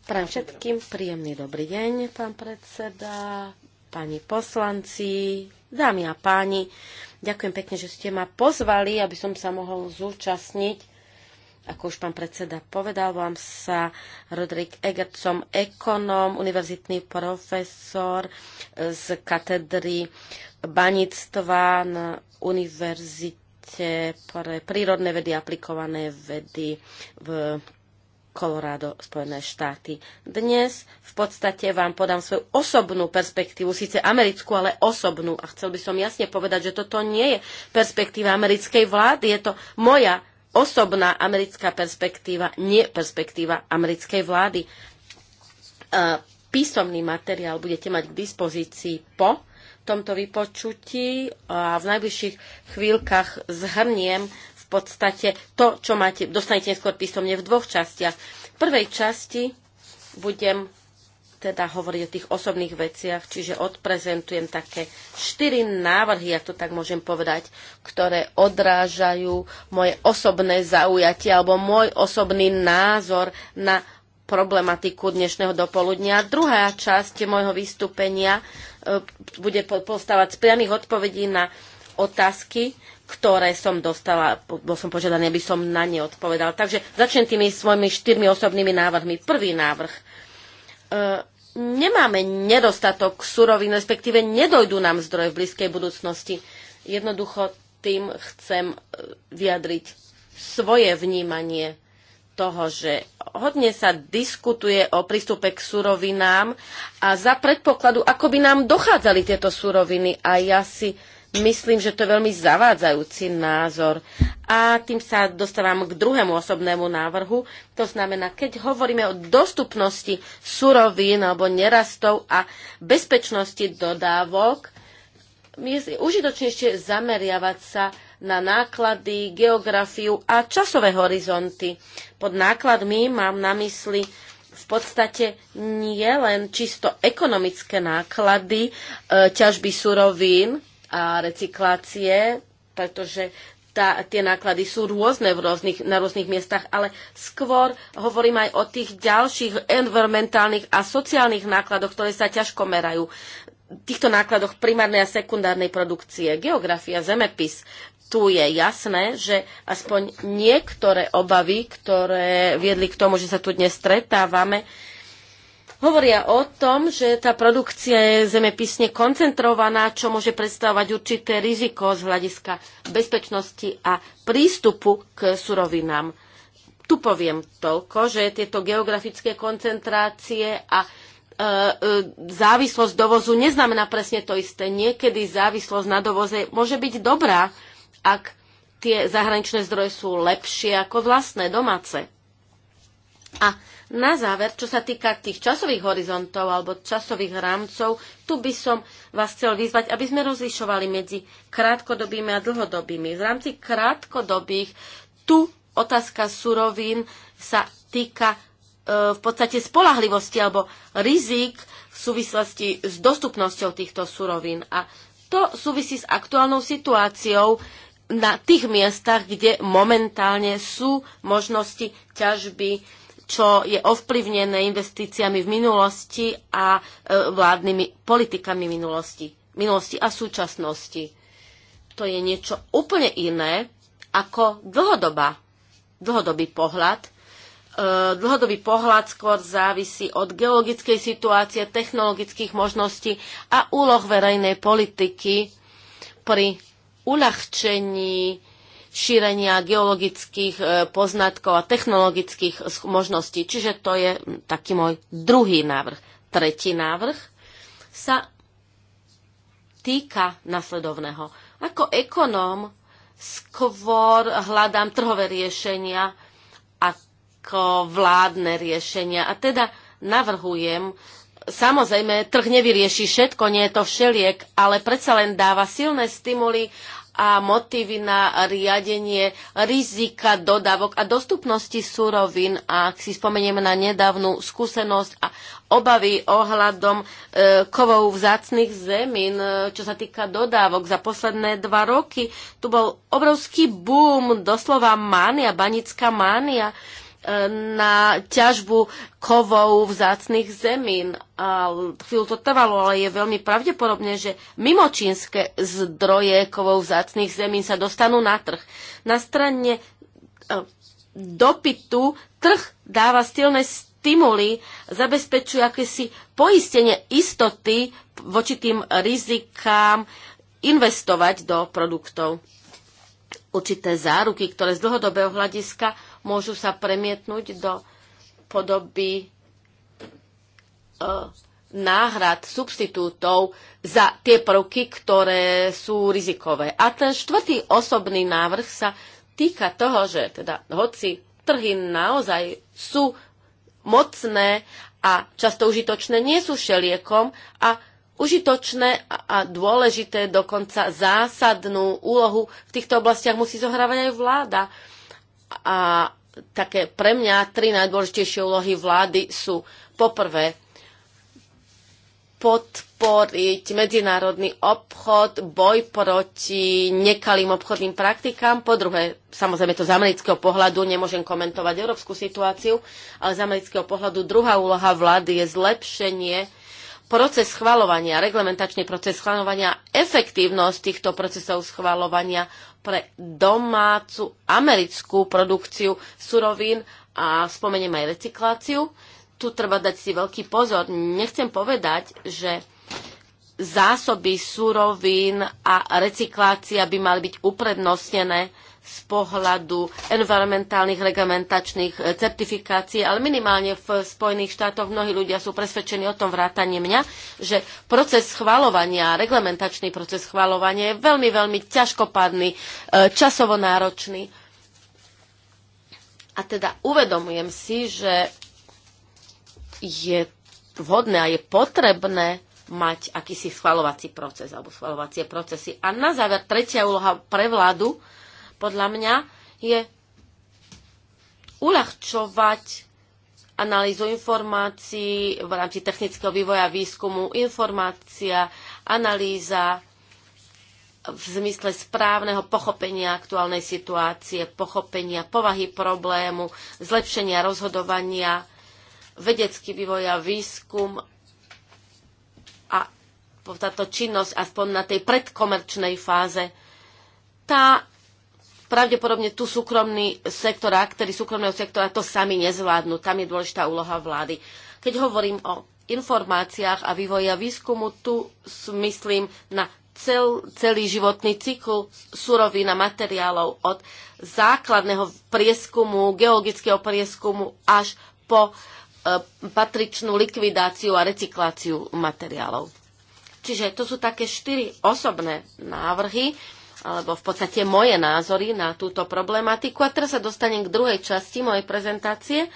Prajem všetkým príjemný dobrý deň, pán predseda, pani poslanci, dámy a páni. Ďakujem pekne, že ste ma pozvali, aby som sa mohol zúčastniť. Ako už pán predseda povedal, vám sa Rodrik Egert, som ekonóm, univerzitný profesor z katedry banictva na Univerzite pre prírodné vedy aplikované vedy v Colorado, Spojené štáty. Dnes v podstate vám podám svoju osobnú perspektívu, síce americkú, ale osobnú. A chcel by som jasne povedať, že toto nie je perspektíva americkej vlády, je to moja osobná americká perspektíva, nie perspektíva americkej vlády. Písomný materiál budete mať k dispozícii po tomto vypočutí a v najbližších chvíľkach zhrniem podstate to, čo máte, dostanete neskôr písomne v dvoch častiach. V prvej časti budem teda hovoriť o tých osobných veciach, čiže odprezentujem také štyri návrhy, ak to tak môžem povedať, ktoré odrážajú moje osobné zaujatie alebo môj osobný názor na problematiku dnešného dopoludnia. Druhá časť môjho vystúpenia e, bude postávať z priamých odpovedí na otázky, ktoré som dostala, bol som požiadaný, aby som na ne odpovedal. Takže začnem tými svojimi štyrmi osobnými návrhmi. Prvý návrh. E nemáme nedostatok surovín, respektíve nedojdu nám zdroje v blízkej budúcnosti. Jednoducho tým chcem e, vyjadriť svoje vnímanie toho, že hodne sa diskutuje o prístupe k surovinám a za predpokladu, ako by nám dochádzali tieto suroviny. A ja si Myslím, že to je veľmi zavádzajúci názor. A tým sa dostávam k druhému osobnému návrhu. To znamená, keď hovoríme o dostupnosti surovín alebo nerastov a bezpečnosti dodávok, je užitočnejšie zameriavať sa na náklady, geografiu a časové horizonty. Pod nákladmi mám na mysli v podstate nie len čisto ekonomické náklady e, ťažby surovín, a recyklácie, pretože tá, tie náklady sú rôzne v rôznych, na rôznych miestach, ale skôr hovorím aj o tých ďalších environmentálnych a sociálnych nákladoch, ktoré sa ťažko merajú. Týchto nákladoch primárnej a sekundárnej produkcie, geografia, zemepis, tu je jasné, že aspoň niektoré obavy, ktoré viedli k tomu, že sa tu dnes stretávame, uh, hovoria o tom, že tá produkcia je zemepisne koncentrovaná, čo môže predstavovať určité riziko z hľadiska bezpečnosti a prístupu k surovinám. Tu poviem toľko, že tieto geografické koncentrácie a e, e, závislosť dovozu neznamená presne to isté. Niekedy závislosť na dovoze môže byť dobrá, ak tie zahraničné zdroje sú lepšie ako vlastné domáce. A na záver, čo sa týka tých časových horizontov alebo časových rámcov, tu by som vás chcel vyzvať, aby sme rozlišovali medzi krátkodobými a dlhodobými. V rámci krátkodobých tu otázka surovín sa týka e, v podstate spolahlivosti alebo rizik v súvislosti s dostupnosťou týchto surovín. A to súvisí s aktuálnou situáciou, na tých miestach, kde momentálne sú možnosti ťažby čo je ovplyvnené investíciami v minulosti a e, vládnymi politikami minulosti, minulosti a súčasnosti. To je niečo úplne iné ako dlhodobá, dlhodobý pohľad. E, dlhodobý pohľad skôr závisí od geologickej situácie, technologických možností a úloh verejnej politiky pri uľahčení šírenia geologických e, poznatkov a technologických možností. Čiže to je taký môj druhý návrh. Tretí návrh sa týka nasledovného. Ako ekonóm skôr hľadám trhové riešenia ako vládne riešenia. A teda navrhujem, samozrejme, trh nevyrieši všetko, nie je to všeliek, ale predsa len dáva silné stimuly a motívy na riadenie rizika dodávok a dostupnosti surovín. A ak si spomenieme na nedávnu skúsenosť a obavy ohľadom e, kovov vzácných zemín, e, čo sa týka dodávok za posledné dva roky, tu bol obrovský boom, doslova mania, banická mánia na ťažbu kovov vzácných zemín. A chvíľu to trvalo, ale je veľmi pravdepodobné, že mimo čínske zdroje kovov vzácných zemín sa dostanú na trh. Na strane e, dopytu trh dáva silné stimuly, zabezpečuje akési poistenie istoty voči tým rizikám investovať do produktov určité záruky, ktoré z dlhodobého hľadiska môžu sa premietnúť do podoby e, náhrad, substitútov za tie prvky, ktoré sú rizikové. A ten štvrtý osobný návrh sa týka toho, že teda, hoci trhy naozaj sú mocné a často užitočné, nie sú šeliekom a užitočné a dôležité, dokonca zásadnú úlohu v týchto oblastiach musí zohrávať aj vláda. A také pre mňa tri najdôležitejšie úlohy vlády sú poprvé podporiť medzinárodný obchod, boj proti nekalým obchodným praktikám. Po druhé, samozrejme to z amerického pohľadu, nemôžem komentovať európsku situáciu, ale z amerického pohľadu druhá úloha vlády je zlepšenie proces schvalovania, reglementačný proces schvalovania, efektívnosť týchto procesov schvalovania pre domácu americkú produkciu surovín a spomeniem aj recykláciu. Tu treba dať si veľký pozor. Nechcem povedať, že zásoby surovín a recyklácia by mali byť uprednostnené z pohľadu environmentálnych reglamentačných e, certifikácií, ale minimálne v Spojených štátoch mnohí ľudia sú presvedčení o tom vrátane mňa, že proces schvalovania, reglamentačný proces schvalovania je veľmi, veľmi ťažkopádny, e, časovo náročný. A teda uvedomujem si, že je vhodné a je potrebné mať akýsi schvalovací proces alebo schvalovacie procesy. A na záver tretia úloha pre vládu podľa mňa, je uľahčovať analýzu informácií v rámci technického vývoja výskumu, informácia, analýza v zmysle správneho pochopenia aktuálnej situácie, pochopenia povahy problému, zlepšenia rozhodovania, vedecký vývoj a výskum a táto činnosť aspoň na tej predkomerčnej fáze, tá pravdepodobne tu súkromný sektor, aktéry súkromného sektora to sami nezvládnu. Tam je dôležitá úloha vlády. Keď hovorím o informáciách a vývoji a výskumu, tu myslím na cel, celý životný cykl surovín a materiálov od základného prieskumu, geologického prieskumu až po e, patričnú likvidáciu a recykláciu materiálov. Čiže to sú také štyri osobné návrhy alebo v podstate moje názory na túto problematiku. A teraz sa dostanem k druhej časti mojej prezentácie, e,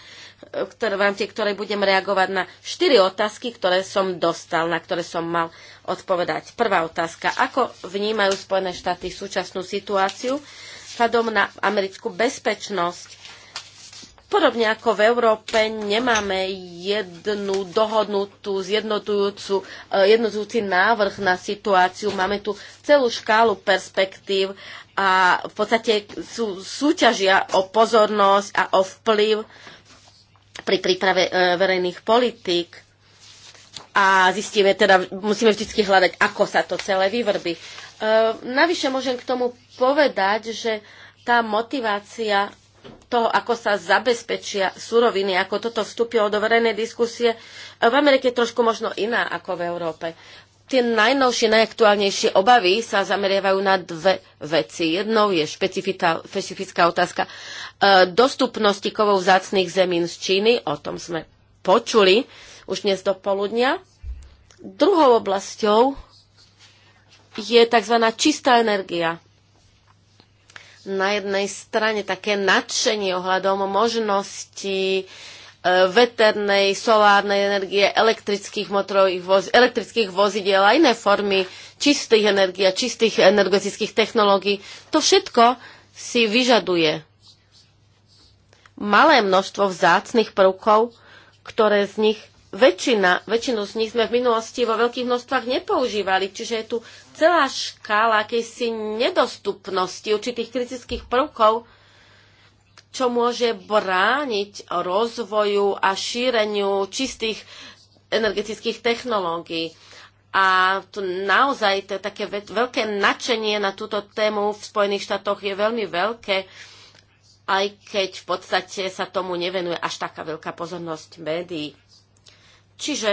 v rámci ktorej budem reagovať na štyri otázky, ktoré som dostal, na ktoré som mal odpovedať. Prvá otázka. Ako vnímajú Spojené štáty súčasnú situáciu vzhľadom na americkú bezpečnosť? Podobne ako v Európe nemáme jednu dohodnutú, zjednotujúcu, eh, jednotujúci návrh na situáciu. Máme tu celú škálu perspektív a v podstate sú, súťažia o pozornosť a o vplyv pri príprave eh, verejných politík. A zistíme teda, musíme vždy hľadať, ako sa to celé vyvrbí. Eh, navyše môžem k tomu povedať, že tá motivácia toho, ako sa zabezpečia suroviny, ako toto vstúpilo do verejnej diskusie, v Amerike je trošku možno iná ako v Európe. Tie najnovšie, najaktuálnejšie obavy sa zameriavajú na dve veci. Jednou je špecifická otázka e, dostupnosti kovov vzácných zemín z Číny, o tom sme počuli už dnes do poludnia. Druhou oblasťou je tzv. čistá energia na jednej strane také nadšenie ohľadom možnosti e, veternej, solárnej energie, elektrických motorových voz, elektrických vozidiel a iné formy čistých energií a čistých energetických technológií. To všetko si vyžaduje malé množstvo vzácných prvkov, ktoré z nich väčšina, väčšinu z nich sme v minulosti vo veľkých množstvách nepoužívali, čiže je tu celá škála akejsi nedostupnosti určitých kritických prvkov, čo môže brániť rozvoju a šíreniu čistých energetických technológií. A tu naozaj to také veľké nadšenie na túto tému v Spojených štátoch je veľmi veľké aj keď v podstate sa tomu nevenuje až taká veľká pozornosť médií. Čiže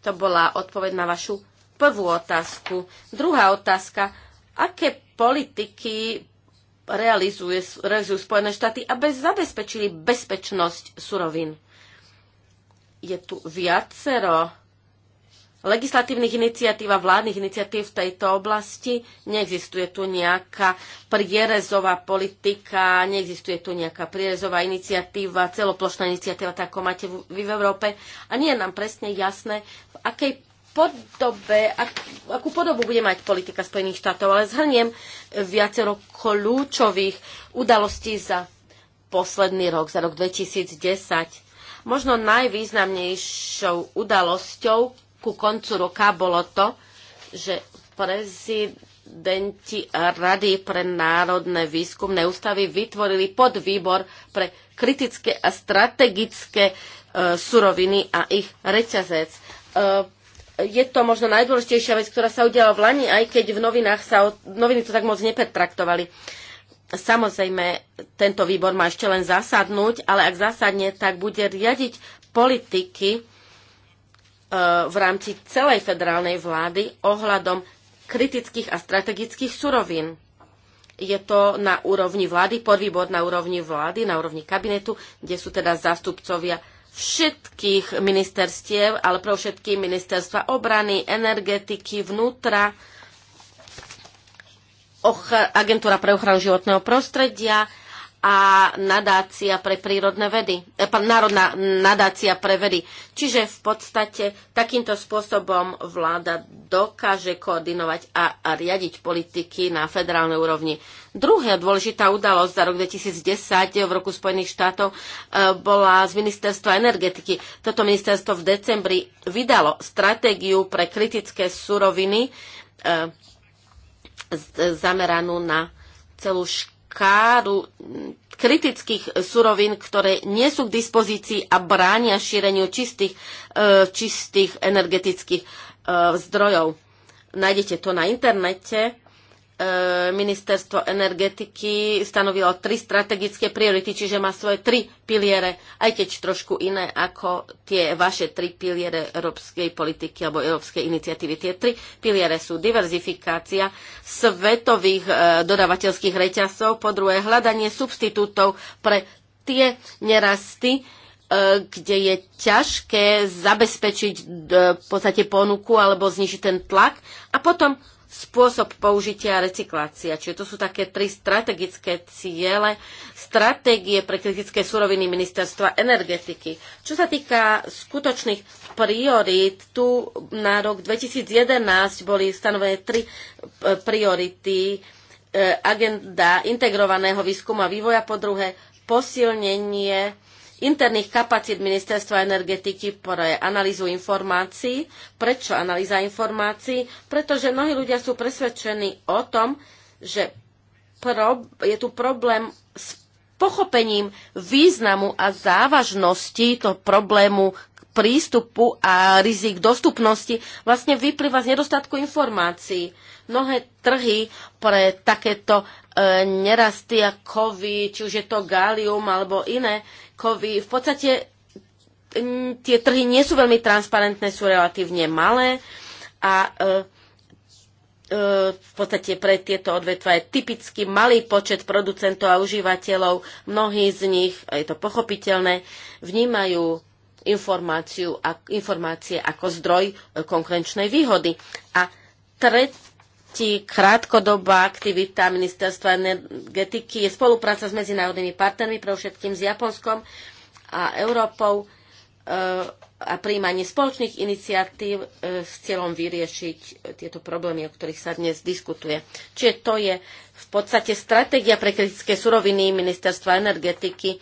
to bola odpoveď na vašu prvú otázku. Druhá otázka. Aké politiky realizuje, realizujú Spojené štáty, aby zabezpečili bezpečnosť surovín? Je tu viacero legislatívnych iniciatív a vládnych iniciatív v tejto oblasti. Neexistuje tu nejaká prierezová politika, neexistuje tu nejaká prierezová iniciatíva, celoplošná iniciatíva, tak ako máte vy v Európe. A nie je nám presne jasné, v akej podobe, ak, akú podobu bude mať politika Spojených štátov, ale zhrniem viacero kľúčových udalostí za posledný rok, za rok 2010. Možno najvýznamnejšou udalosťou, ku koncu roka bolo to, že prezidenti Rady pre národné výskumné ústavy vytvorili podvýbor pre kritické a strategické e, suroviny a ich reťazec. E, je to možno najdôležitejšia vec, ktorá sa udiala v Lani, aj keď v novinách sa, noviny to tak moc nepretraktovali. Samozrejme, tento výbor má ešte len zasadnúť, ale ak zasadne, tak bude riadiť politiky E, v rámci celej federálnej vlády ohľadom kritických a strategických surovín. Je to na úrovni vlády, podvýbor na úrovni vlády, na úrovni kabinetu, kde sú teda zástupcovia všetkých ministerstiev, ale pro všetky ministerstva obrany, energetiky, vnútra, agentúra pre ochranu životného prostredia, a nadácia pre prírodné vedy, e, národná nadácia pre vedy. Čiže v podstate takýmto spôsobom vláda dokáže koordinovať a, a riadiť politiky na federálnej úrovni. Druhá dôležitá udalosť za rok 2010 v roku Spojených štátov e, bola z ministerstva energetiky. Toto ministerstvo v decembri vydalo stratégiu pre kritické suroviny e, zameranú na celú škálu káru kritických surovín, ktoré nie sú k dispozícii a bránia šíreniu čistých, e, čistých energetických e, zdrojov. Nájdete to na internete E, ministerstvo energetiky stanovilo tri strategické priority, čiže má svoje tri piliere, aj keď trošku iné ako tie vaše tri piliere európskej politiky alebo európskej iniciatívy. Tie tri piliere sú diverzifikácia svetových e, dodavateľských reťazov, po druhé hľadanie substitútov pre tie nerasty, e, kde je ťažké zabezpečiť v podstate ponuku alebo znižiť ten tlak. A potom spôsob použitia a recyklácia. Čiže to sú také tri strategické ciele, stratégie pre kritické suroviny ministerstva energetiky. Čo sa týka skutočných priorít, tu na rok 2011 boli stanovené tri e, priority e, agenda integrovaného výskumu a vývoja, po druhé posilnenie interných kapacít Ministerstva energetiky pre analýzu informácií. Prečo analýza informácií? Pretože mnohí ľudia sú presvedčení o tom, že je tu problém s pochopením významu a závažnosti toho problému prístupu a rizik dostupnosti vlastne vyplýva z nedostatku informácií. Mnohé trhy pre takéto e, nerasty a kovy, či už je to galium alebo iné, kovy. V podstate mm, tie trhy nie sú veľmi transparentné, sú relatívne malé a e, e, v podstate pre tieto odvetva je typicky malý počet producentov a užívateľov. Mnohí z nich, a je to pochopiteľné, vnímajú informáciu, informácie ako zdroj e, konkurenčnej výhody. A tre, oblasti krátkodobá aktivita Ministerstva energetiky je spolupráca s medzinárodnými partnermi, pre všetkým s Japonskom a Európou e, a príjmanie spoločných iniciatív e, s cieľom vyriešiť tieto problémy, o ktorých sa dnes diskutuje. Čiže to je v podstate stratégia pre kritické suroviny Ministerstva energetiky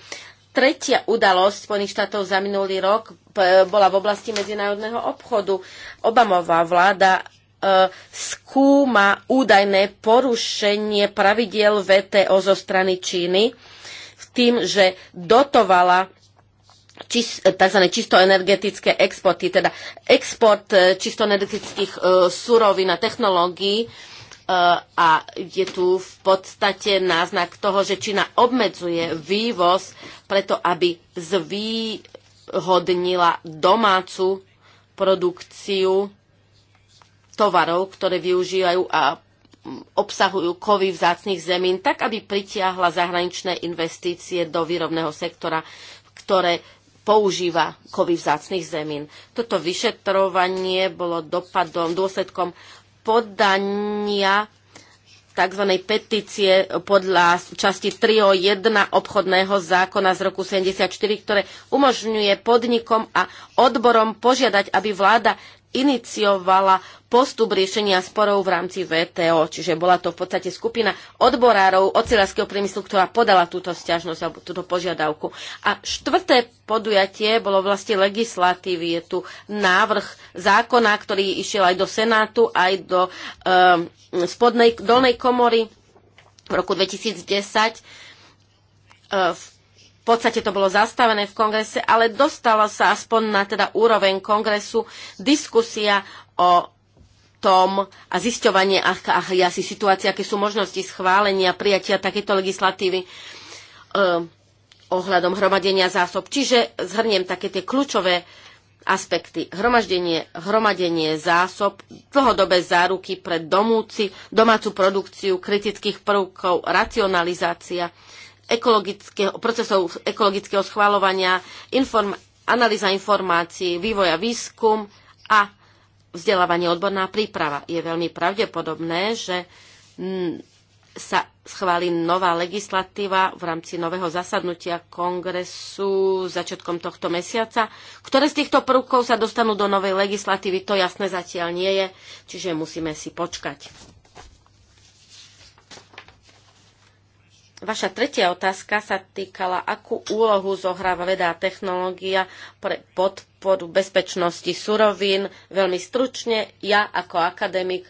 tretia udalosť Spojených štátov za minulý rok e, bola v oblasti medzinárodného obchodu. Obamová vláda E, skúma údajné porušenie pravidiel VTO zo strany Číny v tým, že dotovala tzv. čistoenergetické exporty, teda export e, čistoenergetických e, surovín a technológií. E, a je tu v podstate náznak toho, že Čína obmedzuje vývoz preto, aby zvýhodnila domácu produkciu tovarov, ktoré využívajú a obsahujú kovy vzácných zemín, tak aby pritiahla zahraničné investície do výrobného sektora, ktoré používa kovy vzácných zemín. Toto vyšetrovanie bolo dopadom, dôsledkom podania tzv. petície podľa časti 3.1 obchodného zákona z roku 74, ktoré umožňuje podnikom a odborom požiadať, aby vláda iniciovala postup riešenia sporov v rámci VTO, čiže bola to v podstate skupina odborárov ocelárskeho priemyslu, ktorá podala túto stiažnosť alebo túto požiadavku. A štvrté podujatie bolo vlastne legislatívy. Je tu návrh zákona, ktorý išiel aj do Senátu, aj do um, spodnej dolnej komory v roku 2010 Uh, eh, v podstate to bolo zastavené v kongrese, ale dostala sa aspoň na teda úroveň kongresu diskusia o tom a zisťovanie, aká je asi situácia, aké sú možnosti schválenia, prijatia takéto legislatívy e, ohľadom hromadenia zásob. Čiže zhrniem také tie kľúčové aspekty. Hromaždenie, hromadenie zásob, dlhodobé záruky pre domúci, domácu produkciu kritických prvkov, racionalizácia ekologického, procesov ekologického schvalovania, inform, analýza informácií, vývoja výskum a vzdelávanie odborná príprava. Je veľmi pravdepodobné, že sa schváli nová legislatíva v rámci nového zasadnutia kongresu začiatkom tohto mesiaca. Ktoré z týchto prvkov sa dostanú do novej legislatívy, to jasné zatiaľ nie je, čiže musíme si počkať. Vaša tretia otázka sa týkala, akú úlohu zohráva veda a technológia pre podporu bezpečnosti surovín. Veľmi stručne, ja ako akademik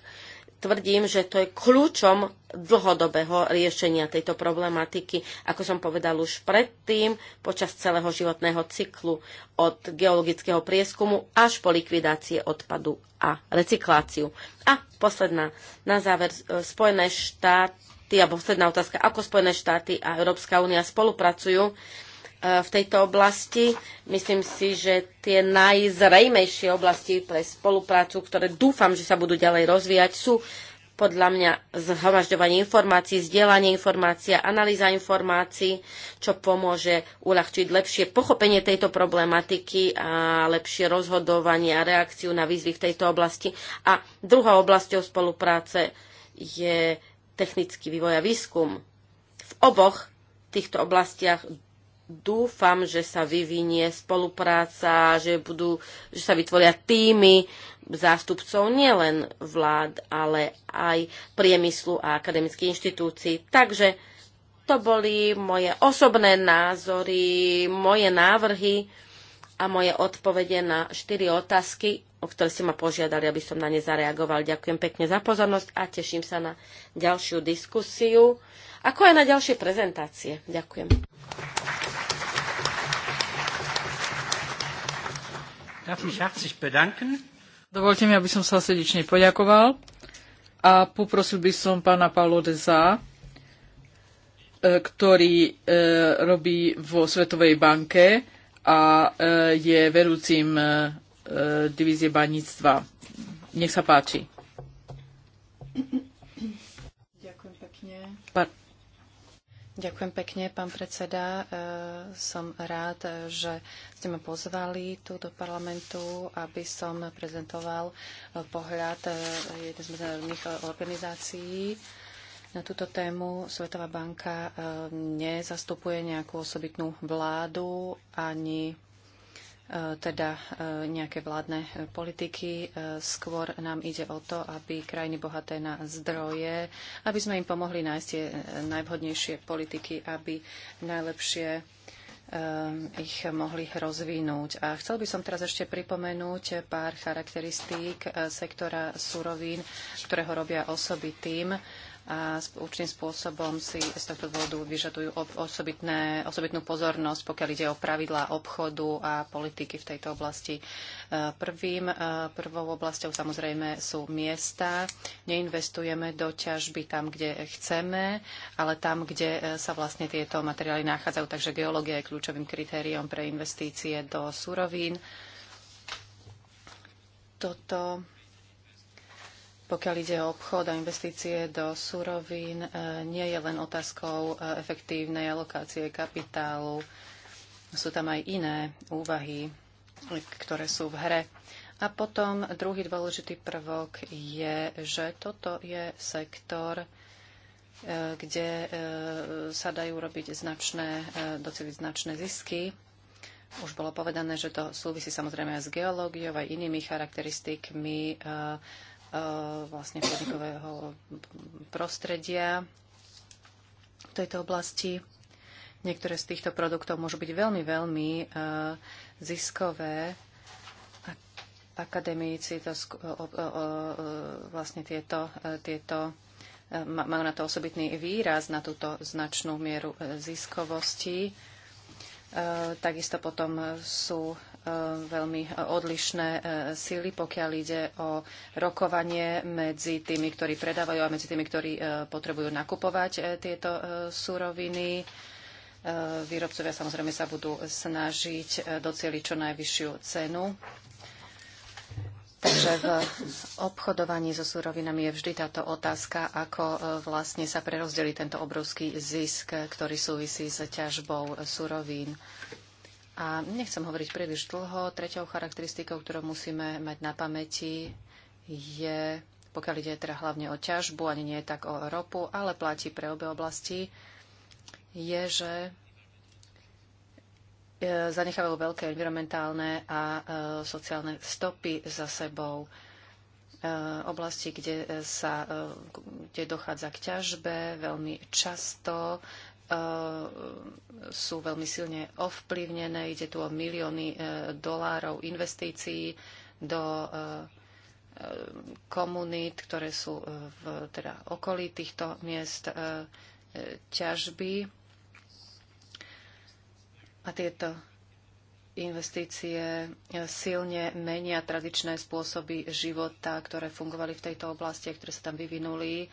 tvrdím, že to je kľúčom dlhodobého riešenia tejto problematiky. Ako som povedal už predtým, počas celého životného cyklu od geologického prieskumu až po likvidácie odpadu a recykláciu. A posledná, na záver, Spojené štáty štáty, a posledná otázka, ako Spojené štáty a Európska únia spolupracujú e, v tejto oblasti. Myslím si, že tie najzrejmejšie oblasti pre spoluprácu, ktoré dúfam, že sa budú ďalej rozvíjať, sú podľa mňa zhromažďovanie informácií, zdieľanie informácií, analýza informácií, čo pomôže uľahčiť lepšie pochopenie tejto problematiky a lepšie rozhodovanie a reakciu na výzvy v tejto oblasti. A druhou oblasťou spolupráce je technický vývoj a výskum. V oboch týchto oblastiach dúfam, že sa vyvinie spolupráca, že, budú, že sa vytvoria týmy zástupcov nielen vlád, ale aj priemyslu a akademických inštitúcií. Takže to boli moje osobné názory, moje návrhy a moje odpovede na štyri otázky, o ktoré ste ma požiadali, aby som na ne zareagoval. Ďakujem pekne za pozornosť a teším sa na ďalšiu diskusiu, ako aj na ďalšie prezentácie. Ďakujem. Dovolte mi, aby som sa srdečne poďakoval a poprosil by som pána Paulo Deza, e, ktorý e, robí vo Svetovej banke a e, je vedúcim e, e, divízie baníctva. Nech sa páči. Ďakujem pekne. Pa- Ďakujem pekne, pán predseda. Som rád, že ste ma pozvali tu do parlamentu, aby som prezentoval pohľad jednej z medzinárodných organizácií na túto tému Svetová banka e, nezastupuje nejakú osobitnú vládu ani e, teda e, nejaké vládne politiky. Skôr nám ide o to, aby krajiny bohaté na zdroje, aby sme im pomohli nájsť tie najvhodnejšie politiky, aby najlepšie ich mohli rozvinúť. A chcel by som teraz ešte pripomenúť pár charakteristík sektora surovín, ktorého robia osobitým. tým a určitým spôsobom si z tohto dôvodu vyžadujú osobitné, osobitnú pozornosť, pokiaľ ide o pravidlá obchodu a politiky v tejto oblasti. E, prvým, e, prvou oblasťou samozrejme sú miesta. Neinvestujeme do ťažby tam, kde chceme, ale tam, kde e, sa vlastne tieto materiály nachádzajú. Takže geológia je kľúčovým kritériom pre investície do surovín. Toto pokiaľ ide o obchod a investície do surovín, e, nie je len otázkou e, efektívnej alokácie kapitálu. Sú tam aj iné úvahy, ktoré sú v hre. A potom druhý dôležitý prvok je, že toto je sektor, e, kde sa dajú robiť značné, doceliť značné zisky. Už bolo povedané, že to súvisí samozrejme aj s geológiou, aj inými charakteristikmi E, vlastne podnikového prostredia v tejto oblasti. Niektoré z týchto produktov môžu byť veľmi, veľmi e, ziskové. Akademici to, e, vlastne tieto, tieto majú na to osobitný výraz, na túto značnú mieru ziskovosti. Takisto potom sú E, veľmi odlišné e, síly, pokiaľ ide o rokovanie medzi tými, ktorí predávajú a medzi tými, ktorí e, potrebujú nakupovať tieto suroviny. Výrobcovia samozrejme sa budú snažiť docieliť čo najvyššiu cenu. Takže v obchodovaní so surovinami je vždy táto otázka, ako vlastne sa prerozdelí tento obrovský zisk, ktorý súvisí s ťažbou surovín. A nechcem hovoriť príliš dlho. Tretou charakteristikou, ktorú musíme mať na pamäti, je, pokiaľ ide teda hlavne o ťažbu, ani nie tak o ropu, ale platí pre obe oblasti, je, že e, zanechávajú veľké environmentálne a e, sociálne stopy za sebou. E, oblasti, kde, sa, kde dochádza k ťažbe veľmi často, E, sú veľmi silne ovplyvnené. Ide tu o milióny e, dolárov investícií do e, komunít, ktoré sú v teda, okolí týchto miest ťažby. A tieto investície silne menia tradičné spôsoby života, ktoré fungovali v tejto oblasti a ktoré sa tam vyvinuli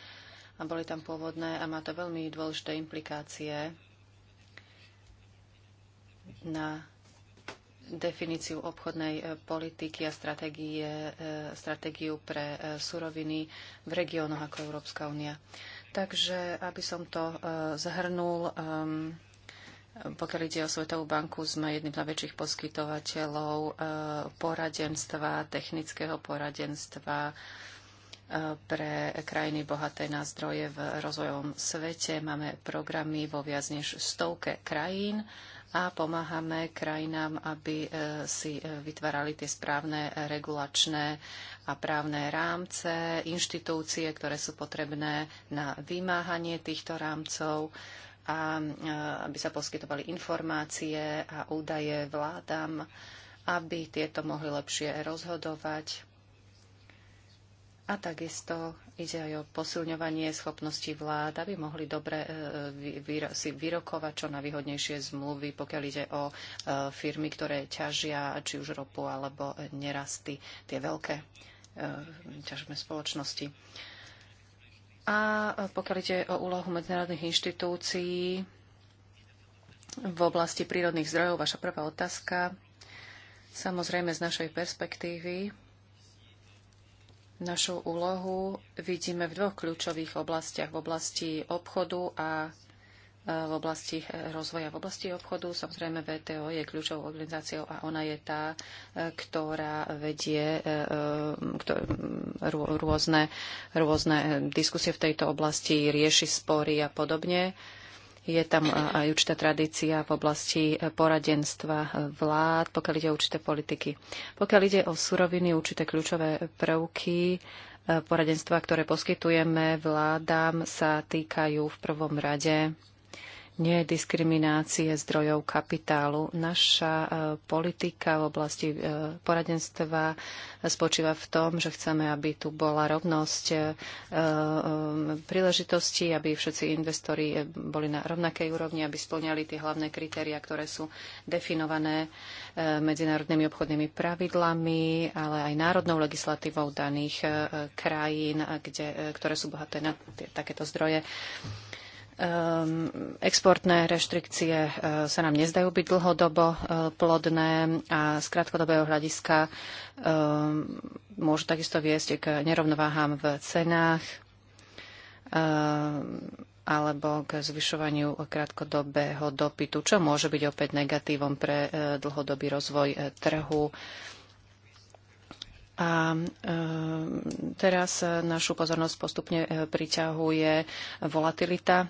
a boli tam pôvodné a má to veľmi dôležité implikácie na definíciu obchodnej e, politiky a stratégie, e, stratégiu pre e, suroviny v regiónoch ako Európska únia. Takže, aby som to zhrnul, ehm, pokiaľ ide o Svetovú banku, sme jedným z najväčších poskytovateľov poradenstva, technického poradenstva, pre krajiny bohaté na zdroje v rozvojovom svete. Máme programy vo viac než stovke krajín a pomáhame krajinám, aby e, si e, vytvárali tie správne regulačné a právne rámce, inštitúcie, ktoré sú potrebné na vymáhanie týchto rámcov a e, aby sa poskytovali informácie a údaje vládam, aby tieto mohli lepšie rozhodovať a takisto ide aj o posilňovanie schopností vlád, aby mohli dobre e, si vyrokovať čo najvýhodnejšie zmluvy, pokiaľ ide o e, firmy, ktoré ťažia či už ropu alebo nerasty, tie veľké e, ťažné spoločnosti. A pokiaľ ide o úlohu medzinárodných inštitúcií v oblasti prírodných zdrojov, vaša prvá otázka. Samozrejme, z našej perspektívy Našu úlohu vidíme v dvoch kľúčových oblastiach. V oblasti obchodu a e, v oblasti e, rozvoja. V oblasti obchodu samozrejme VTO je kľúčovou organizáciou a ona je tá, e, ktorá vedie rôzne, rôzne diskusie v tejto oblasti, rieši spory a podobne. Je tam e, aj určitá tradícia v oblasti e, poradenstva e, vlád, pokiaľ ide o určité politiky. Pokiaľ ide o suroviny, určité kľúčové prvky, poradenstva, ktoré poskytujeme vládám, sa týkajú v prvom rade nie diskriminácie zdrojov kapitálu. Naša e, politika v oblasti e, poradenstva e, spočíva v tom, že chceme, aby tu bola rovnosť príležitostí, aby všetci investori boli na rovnakej úrovni, aby splňali tie hlavné kritéria, ktoré sú definované medzinárodnými obchodnými pravidlami, ale aj národnou legislatívou daných krajín, kde, ktoré sú bohaté na takéto zdroje. Ehm, exportné reštrikcie eh, sa nám nezdajú byť dlhodobo eh, plodné a z krátkodobého hľadiska ehm, môžu takisto viesť k nerovnováhám v cenách ehm, alebo k zvyšovaniu krátkodobého dopytu, čo môže byť opäť negatívom pre eh, dlhodobý rozvoj trhu a e, teraz našu pozornosť postupne e, priťahuje volatilita e,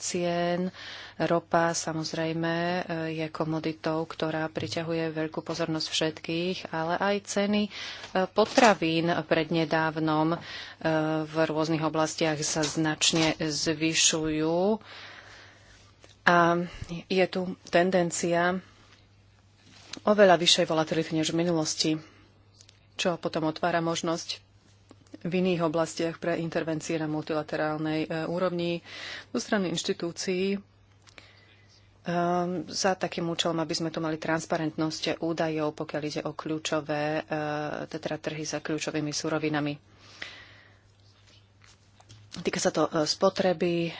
cien. Ropa samozrejme je komoditou, ktorá priťahuje veľkú pozornosť všetkých, ale aj ceny potravín prednedávnom v rôznych oblastiach sa značne zvyšujú. A je tu tendencia oveľa vyššej volatility než v minulosti čo potom otvára možnosť v iných oblastiach pre intervencie na multilaterálnej e, úrovni zo strany inštitúcií e, za takým účelom, aby sme tu mali transparentnosť údajov, pokiaľ ide o kľúčové, e, teda trhy za kľúčovými surovinami. Týka sa to spotreby,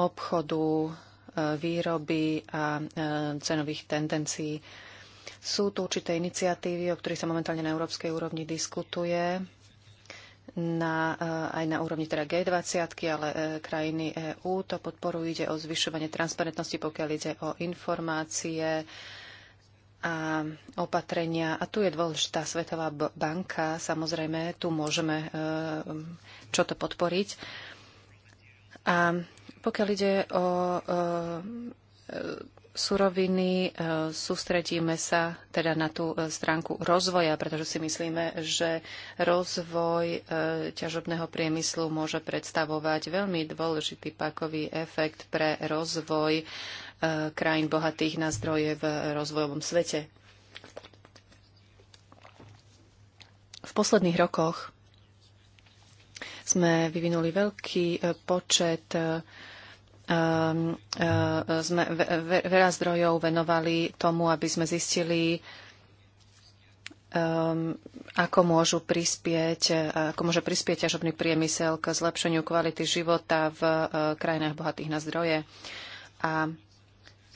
obchodu, výroby a cenových tendencií sú tu určité iniciatívy, o ktorých sa momentálne na európskej úrovni diskutuje, na, eh, aj na úrovni teda G20, ale eh, krajiny EÚ to podporujú. Ide o zvyšovanie transparentnosti, pokiaľ ide o informácie a opatrenia. A tu je dôležitá Svetová banka. Samozrejme, tu môžeme eh, čo to podporiť. A pokiaľ ide o suroviny, e, sústredíme sa teda na tú e, stránku rozvoja, pretože si myslíme, že rozvoj e, ťažobného priemyslu môže predstavovať veľmi dôležitý pakový efekt pre rozvoj krajín bohatých na zdroje v rozvojovom svete. V posledných rokoch sme vyvinuli veľký počet Ehm, ehm, sme veľa zdrojov venovali tomu, aby sme zistili, ehm, ako môžu prispieť, e, ako môže prispieť ťažobný priemysel k zlepšeniu kvality života v e, krajinách bohatých na zdroje a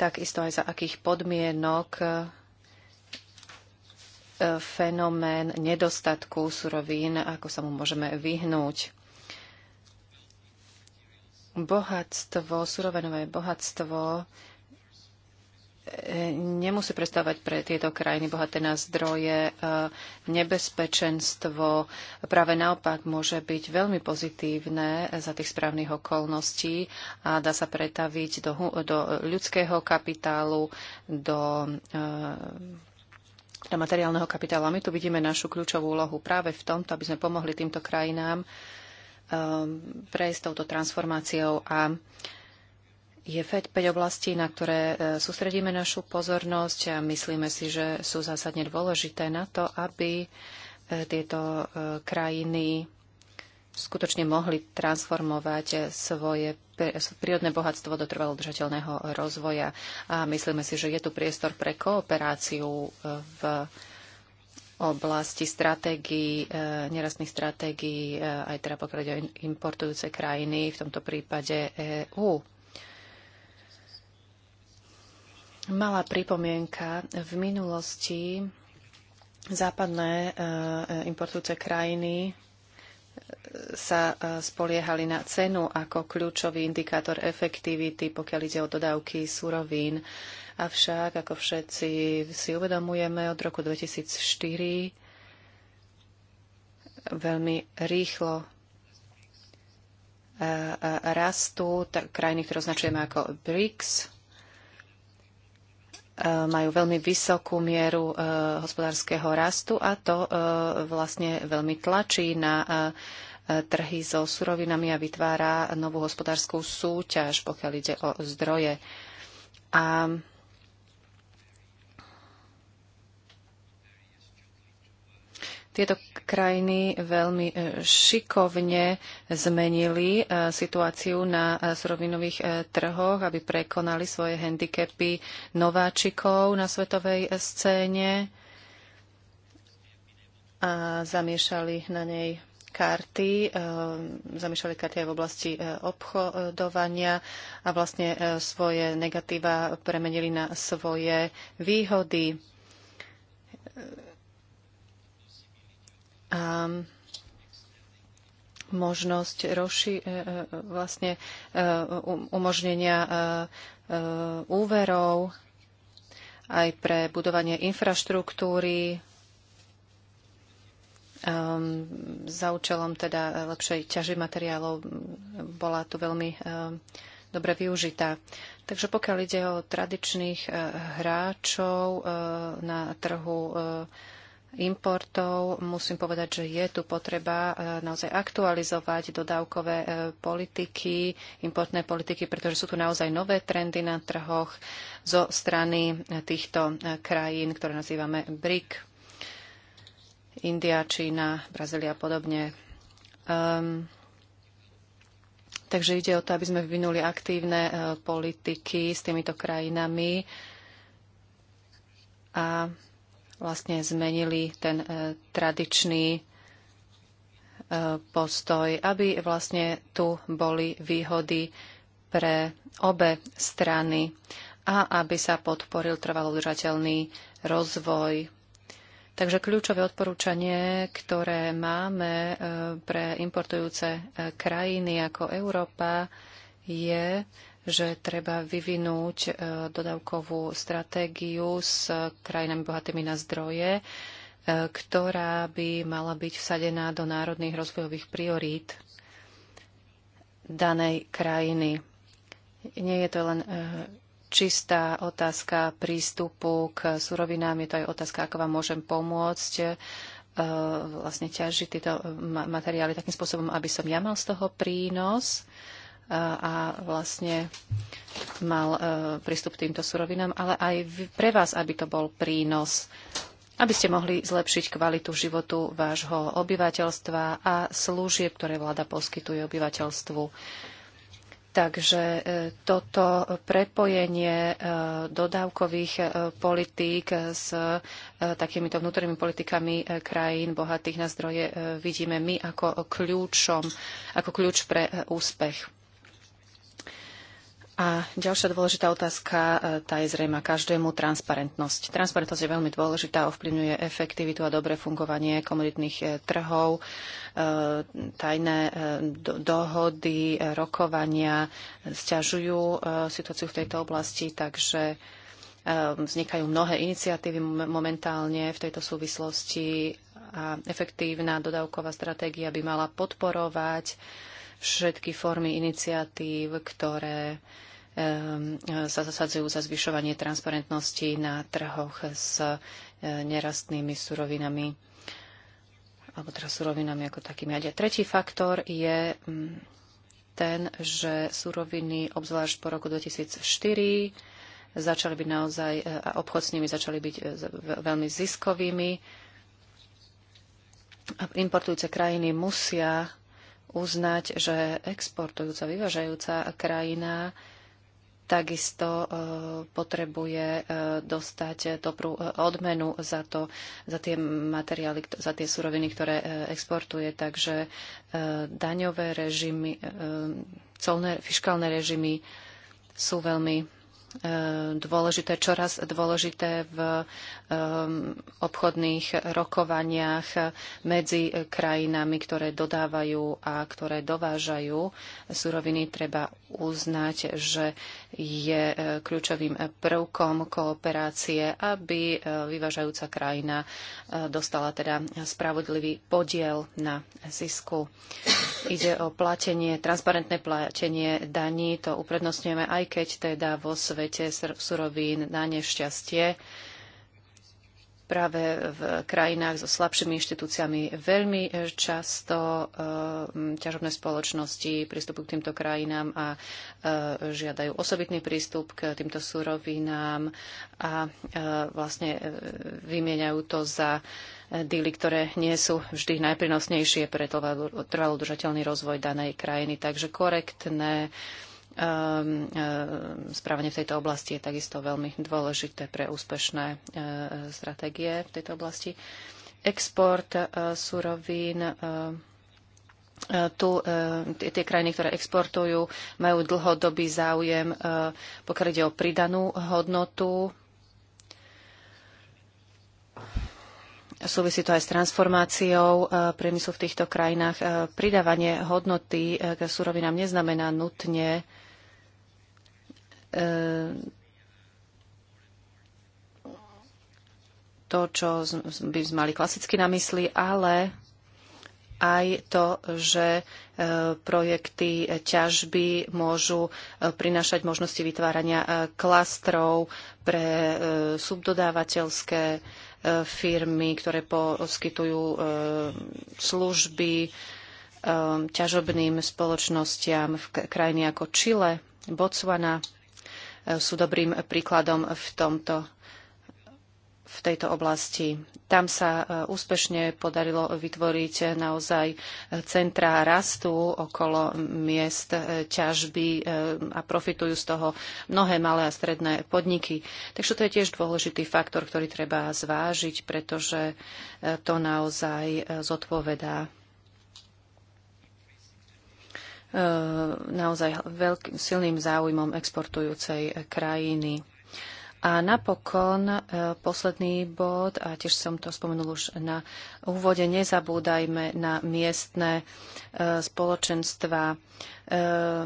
takisto aj za akých podmienok e, fenomén nedostatku surovín, ako sa mu môžeme vyhnúť bohatstvo, surovenové bohatstvo e, nemusí predstavovať pre tieto krajiny bohaté na zdroje e, nebezpečenstvo. Práve naopak môže byť veľmi pozitívne za tých správnych okolností a dá sa pretaviť do, do ľudského kapitálu, do e, do materiálneho kapitálu. A my tu vidíme našu kľúčovú úlohu práve v tomto, aby sme pomohli týmto krajinám Um, prejsť touto transformáciou a je 5, 5 oblastí, na ktoré e, sústredíme našu pozornosť a myslíme si, že sú zásadne dôležité na to, aby e, tieto e, krajiny skutočne mohli transformovať svoje prírodné bohatstvo do trvalo držateľného rozvoja. A myslíme si, že je tu priestor pre kooperáciu v oblasti stratégií, e, nerastných stratégií, e, aj teda pokiaľ o importujúce krajiny, v tomto prípade EÚ. Malá pripomienka. V minulosti západné e, importujúce krajiny sa spoliehali na cenu ako kľúčový indikátor efektivity, pokiaľ ide o dodávky surovín. Avšak, ako všetci si uvedomujeme, od roku 2004 veľmi rýchlo e, e, rastú. Krajiny, ktoré označujeme ako BRICS, e, majú veľmi vysokú mieru hospodárskeho rastu a to vlastne veľmi tlačí na trhy so surovinami a vytvára novú hospodárskú súťaž, pokiaľ ide o zdroje. A Tieto krajiny veľmi e, šikovne zmenili e, situáciu na e, surovinových trhoch, aby prekonali svoje handicapy nováčikov na svetovej scéne a zamiešali na nej karty, zamiešali karty aj v oblasti obchodovania a vlastne svoje negatíva premenili na svoje výhody a možnosť roši, e, e, vlastne e, umožnenia úverov aj pre budovanie infraštruktúry um, za účelom teda lepšej ťaži materiálov bola tu veľmi um, dobre využitá. Takže pokiaľ ide o tradičných uh, hráčov uh, na trhu uh, importov. Musím povedať, že je tu potreba e, naozaj aktualizovať dodávkové e, politiky, importné politiky, pretože sú tu naozaj nové trendy na trhoch zo strany e, týchto krajín, ktoré nazývame BRIC, India, Čína, Brazília a podobne. Um, takže ide o to, aby sme vyvinuli aktívne politiky s týmito krajinami a vlastne zmenili ten e, tradičný e, postoj, aby vlastne tu boli výhody pre obe strany a aby sa podporil trvalo udržateľný rozvoj. Takže kľúčové odporúčanie, ktoré máme e, pre importujúce krajiny ako Európa, je že treba vyvinúť e, dodavkovú stratégiu s krajinami bohatými na zdroje, e, ktorá by mala byť vsadená do národných rozvojových priorít danej krajiny. Nie je to len e, čistá otázka prístupu k surovinám, je to aj otázka, ako vám môžem pomôcť vlastne ťažiť tieto materiály takým spôsobom, aby som ja mal z toho prínos a vlastne mal e, prístup k týmto surovinám, ale aj pre vás, aby to bol prínos, aby ste mohli zlepšiť kvalitu životu vášho obyvateľstva a služieb, ktoré vláda poskytuje obyvateľstvu. Takže e, toto prepojenie e, dodávkových politík s takýmito vnútornými politikami krajín bohatých na zdroje vidíme my ako, kľúčom, ako kľúč pre úspech. A ďalšia dôležitá otázka, e, tá je zrejma každému, transparentnosť. Transparentnosť je veľmi dôležitá, ovplyvňuje efektivitu a dobré fungovanie komoditných e, trhov, e, tajné dohody, rokovania sťažujú situáciu v tejto oblasti, takže vznikajú mnohé iniciatívy momentálne v tejto súvislosti a efektívna dodávková stratégia by mala podporovať všetky formy iniciatív, ktoré sa zasadzujú za zvyšovanie transparentnosti na trhoch s e, nerastnými surovinami alebo teda surovinami ako takými. A tretí faktor je mm, ten, že suroviny, obzvlášť po roku 2004, začali byť naozaj, e, a obchod s nimi začali byť e, veľmi ziskovými. A importujúce krajiny musia uznať, že exportujúca, vyvážajúca krajina takisto e, potrebuje e, dostať dobrú e, odmenu za, to, za tie materiály, za tie suroviny, ktoré exportuje. Takže daňové režimy, colné, fiskálne režimy sú veľmi Ehm, dôležité, čoraz dôležité v ehm, obchodných rokovaniach medzi krajinami, ktoré dodávajú a ktoré dovážajú suroviny. Treba uznať, že je e, kľúčovým prvkom kooperácie, aby e, vyvážajúca krajina e, dostala teda spravodlivý podiel na zisku. Ide o platenie, transparentné platenie daní, to uprednostňujeme, aj keď teda vo svete surovín na nešťastie práve v krajinách so slabšími inštitúciami veľmi e, často e, ťažobné spoločnosti pristupujú k týmto krajinám a e, žiadajú osobitný prístup k týmto súrovinám a vlastne vymieňajú to za díly, ktoré nie sú vždy najprinosnejšie pre trvalo rozvoj danej krajiny. Takže korektné Ehm, ehm, správanie v tejto oblasti je takisto veľmi dôležité pre úspešné ehm, stratégie v tejto oblasti. Export e, surovín e, e, tu tie krajiny, ktoré exportujú, majú dlhodobý záujem, pokiaľ ide o pridanú hodnotu. Súvisí to aj s transformáciou priemyslu v týchto krajinách. Pridávanie hodnoty k surovinám neznamená nutne E, to, čo by sme mali klasicky na mysli, ale aj to, že e, projekty ťažby môžu e, prinášať možnosti vytvárania klastrov pre subdodávateľské firmy, ktoré poskytujú služby ťažobným spoločnostiam v krajiny ako Čile, Botswana E, sú dobrým príkladom v, tomto, v tejto oblasti. Tam sa e, úspešne podarilo vytvoriť e, naozaj centrá rastu okolo miest ťažby a profitujú z toho mnohé malé a stredné podniky. Takže to je tiež dôležitý faktor, ktorý treba zvážiť, pretože to naozaj zodpovedá E, naozaj veľkým silným záujmom exportujúcej krajiny. A napokon e, posledný bod, a tiež som to spomenul už na úvode, nezabúdajme na miestne e, spoločenstva.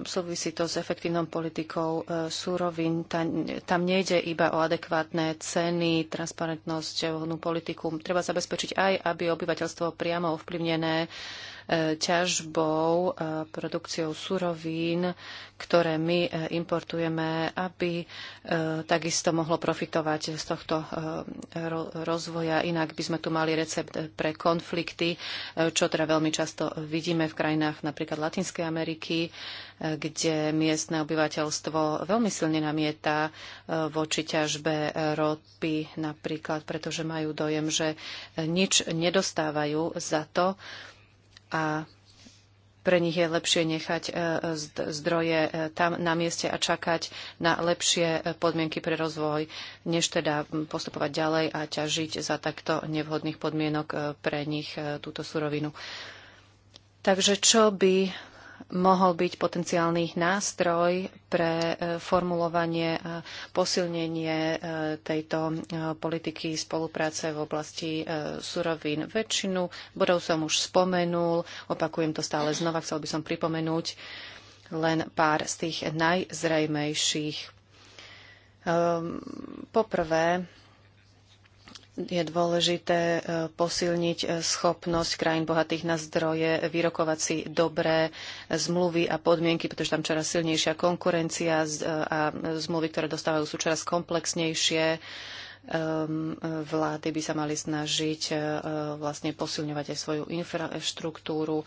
Súvisí to s efektívnou politikou súrovín. Tam nejde iba o adekvátne ceny, transparentnosť, vhodnú politiku. Treba zabezpečiť aj, aby obyvateľstvo priamo ovplyvnené ťažbou, e, produkciou surovín, ktoré my e, importujeme, aby e, takisto mohlo profitovať z tohto rozvoja. Inak by sme tu mali recept pre konflikty, čo teda veľmi často vidíme v krajinách napríklad Latinskej Ameriky, kde miestne obyvateľstvo veľmi silne namieta voči ťažbe ropy napríklad, pretože majú dojem, že nič nedostávajú za to, a pre nich je lepšie nechať e, e, zdroje e, tam na mieste a čakať na lepšie podmienky pre rozvoj, než teda postupovať ďalej a ťažiť za takto nevhodných podmienok pre nich túto surovinu. Takže čo by mohol byť potenciálny nástroj pre e, formulovanie a posilnenie e, tejto e, politiky spolupráce v oblasti surovín. Väčšinu bodov som už spomenul, opakujem to stále znova, chcel by som pripomenúť len pár z tých najzrejmejších. Ehm, poprvé, je dôležité e, posilniť e, schopnosť krajín bohatých na zdroje vyrokovať si dobré e, zmluvy a podmienky, pretože tam čoraz silnejšia konkurencia a zmluvy, ktoré dostávajú, sú čoraz komplexnejšie Ehm, vlády by sa mali snažiť e, vlastne posilňovať aj svoju infraštruktúru, e,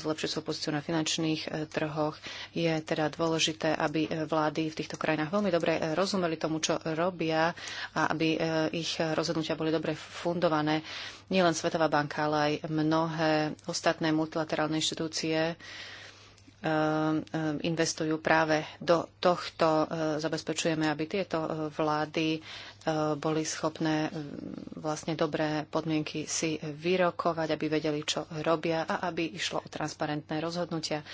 zlepšiť svoju pozíciu na finančných e, trhoch. Je teda dôležité, aby vlády v týchto krajinách veľmi dobre rozumeli tomu, čo robia a aby ich rozhodnutia boli dobre fundované. Nielen Svetová banka, ale aj mnohé ostatné multilaterálne inštitúcie, Eh, investujú práve do tohto. Eh, zabezpečujeme, aby tieto eh, vlády boli schopné vlastne dobré podmienky si vyrokovať, aby vedeli, čo robia a aby išlo o transparentné rozhodnutia.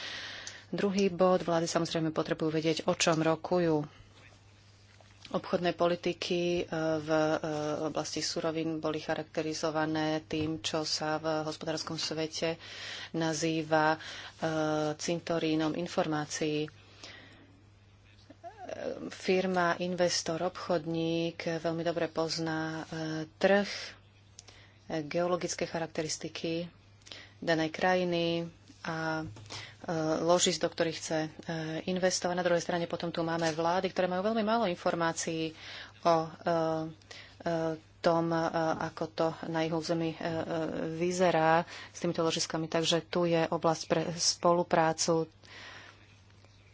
Druhý bod, vlády samozrejme potrebujú vedieť, o čom rokujú obchodné politiky e, v e, oblasti surovín boli charakterizované tým, čo sa v hospodárskom svete nazýva e, cintorínom informácií. Firma, investor, obchodník veľmi dobre pozná trh, geologické charakteristiky danej krajiny a ložisk, do ktorých chce e, investovať. Na druhej strane potom tu máme vlády, ktoré majú veľmi málo informácií o e, e, tom, ako to na ich území vyzerá s týmito ložiskami. Takže tu je oblasť pre spoluprácu.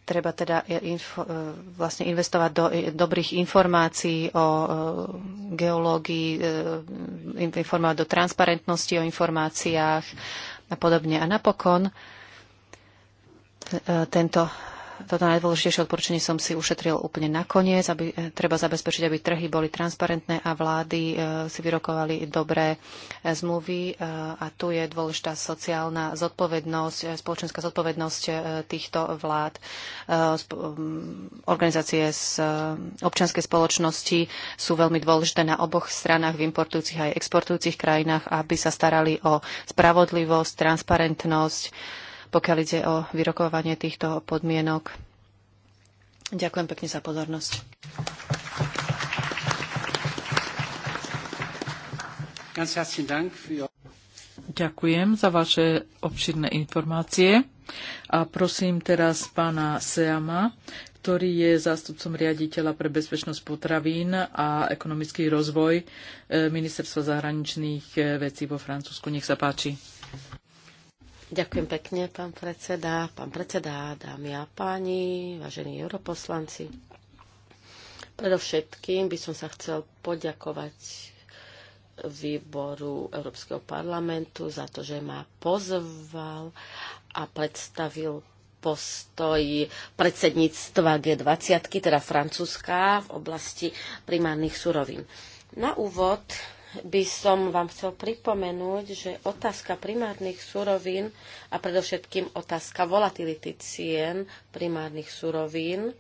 Treba teda info, vlastne investovať do dobrých informácií o geológii, informovať do transparentnosti o informáciách a podobne. A napokon E, tento, toto najdôležitejšie odporúčanie som si ušetril úplne nakoniec, aby e, treba zabezpečiť, aby trhy boli transparentné a vlády e, si vyrokovali dobré zmluvy. A tu je dôležitá sociálna zodpovednosť, spoločenská zodpovednosť týchto vlád. Organizácie z občianskej spoločnosti sú veľmi dôležité na oboch stranách v importujúcich aj exportujúcich krajinách, aby sa starali o spravodlivosť, transparentnosť pokiaľ ide o vyrokovanie týchto podmienok. Ďakujem pekne za pozornosť. Ďakujem za vaše obširné informácie. A prosím teraz pána Seama, ktorý je zástupcom riaditeľa pre bezpečnosť potravín a ekonomický rozvoj eh, Ministerstva zahraničných eh, vecí vo Francúzsku. Nech sa páči. Ďakujem pekne, pán predseda, pán predseda, dámy a páni, vážení europoslanci. Predovšetkým by som sa chcel poďakovať výboru Európskeho parlamentu za to, že ma pozval a predstavil postoj predsedníctva G20, teda Francúzska, v oblasti primárnych surovín. Na úvod by som vám chcel pripomenúť, že otázka primárnych surovín a predovšetkým otázka volatility cien primárnych surovín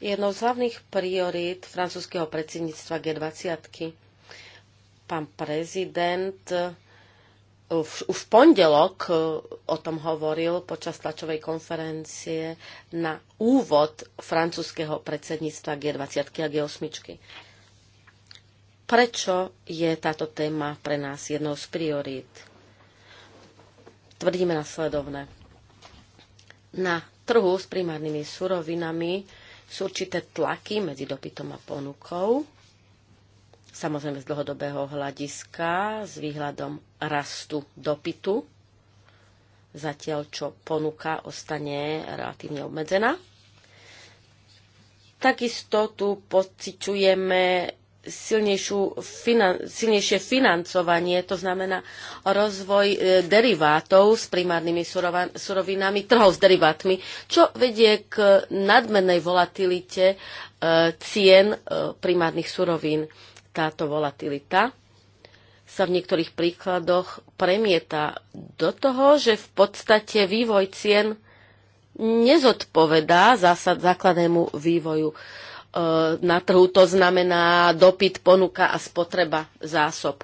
je jednou z hlavných priorít francúzského predsedníctva G20. Pán prezident eh, už v pondelok eh, o tom hovoril počas tlačovej konferencie na úvod francúzského predsedníctva G20 a G8. Prečo je táto téma pre nás jednou z priorít? Tvrdíme nasledovne. Na trhu s primárnymi surovinami sú určité tlaky medzi dopytom a ponukou, samozrejme z dlhodobého hľadiska s výhľadom rastu dopytu, zatiaľ čo ponuka ostane relatívne obmedzená. Takisto tu pociťujeme finan- silnejšie financovanie, to znamená rozvoj e, derivátov s primárnymi surovinami, trhov s derivátmi, čo vedie k nadmernej volatilite e, cien e, primárnych surovín. Táto volatilita sa v niektorých príkladoch premieta do toho, že v podstate vývoj cien nezodpovedá zásad základnému vývoju E, na trhu, to znamená dopyt, ponuka a spotreba zásob.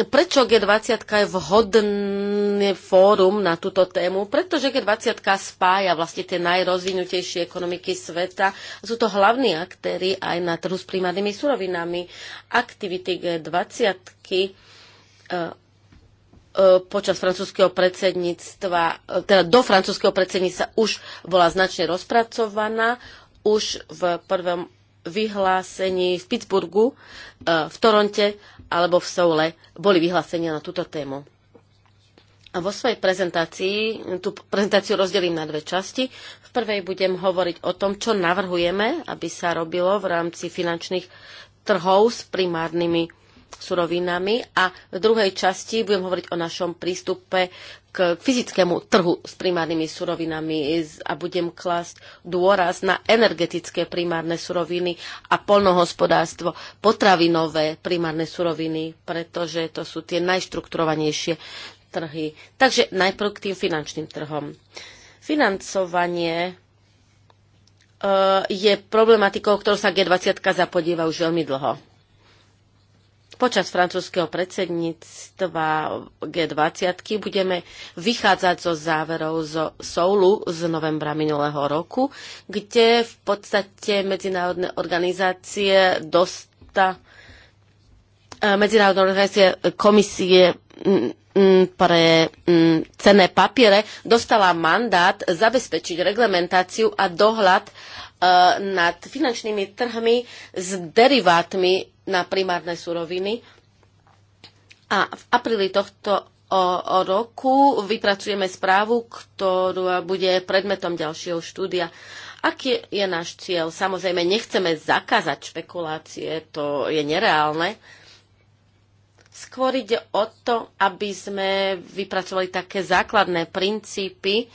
Prečo G20 je vhodné fórum na túto tému? Pretože G20 spája vlastne tie najrozvinutejšie ekonomiky sveta. Sú to hlavní aktéry aj na trhu s primárnymi surovinami. Aktivity G20 e, e, počas francúzského predsedníctva, teda do francúzského predsedníctva už bola značne rozpracovaná už v prvom vyhlásení v Pittsburghu, e, v Toronte alebo v Soule boli vyhlásenia na túto tému. A vo svojej prezentácii, tú prezentáciu rozdelím na dve časti. V prvej budem hovoriť o tom, čo navrhujeme, aby sa robilo v rámci finančných trhov s primárnymi surovinami a v druhej časti budem hovoriť o našom prístupe k fyzickému trhu s primárnymi surovinami a budem klásť dôraz na energetické primárne suroviny a polnohospodárstvo, potravinové primárne suroviny, pretože to sú tie najštrukturovanejšie trhy. Takže najprv k tým finančným trhom. Financovanie e, je problematikou, ktorou sa G20 zapodíva už veľmi dlho Počas francúzského predsedníctva G20 budeme vychádzať zo záverov z Soulu z novembra minulého roku, kde v podstate medzinárodné organizácie dosta e, medzinárodné organizácie komisie pre cenné papiere dostala mandát zabezpečiť reglementáciu a dohľad e, nad finančnými trhmi s derivátmi na primárne suroviny. A v apríli tohto o, roku vypracujeme správu, ktorá bude predmetom ďalšieho štúdia. Aký je náš cieľ? Samozrejme, nechceme zakázať špekulácie, to je nereálne. Skôr ide o to, aby sme vypracovali také základné princípy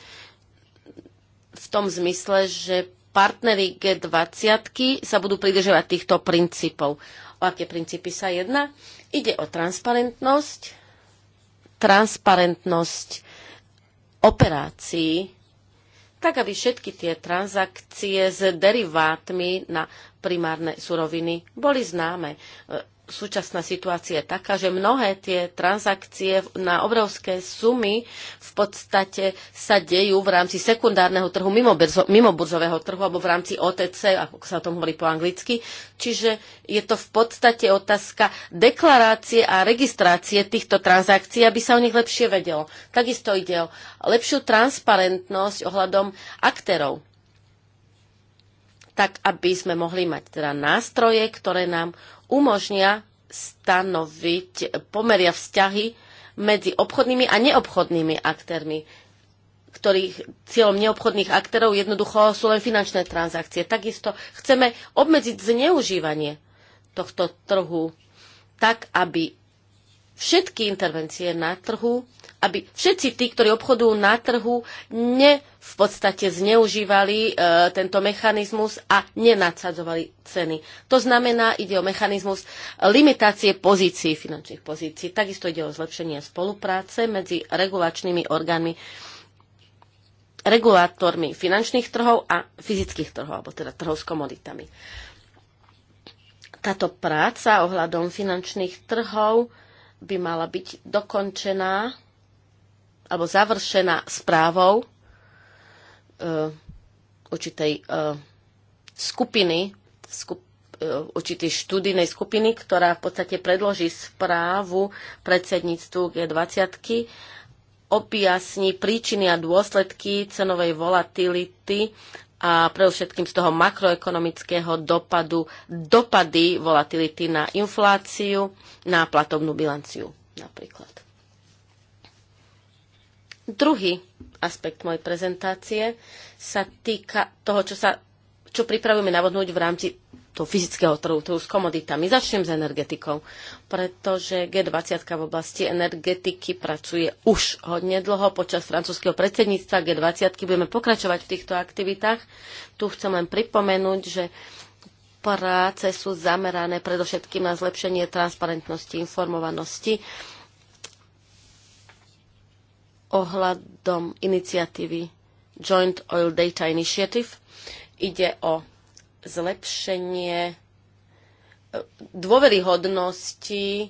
v tom zmysle, že partnery G20 sa budú pridržovať týchto princípov. O aké princípy sa jedná? Ide o transparentnosť, transparentnosť operácií, tak aby všetky tie transakcie s derivátmi na primárne suroviny boli známe súčasná situácia je taká, že mnohé tie transakcie na obrovské sumy v podstate sa dejú v rámci sekundárneho trhu, mimo, berzo, mimo burzového trhu alebo v rámci OTC, ako sa o tom hovorí po anglicky. Čiže je to v podstate otázka deklarácie a registrácie týchto transakcií, aby sa o nich lepšie vedelo. Takisto ide o lepšiu transparentnosť ohľadom aktérov tak aby sme mohli mať teda nástroje, ktoré nám umožnia stanoviť, pomeria vzťahy medzi obchodnými a neobchodnými aktérmi, ktorých cieľom neobchodných aktérov jednoducho sú len finančné transakcie. Takisto chceme obmedziť zneužívanie tohto trhu tak, aby všetky intervencie na trhu aby všetci tí, ktorí obchodujú na trhu, ne v podstate zneužívali e, tento mechanizmus a nenadsadzovali ceny. To znamená, ide o mechanizmus limitácie pozícií, finančných pozícií. Takisto ide o zlepšenie spolupráce medzi regulačnými orgánmi, regulátormi finančných trhov a fyzických trhov, alebo teda trhov s komoditami. Táto práca ohľadom finančných trhov by mala byť dokončená alebo završená správou e, určitej e, skupiny, skup, e, určitej študijnej skupiny, ktorá v podstate predloží správu predsedníctvu G20 objasní príčiny a dôsledky cenovej volatility a pre všetkým z toho makroekonomického dopadu, dopady volatility na infláciu, na platovnú bilanciu napríklad. Druhý aspekt mojej prezentácie sa týka toho, čo, sa, čo pripravujeme navodnúť v rámci toho fyzického trhu, trhu s komoditami. Začnem s energetikou, pretože G20 v oblasti energetiky pracuje už hodne dlho. Počas francúzského predsedníctva G20 budeme pokračovať v týchto aktivitách. Tu chcem len pripomenúť, že práce sú zamerané predovšetkým na zlepšenie transparentnosti, informovanosti ohľadom iniciatívy Joint Oil Data Initiative. Ide o zlepšenie e, dôveryhodnosti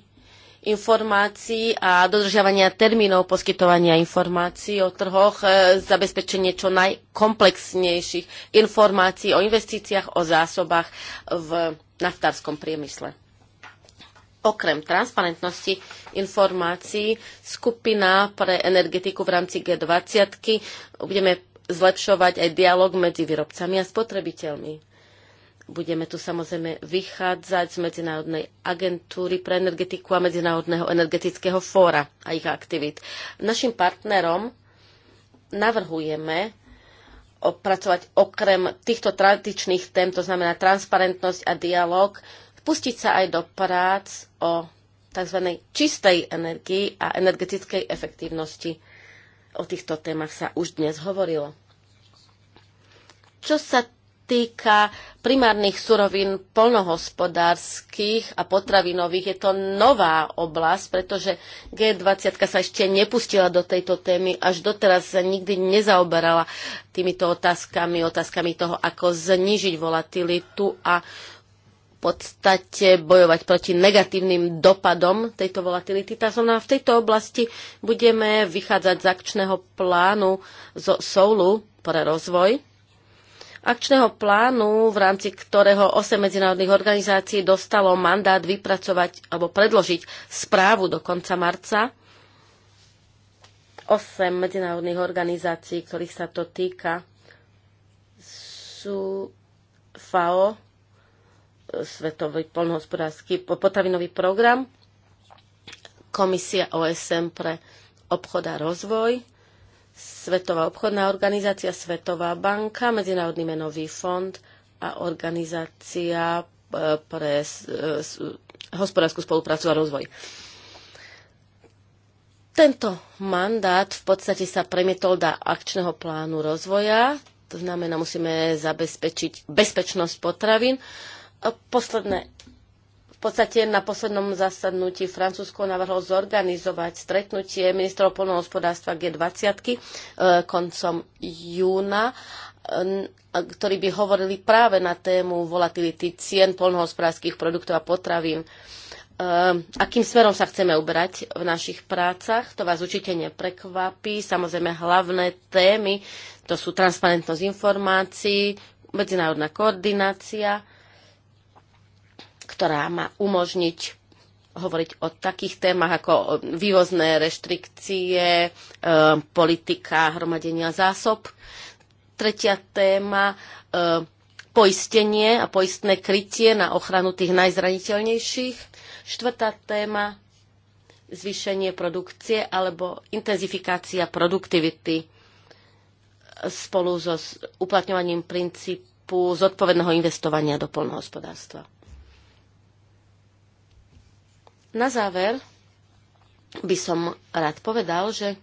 informácií a dodržiavania termínov poskytovania informácií o trhoch, e, zabezpečenie čo najkomplexnejších informácií o investíciách, o zásobách v naftárskom priemysle okrem transparentnosti informácií skupina pre energetiku v rámci G20 budeme zlepšovať aj dialog medzi výrobcami a spotrebiteľmi. Budeme tu samozrejme vychádzať z Medzinárodnej agentúry pre energetiku a Medzinárodného energetického fóra a ich aktivít. Našim partnerom navrhujeme opracovať okrem týchto tradičných tém, to znamená transparentnosť a dialog, pustiť sa aj do prác o tzv. čistej energii a energetickej efektívnosti. O týchto témach sa už dnes hovorilo. Čo sa týka primárnych surovín polnohospodárskych a potravinových, je to nová oblasť, pretože G20 sa ešte nepustila do tejto témy, až doteraz sa nikdy nezaoberala týmito otázkami, otázkami toho, ako znižiť volatilitu a podstate bojovať proti negatívnym dopadom tejto volatility. Tá znamená, v tejto oblasti budeme vychádzať z akčného plánu zo Soulu pre rozvoj, akčného plánu, v rámci ktorého 8 medzinárodných organizácií dostalo mandát vypracovať alebo predložiť správu do konca marca. 8 medzinárodných organizácií, ktorých sa to týka, sú FAO, svetový polnohospodársky potravinový program, Komisia OSM pre obchod a rozvoj, Svetová obchodná organizácia, Svetová banka, Medzinárodný menový fond a organizácia e, pre e, e, hospodárskú spoluprácu a rozvoj. Tento mandát v podstate sa premietol do akčného plánu rozvoja, to znamená, musíme zabezpečiť bezpečnosť potravín Posledné v podstate na poslednom zasadnutí Francúzsko navrhlo zorganizovať stretnutie ministrov poľnohospodárstva G20 eh, koncom júna, eh, ktorí by hovorili práve na tému volatility cien poľnohospodárských produktov a potravín. Eh, akým smerom sa chceme uberať v našich prácach, to vás určite neprekvapí. Samozrejme, hlavné témy to sú transparentnosť informácií, medzinárodná koordinácia, ktorá má umožniť hovoriť o takých témach ako vývozné reštrikcie, e, politika hromadenia zásob. Tretia téma, e, poistenie a poistné krytie na ochranu tých najzraniteľnejších. Štvrtá téma, zvýšenie produkcie alebo intenzifikácia produktivity spolu so uplatňovaním princípu zodpovedného investovania do polnohospodárstva. Na záver by som rád povedal, že e,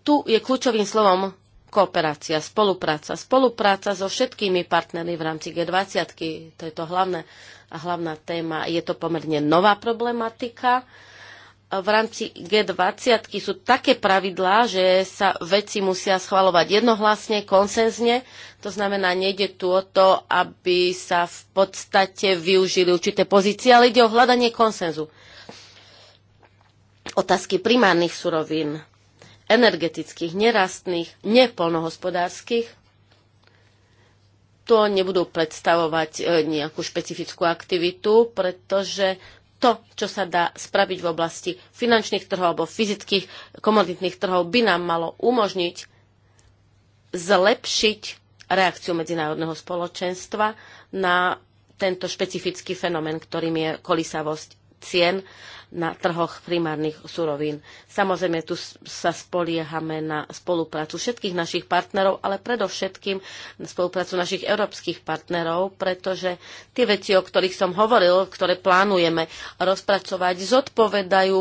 tu je kľúčovým slovom kooperácia, spolupráca. Spolupráca so všetkými partnermi v rámci G20, to je to hlavné a hlavná téma. Je to pomerne nová problematika v rámci G20 sú také pravidlá, že sa veci musia schvalovať jednohlasne, konsenzne. To znamená, nejde tu o to, aby sa v podstate využili určité pozície, ale ide o hľadanie konsenzu. Otázky primárnych surovín, energetických, nerastných, nepolnohospodárskych, to nebudú predstavovať eh, nejakú špecifickú aktivitu, pretože to, čo sa dá spraviť v oblasti finančných trhov alebo fyzických komoditných trhov, by nám malo umožniť zlepšiť reakciu medzinárodného spoločenstva na tento špecifický fenomén, ktorým je kolisavosť cien na trhoch primárnych surovín. Samozrejme, tu sa spoliehame na spoluprácu všetkých našich partnerov, ale predovšetkým na spoluprácu našich európskych partnerov, pretože tie veci, o ktorých som hovoril, ktoré plánujeme rozpracovať, zodpovedajú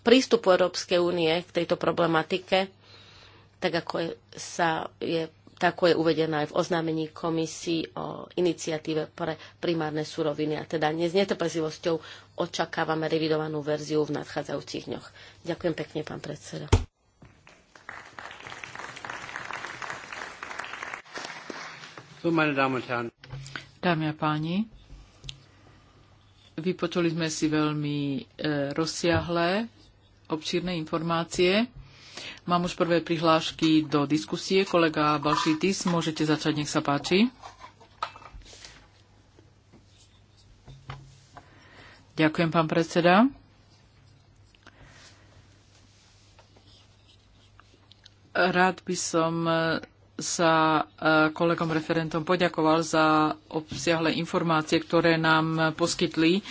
prístupu Európskej únie k tejto problematike, tak ako sa je Tako je uvedená aj v oznámení komisii o iniciatíve pre primárne suroviny. A teda dnes netrpezlivosťou očakávame revidovanú verziu v nadchádzajúcich dňoch. Ďakujem pekne, pán predseda. Dámy a páni, vypočuli sme si veľmi e, eh, rozsiahlé, obšírne informácie. Mám už prvé prihlášky do diskusie. Kolega Balšitis, môžete začať, nech sa páči. Ďakujem, pán predseda. Rád by som sa e, kolegom referentom poďakoval za obsiahle informácie, ktoré nám poskytli, e,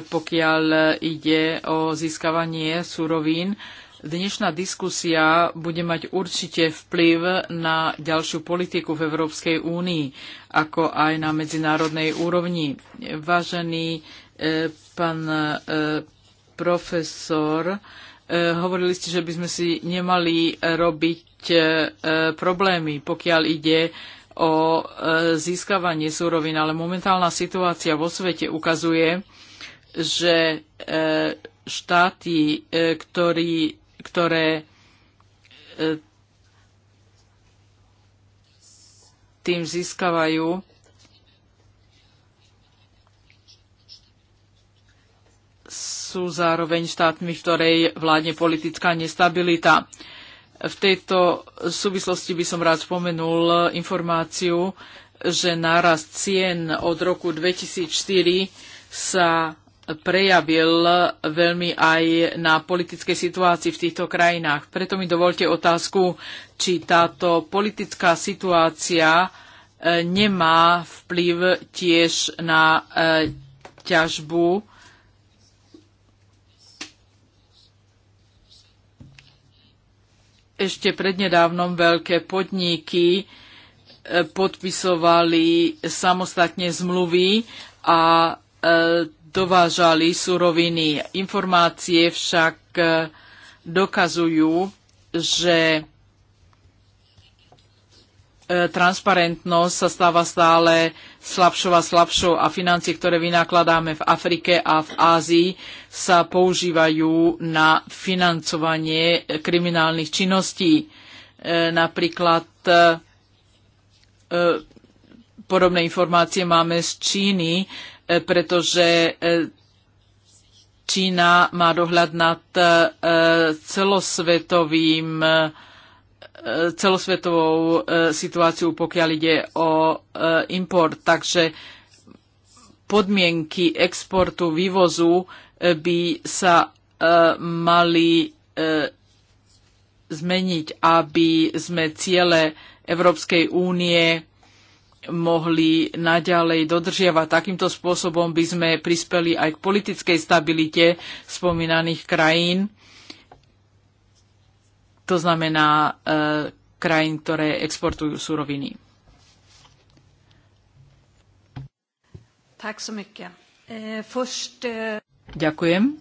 pokiaľ ide o získavanie surovín Dnešná diskusia bude mať určite vplyv na ďalšiu politiku v Európskej únii, ako aj na medzinárodnej úrovni. Vážený e, pán e, profesor, e, hovorili ste, že by sme si nemali robiť e, problémy, pokiaľ ide o e, získavanie súrovín, ale momentálna situácia vo svete ukazuje, že e, štáty, e, ktorí ktoré e, tým získavajú sú zároveň štátmi, v ktorej vládne politická nestabilita. V tejto súvislosti by som rád spomenul informáciu, že nárast cien od roku 2004 sa prejavil veľmi aj na politickej situácii v týchto krajinách. Preto mi dovolte otázku, či táto politická situácia e, nemá vplyv tiež na e, ťažbu ešte prednedávnom veľké podniky e, podpisovali samostatne zmluvy a dovážali suroviny. Informácie však eh, dokazujú, že eh, transparentnosť sa stáva stále slabšou a slabšou a financie, ktoré vynakladáme v Afrike a v Ázii, sa používajú na financovanie eh, kriminálnych činností. Napríklad podobné informácie máme z Číny, E, pretože e, Čína má dohľad nad e, celosvetovým celosvetovou situáciu, pokiaľ ide o import. Takže podmienky exportu, vývozu by sa mali zmeniť, aby sme ciele Európskej únie mohli naďalej dodržiavať. Takýmto spôsobom by sme prispeli aj k politickej stabilite spomínaných krajín. To znamená e, krajín, ktoré exportujú suroviny. Tak som E, eh, först, e... Ďakujem.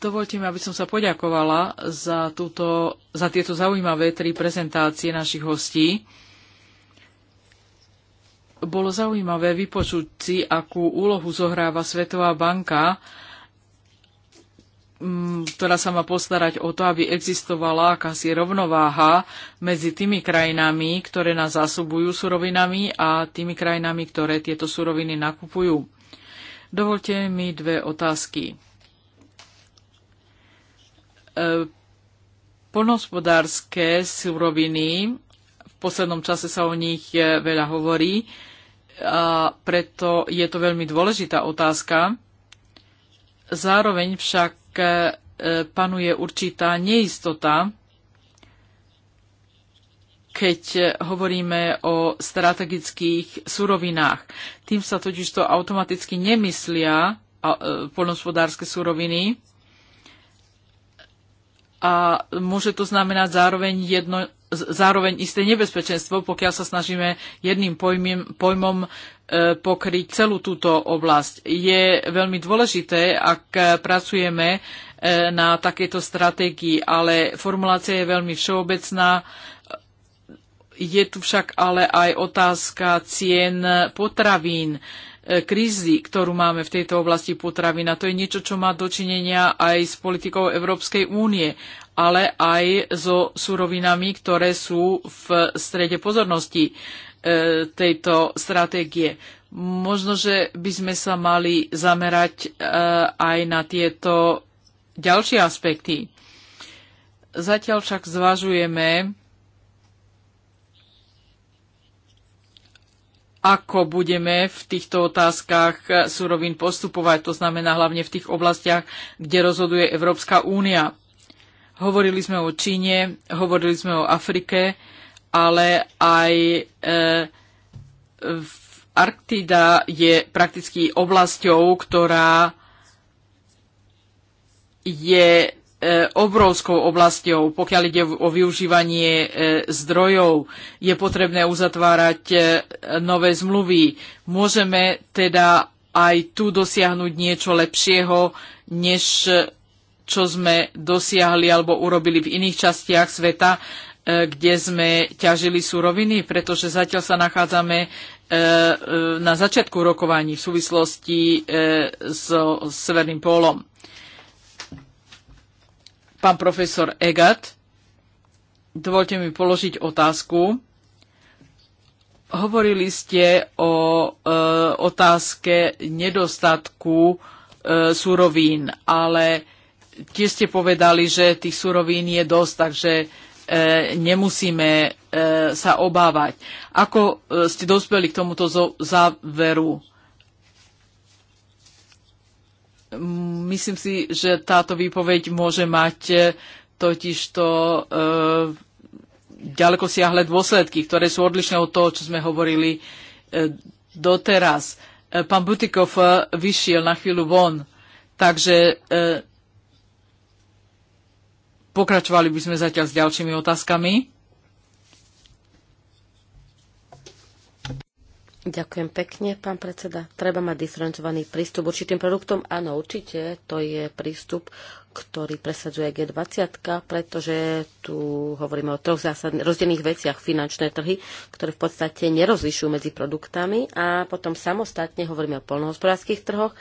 Dovolte mi, aby som sa poďakovala za, túto, za tieto zaujímavé tri prezentácie našich hostí bolo zaujímavé vypočuť si, akú úlohu zohráva Svetová banka, mm, ktorá sa má postarať o to, aby existovala akási rovnováha medzi tými krajinami, ktoré nás zásobujú surovinami a tými krajinami, ktoré tieto suroviny nakupujú. Dovolte mi dve otázky. E, Ponospodárske suroviny, v poslednom čase sa o nich e, veľa hovorí, a preto je to veľmi dôležitá otázka. Zároveň však e, panuje určitá neistota, keď e, hovoríme o strategických surovinách. Tým sa totiž to automaticky nemyslia e, poľnohospodárske suroviny a môže to znamenať zároveň jedno zároveň isté nebezpečenstvo, pokiaľ sa snažíme jedným pojmím, pojmom e, pokryť celú túto oblasť. Je veľmi dôležité, ak e, pracujeme e, na takejto stratégii, ale formulácia je veľmi všeobecná. Je tu však ale aj otázka cien potravín, krízy, ktorú máme v tejto oblasti potravín. A to je niečo, čo má dočinenia aj s politikou Európskej únie ale aj so surovinami, ktoré sú v strede pozornosti e, tejto stratégie. Možno, že by sme sa mali zamerať e, aj na tieto ďalšie aspekty. Zatiaľ však zvažujeme, ako budeme v týchto otázkach surovín postupovať, to znamená hlavne v tých oblastiach, kde rozhoduje Európska únia. Hovorili sme o Číne, hovorili sme o Afrike, ale aj e, v Arktida je prakticky oblasťou, ktorá je e, obrovskou oblasťou, pokiaľ ide o využívanie e, zdrojov. Je potrebné uzatvárať nové zmluvy. Môžeme teda aj tu dosiahnuť niečo lepšieho, než čo sme dosiahli alebo urobili v iných častiach sveta, e, kde sme ťažili suroviny, pretože zatiaľ sa nachádzame e, e, na začiatku rokovaní v súvislosti so Severným pólom. Pán profesor Egat, dovolte mi položiť otázku. Hovorili ste o otázke nedostatku surovín, ale tiež ste povedali, že tých surovín je dosť, takže e, nemusíme e, sa obávať. Ako e, ste dospeli k tomuto záveru? Myslím si, že táto výpoveď môže mať totižto ďaleko siahle dôsledky, ktoré sú odlišné od toho, čo sme hovorili doteraz. Pán Butikov vyšiel na chvíľu von, takže Pokračovali by sme zatiaľ s ďalšími otázkami. Ďakujem pekne, pán predseda. Treba mať diferencovaný prístup určitým produktom. Áno, určite to je prístup, ktorý presadzuje G20, pretože tu hovoríme o troch zásadných rozdielných veciach finančné trhy, ktoré v podstate nerozlišujú medzi produktami a potom samostatne hovoríme o polnohospodárských trhoch,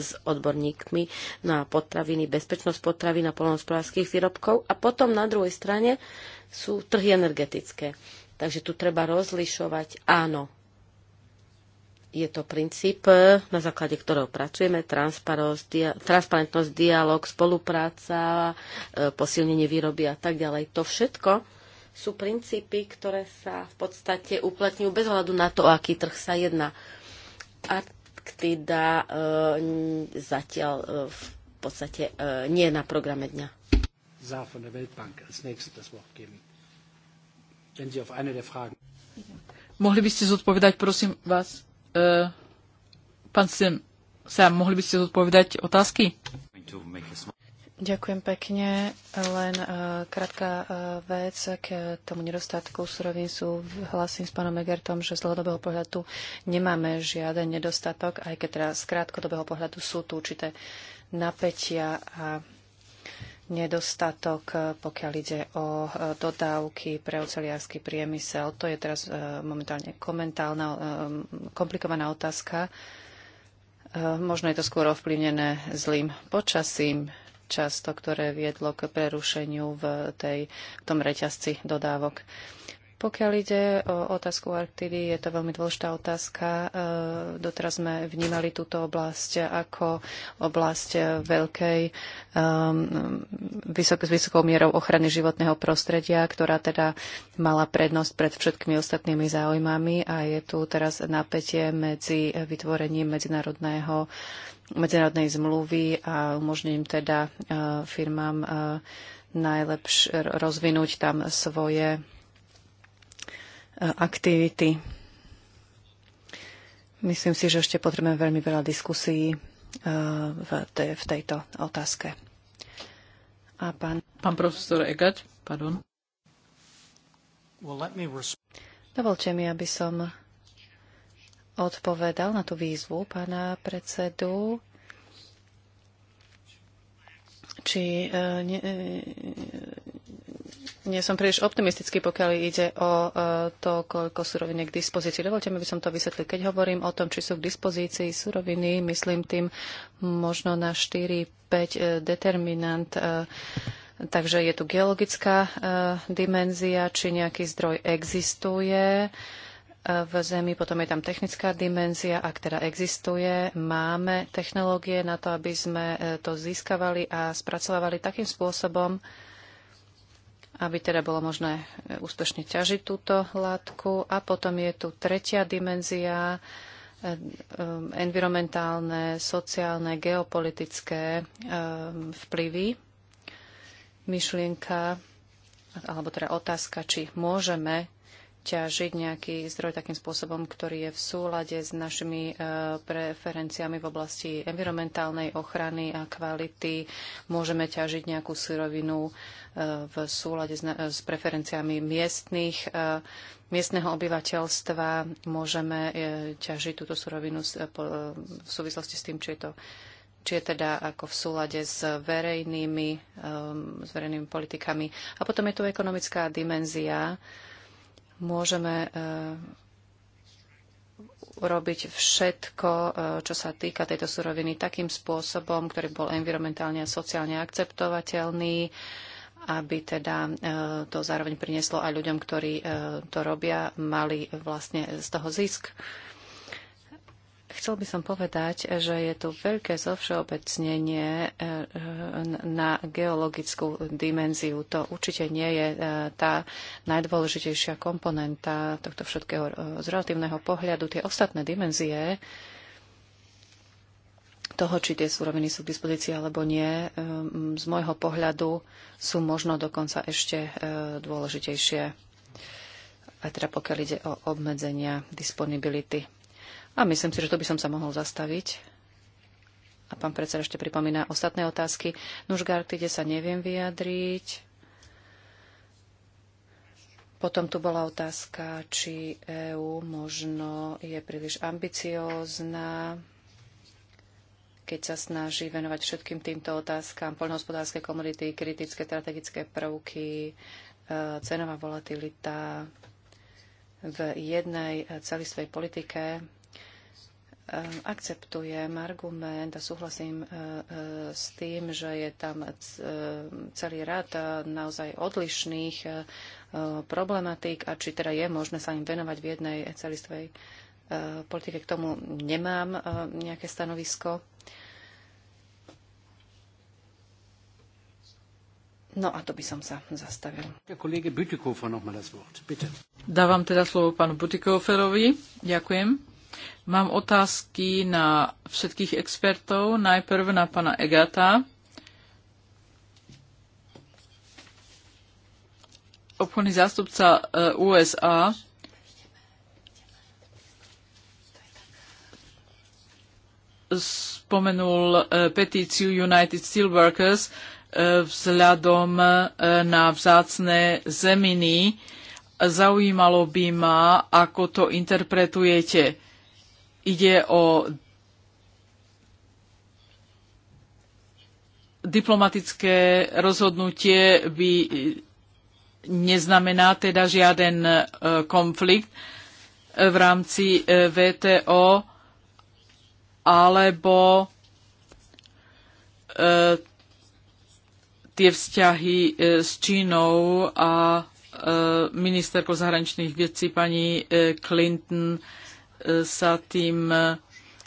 s odborníkmi na potraviny, bezpečnosť potravín a polnohospodárských výrobkov a potom na druhej strane sú trhy energetické. Takže tu treba rozlišovať, áno, je to princíp, na základe ktorého pracujeme, transparentnosť, dialog, spolupráca, e, posilnenie výroby a tak ďalej. To všetko sú princípy, ktoré sa v podstate uplatňujú bez hľadu na to, aký trh sa jedná. A teda Antarktida e, zatiaľ e, v podstate e, nie na programe dňa. Mohli by ste zodpovedať, prosím vás, pán Sem, mohli by ste zodpovedať otázky? Ďakujem pekne. Len uh, krátka uh, vec k tomu nedostatku surovín sú. Hlasím s pánom Egertom, že z dlhodobého pohľadu nemáme žiaden nedostatok, aj keď teraz z krátkodobého pohľadu sú tu určité napätia a nedostatok, e, pokiaľ ide o dodávky pre oceliársky priemysel. To je teraz momentálne komentálna, komplikovaná otázka. Možno je to skôr ovplyvnené zlým počasím, často, ktoré viedlo k prerušeniu v, tej, v tom reťazci dodávok. Pokiaľ ide o otázku Arktidy, je to veľmi dôležitá otázka. E, doteraz sme vnímali túto oblasť ako oblasť veľkej, e, vysok, s vysokou mierou ochrany životného prostredia, ktorá teda mala prednosť pred všetkými ostatnými záujmami a je tu teraz napätie medzi vytvorením medzinárodného medzinárodnej zmluvy a umožním teda e, firmám e, najlepš rozvinúť tam svoje e, aktivity. Myslím si, že ešte potrebujeme veľmi veľa diskusí v, tejto otázke. A pán... Pán profesor Egať, pardon. Dovolte mi, aby som odpovedal na tú výzvu pána predsedu, či nie, e, nie som príliš optimistický, pokiaľ ide o e, to, koľko surovín je k dispozícii. Dovolte mi, by som to vysvetlil. Keď hovorím o tom, či sú k dispozícii suroviny, myslím tým možno na 4-5 e, determinant. Takže je tu geologická dimenzia, či nejaký zdroj existuje v Zemi, potom je tam technická dimenzia, ak teda existuje. Máme technológie na to, aby sme e, to získavali a spracovávali takým spôsobom, aby teda bolo možné e, úspešne ťažiť túto látku. A potom je tu tretia dimenzia, e, environmentálne, sociálne, geopolitické vplyvy. Myšlienka, alebo teda otázka, či môžeme ťažiť nejaký zdroj takým spôsobom, ktorý je v súlade s našimi e, preferenciami v oblasti environmentálnej ochrany a kvality. Môžeme ťažiť nejakú surovinu e, v súlade s preferenciami miestných, e, miestneho obyvateľstva. Môžeme ťažiť túto surovinu v súvislosti s tým, či je to či je teda ako v súlade s verejnými, s verejnými politikami. A potom je tu ekonomická dimenzia, môžeme e, robiť všetko, e, čo sa týka tejto suroviny, takým spôsobom, ktorý bol environmentálne a sociálne akceptovateľný, aby teda e, to zároveň prinieslo aj ľuďom, ktorí to robia, mali vlastne z toho zisk. Chcel by som povedať, že je tu veľké zovšeobecnenie eh, na geologickú dimenziu. To určite nie je eh, tá najdôležitejšia komponenta tohto všetkého eh, z relatívneho pohľadu. Tie ostatné dimenzie toho, či tie súroviny sú k dispozícii alebo nie, z môjho pohľadu sú možno dokonca ešte dôležitejšie, aj teda pokiaľ ide o obmedzenia disponibility. A myslím si, že to by som sa mohol zastaviť. A pán predseda ešte pripomína ostatné otázky. Nužgár, kde sa neviem vyjadriť. Potom tu bola otázka, či EÚ možno je príliš ambiciózna, keď sa snaží venovať všetkým týmto otázkam, poľnohospodárske komunity, kritické strategické prvky, e, cenová volatilita v jednej e, celistvej politike Ehm, akceptujem argument a súhlasím e, e, s tým, že je tam e, celý rad naozaj odlišných problematík a či teda je možné sa im venovať v jednej celistvej politike. K tomu nemám nejaké stanovisko. No a to by som sa zastavil. Dávam teda slovo pánu Butikoferovi. Ďakujem. Mám otázky na všetkých expertov. Najprv na pana Egata. Obchodný zástupca eh, USA spomenul eh, petíciu United Steelworkers eh, vzhľadom na vzácne zeminy. Zaujímalo by ma, ako to interpretujete Ide o diplomatické rozhodnutie by neznamená teda žiaden e, konflikt e, v rámci e, VTO alebo tie vzťahy s Čínou a ministerkou zahraničných vecí pani Clinton sa tým e,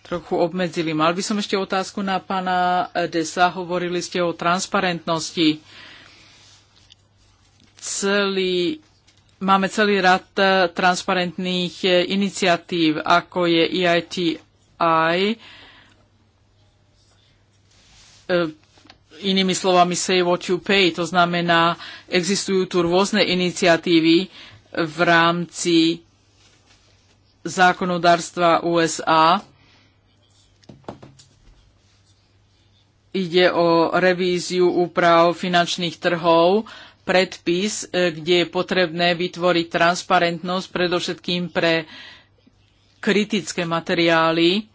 trochu obmedzili. Mal by som ešte otázku na pána Desa. Hovorili ste o transparentnosti. Celý, máme celý rad e, transparentných e, iniciatív, ako je EITI. Inými slovami say what you pay, to znamená, existujú tu rôzne iniciatívy v rámci zákonodárstva USA. Ide o revíziu úprav finančných trhov, predpis, e, kde je potrebné vytvoriť transparentnosť predovšetkým pre kritické materiály,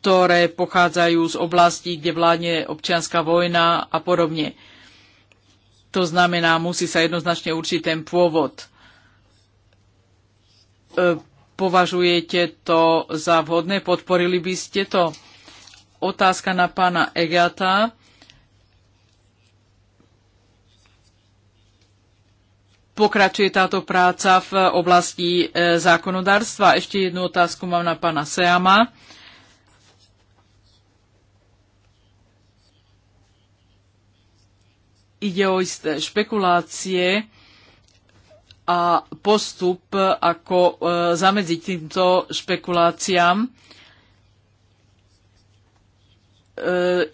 ktoré pochádzajú z oblastí, kde vládne občianská vojna a podobne. To znamená, musí sa jednoznačne určiť ten pôvod E, považujete to za vhodné? Podporili by ste to? Otázka na pána Egata. Pokračuje táto práca v oblasti e, zákonodárstva? Ešte jednu otázku mám na pána Seama. Ide o isté špekulácie a postup, ako e, zamedziť týmto špekuláciám. E,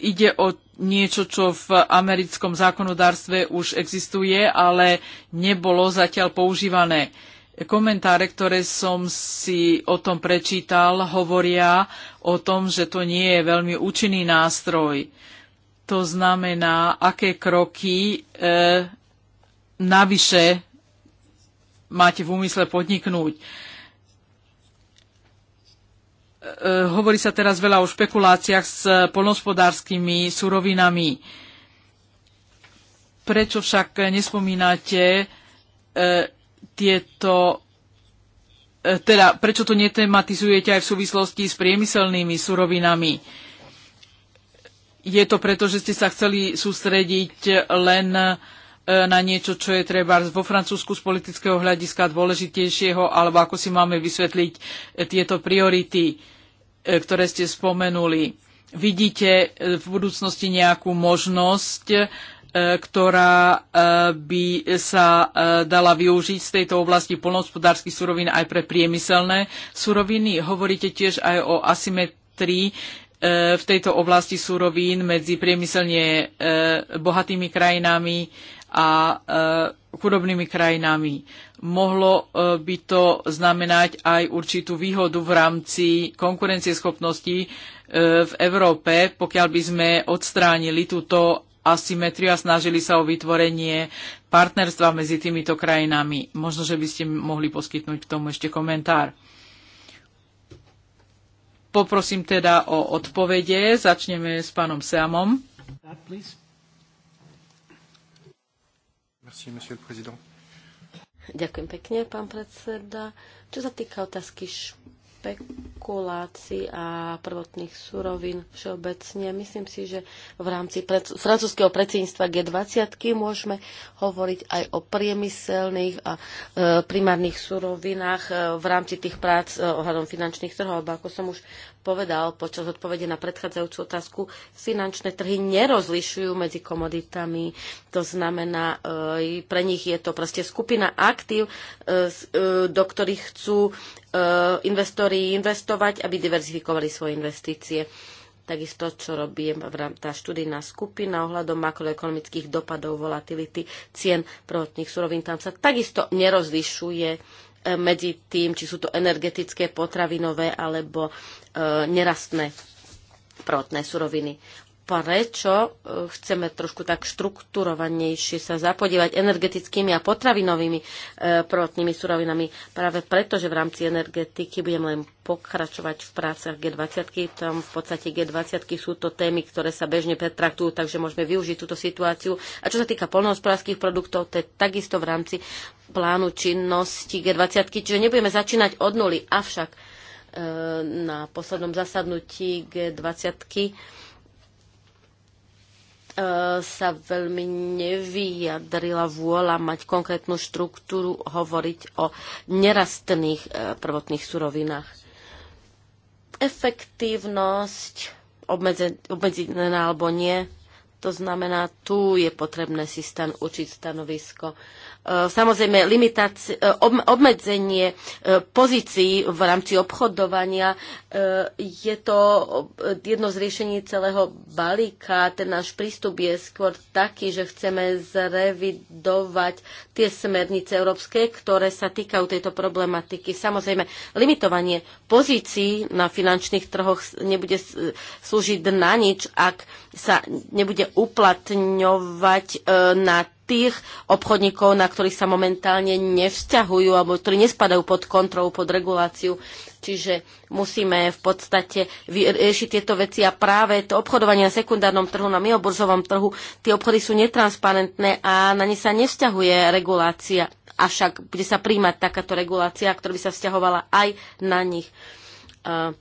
ide o niečo, čo v americkom zákonodárstve už existuje, ale nebolo zatiaľ používané. Komentáre, ktoré som si o tom prečítal, hovoria o tom, že to nie je veľmi účinný nástroj. To znamená, aké kroky e, navyše máte v úmysle podniknúť. E, e, hovorí sa teraz veľa o špekuláciách s polnospodárskymi surovinami. Prečo však nespomínate e, tieto teda prečo to netematizujete aj v súvislosti s priemyselnými surovinami? Je to preto, že ste sa chceli sústrediť len E, na niečo, čo je treba vo Francúzsku z politického hľadiska dôležitejšieho, alebo ako si máme vysvetliť e, tieto priority, e, ktoré ste spomenuli. Vidíte v budúcnosti nejakú možnosť, ktorá by sa dala využiť z tejto oblasti polnohospodárskych surovín aj pre priemyselné suroviny. Hovoríte tiež aj o asymetrii v tejto oblasti surovín medzi priemyselne bohatými krajinami a e, chudobnými krajinami. Mohlo e, by to znamenať aj určitú výhodu v rámci konkurencieschopnosti e, v Európe, pokiaľ by sme odstránili túto asymetriu a snažili sa o vytvorenie partnerstva medzi týmito krajinami. Možno, že by ste mohli poskytnúť k tomu ešte komentár. Poprosím teda o odpovede. Začneme s pánom Seamom. That, Merci, Monsieur le Président. Ďakujem pekne, pán predseda. Čo sa týka otázky špekulácií a prvotných surovín všeobecne. Myslím si, že v rámci pred, francúzského predsedníctva G20 môžeme hovoriť aj o priemyselných a e, primárnych surovinách e, v rámci tých prác e, ohľadom finančných trhov. Lebo ako som už povedal počas odpovede na predchádzajúcu otázku, finančné trhy nerozlišujú medzi komoditami. To znamená, e, pre nich je to proste skupina aktív, e, e, do ktorých chcú e, investori začali investovať, aby diverzifikovali svoje investície. Takisto, čo robím, tá študijná skupina ohľadom makroekonomických dopadov volatility cien prvotných surovín, tam sa takisto nerozlišuje e, medzi tým, či sú to energetické, potravinové alebo e, nerastné prvotné suroviny prečo e, chceme trošku tak štrukturovanejšie sa zapodívať energetickými a potravinovými e, prvotnými surovinami. Práve preto, že v rámci energetiky budem len pokračovať v prácach G20. Tam v podstate G20 sú to témy, ktoré sa bežne pretraktujú, takže môžeme využiť túto situáciu. A čo sa týka polnohospodárských produktov, to je takisto v rámci plánu činnosti G20, čiže nebudeme začínať od nuly. Avšak e, na poslednom zasadnutí G20 sa veľmi nevyjadrila vôľa mať konkrétnu štruktúru, hovoriť o nerastných e, prvotných surovinách. Efektívnosť, obmedzená alebo nie, to znamená, tu je potrebné si stan, učiť stanovisko E, samozrejme, e, obmedzenie e, pozícií v rámci obchodovania je to jedno z riešení celého balíka. Ten náš prístup je skôr taký, že chceme zrevidovať tie smernice európske, ktoré sa týkajú tejto problematiky. Samozrejme, limitovanie pozícií na finančných trhoch nebude slúžiť na nič, ak sa nebude uplatňovať na tých obchodníkov, na ktorých sa momentálne nevzťahujú alebo ktorí nespadajú pod kontrolu, pod reguláciu. Čiže musíme v podstate riešiť tieto veci a práve to obchodovanie na sekundárnom trhu, na mioburzovom trhu, tie obchody sú netransparentné a na ne sa nevzťahuje regulácia. Avšak bude sa príjmať takáto regulácia, ktorá by sa vzťahovala aj na nich. Uh,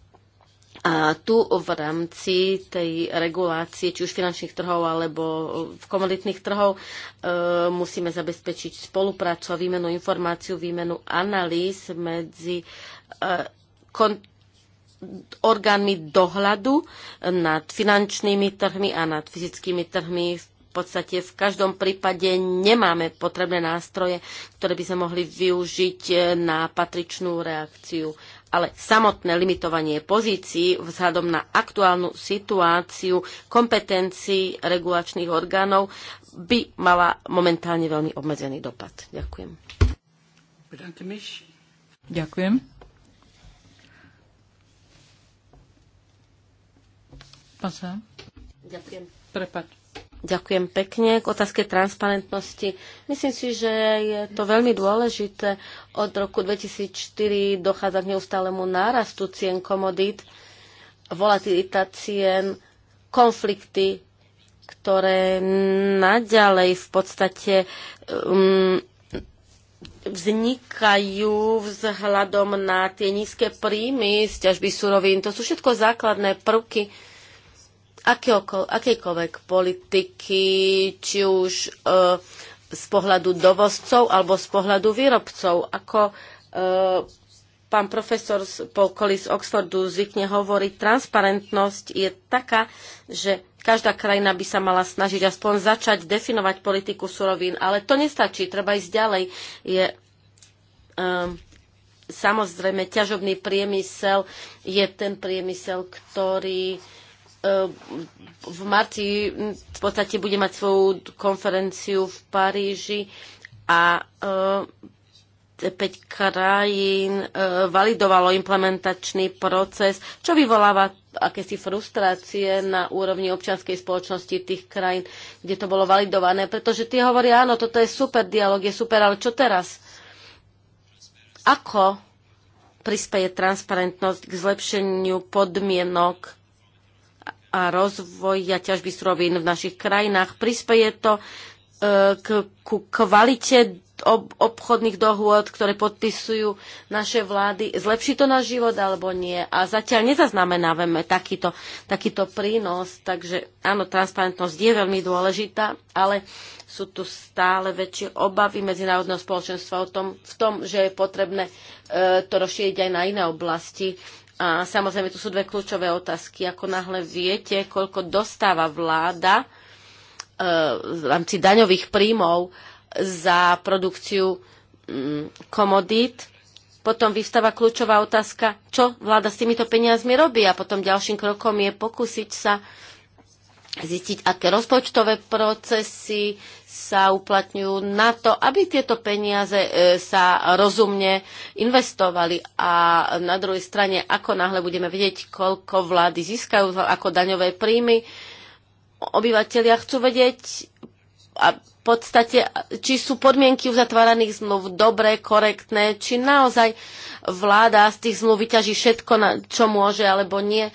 a tu v rámci tej regulácie, či už finančných trhov alebo v komoditných trhov, e, musíme zabezpečiť spoluprácu a výmenu informáciu, výmenu analýz medzi e, orgánmi dohľadu nad finančnými trhmi a nad fyzickými trhmi v podstate v každom prípade nemáme potrebné nástroje, ktoré by sme mohli využiť e, na patričnú reakciu ale samotné limitovanie pozícií vzhľadom na aktuálnu situáciu kompetencií regulačných orgánov by mala momentálne veľmi obmedzený dopad. Ďakujem. Ďakujem. Pasa. Ďakujem. Prepač. Ďakujem pekne. K otázke transparentnosti. Myslím si, že je to veľmi dôležité. Od roku 2004 dochádza k neustálemu nárastu cien komodít, volatilita cien, konflikty, ktoré naďalej v podstate um, vznikajú vzhľadom na tie nízke príjmy z ťažby surovín. To sú všetko základné prvky, akejkoľvek politiky, či už e, z pohľadu dovozcov alebo z pohľadu výrobcov. Ako e, pán profesor Polkoli z Oxfordu zvykne hovorí, transparentnosť je taká, že každá krajina by sa mala snažiť aspoň začať definovať politiku surovín, ale to nestačí, treba ísť ďalej. Je, e, samozrejme, ťažobný priemysel je ten priemysel, ktorý v marci v podstate bude mať svoju konferenciu v Paríži a 5 e, krajín e, validovalo implementačný proces, čo vyvoláva akési frustrácie na úrovni občianskej spoločnosti tých krajín, kde to bolo validované, pretože tie hovoria, áno, toto je super, dialog je super, ale čo teraz? Ako prispieje transparentnosť k zlepšeniu podmienok a rozvoja ťažby surovín v našich krajinách. Prispeje to e, k, k kvalite ob, obchodných dohôd, ktoré podpisujú naše vlády. Zlepší to náš život alebo nie? A zatiaľ nezaznamenávame takýto, takýto prínos, takže áno, transparentnosť je veľmi dôležitá, ale sú tu stále väčšie obavy medzinárodného spoločenstva o tom, v tom, že je potrebné e, to rozšíriť aj na iné oblasti. A samozrejme, tu sú dve kľúčové otázky. Ako náhle viete, koľko dostáva vláda e, v rámci daňových príjmov za produkciu mm, komodít, potom vystáva kľúčová otázka, čo vláda s týmito peniazmi robí. A potom ďalším krokom je pokúsiť sa zistiť, aké rozpočtové procesy sa uplatňujú na to, aby tieto peniaze e, sa rozumne investovali. A na druhej strane, ako náhle budeme vedieť, koľko vlády získajú ako daňové príjmy, obyvateľia chcú vedieť a v podstate, či sú podmienky uzatváraných zmluv dobré, korektné, či naozaj vláda z tých zmluv vyťaží všetko, na čo môže, alebo nie.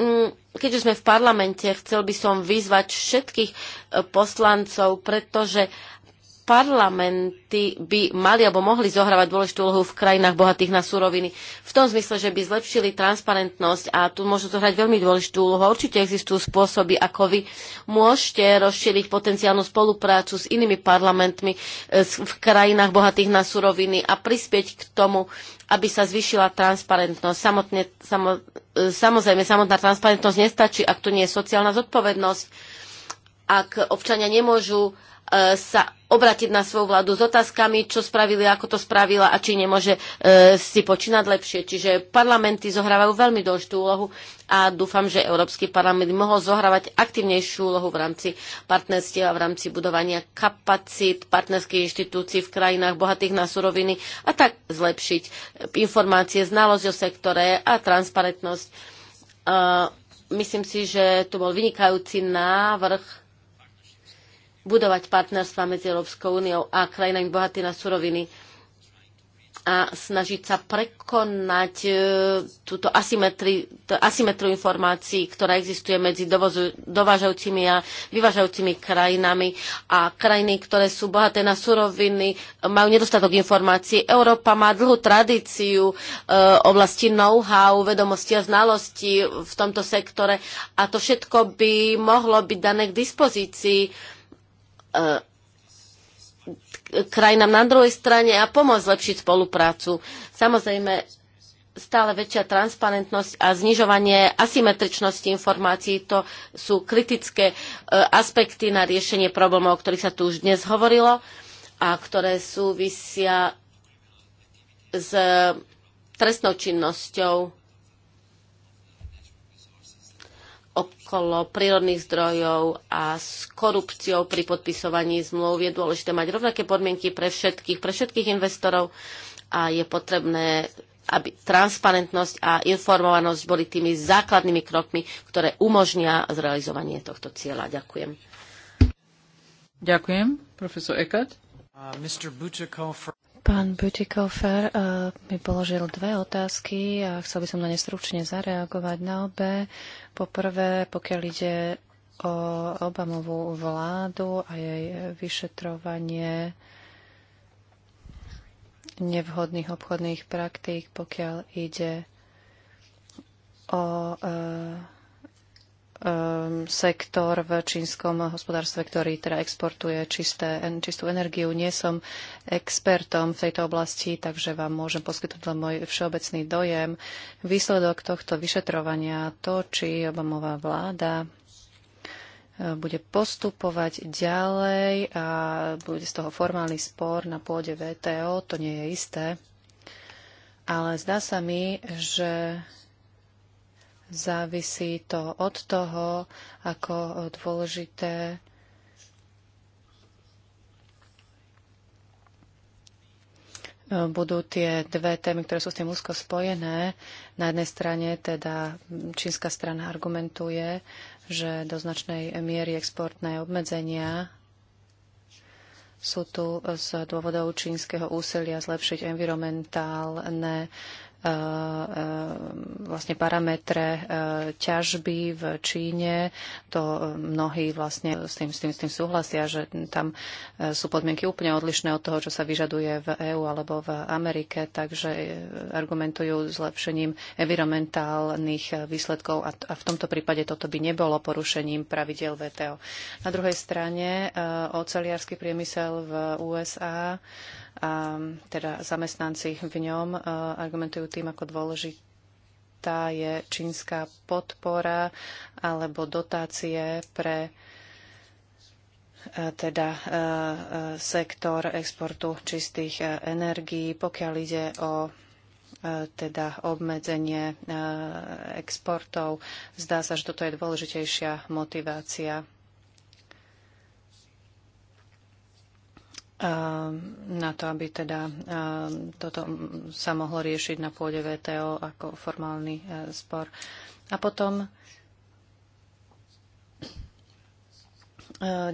Mm keďže sme v parlamente, chcel by som vyzvať všetkých e, poslancov, pretože parlamenty by mali alebo mohli zohrávať dôležitú úlohu v krajinách bohatých na suroviny. V tom zmysle, že by zlepšili transparentnosť a tu môžu zohrať veľmi dôležitú úlohu. Určite existujú spôsoby, ako vy môžete rozšíriť potenciálnu spoluprácu s inými parlamentmi e, v krajinách bohatých na suroviny a prispieť k tomu, aby sa zvyšila transparentnosť. Samotne, samo, e, samozrejme, samotná transparentnosť nestačí, ak tu nie je sociálna zodpovednosť ak občania nemôžu e, sa obratiť na svoju vládu s otázkami, čo spravili, ako to spravila a či nemôže e, si počínať lepšie. Čiže parlamenty zohrávajú veľmi dôležitú úlohu a dúfam, že Európsky parlament mohol zohrávať aktívnejšiu úlohu v rámci partnerstiev a v rámci budovania kapacít partnerských inštitúcií v krajinách bohatých na suroviny a tak zlepšiť informácie, znalosť o sektore a transparentnosť. E, myslím si, že to bol vynikajúci návrh budovať partnerstva medzi Európskou úniou a krajinami bohatý na suroviny a snažiť sa prekonať e, túto asymetri, asymetriu informácií, ktorá existuje medzi dovozu, dovážajúcimi a vyvážajúcimi krajinami a krajiny, ktoré sú bohaté na suroviny, majú nedostatok informácií. Európa má dlhú tradíciu e, oblasti know-how, vedomosti a znalosti v tomto sektore a to všetko by mohlo byť dané k dispozícii E, krajinám na druhej strane a pomôcť zlepšiť spoluprácu. Samozrejme, stále väčšia transparentnosť a znižovanie asymetričnosti informácií, to sú kritické e, aspekty na riešenie problémov, o ktorých sa tu už dnes hovorilo a ktoré súvisia s trestnou činnosťou okolo prírodných zdrojov a s korupciou pri podpisovaní zmluv. Je dôležité mať rovnaké podmienky pre všetkých, pre všetkých investorov a je potrebné, aby transparentnosť a informovanosť boli tými základnými krokmi, ktoré umožnia zrealizovanie tohto cieľa. Ďakujem. Ďakujem. Profesor Eckert. Uh, Pán Butikofer eh, mi položil dve otázky a chcel by som na ne stručne zareagovať na obe. Poprvé, pokiaľ ide o Obamovú vládu a jej vyšetrovanie nevhodných obchodných praktík, pokiaľ ide o eh, um, sektor v čínskom hospodárstve, ktorý teda exportuje čisté, čistú energiu. Nie som expertom v tejto oblasti, takže vám môžem poskytnúť len môj všeobecný dojem. Výsledok tohto vyšetrovania, to, či Obamová vláda uh, bude postupovať ďalej a bude z toho formálny spor na pôde VTO, to nie je isté. Ale zdá sa mi, že Závisí to od toho, ako dôležité budú tie dve témy, ktoré sú s tým úzko spojené. Na jednej strane teda čínska strana argumentuje, že do značnej miery exportné obmedzenia sú tu z dôvodov čínskeho úsilia zlepšiť environmentálne E, e, vlastne parametre e, ťažby v Číne. To mnohí vlastne s tým, s tým, s tým súhlasia, že tam sú podmienky úplne odlišné od toho, čo sa vyžaduje v EÚ alebo v Amerike, takže argumentujú zlepšením environmentálnych výsledkov a, a v tomto prípade toto by nebolo porušením pravidel VTO. Na druhej strane oceliársky priemysel v USA a teda zamestnanci v ňom argumentujú tým, ako dôležitá je čínska podpora alebo dotácie pre teda sektor exportu čistých energií, pokiaľ ide o teda obmedzenie exportov. Zdá sa, že toto je dôležitejšia motivácia Ehm, na to, aby teda ehm, toto sa mohlo riešiť na pôde VTO ako formálny e, spor. A potom e,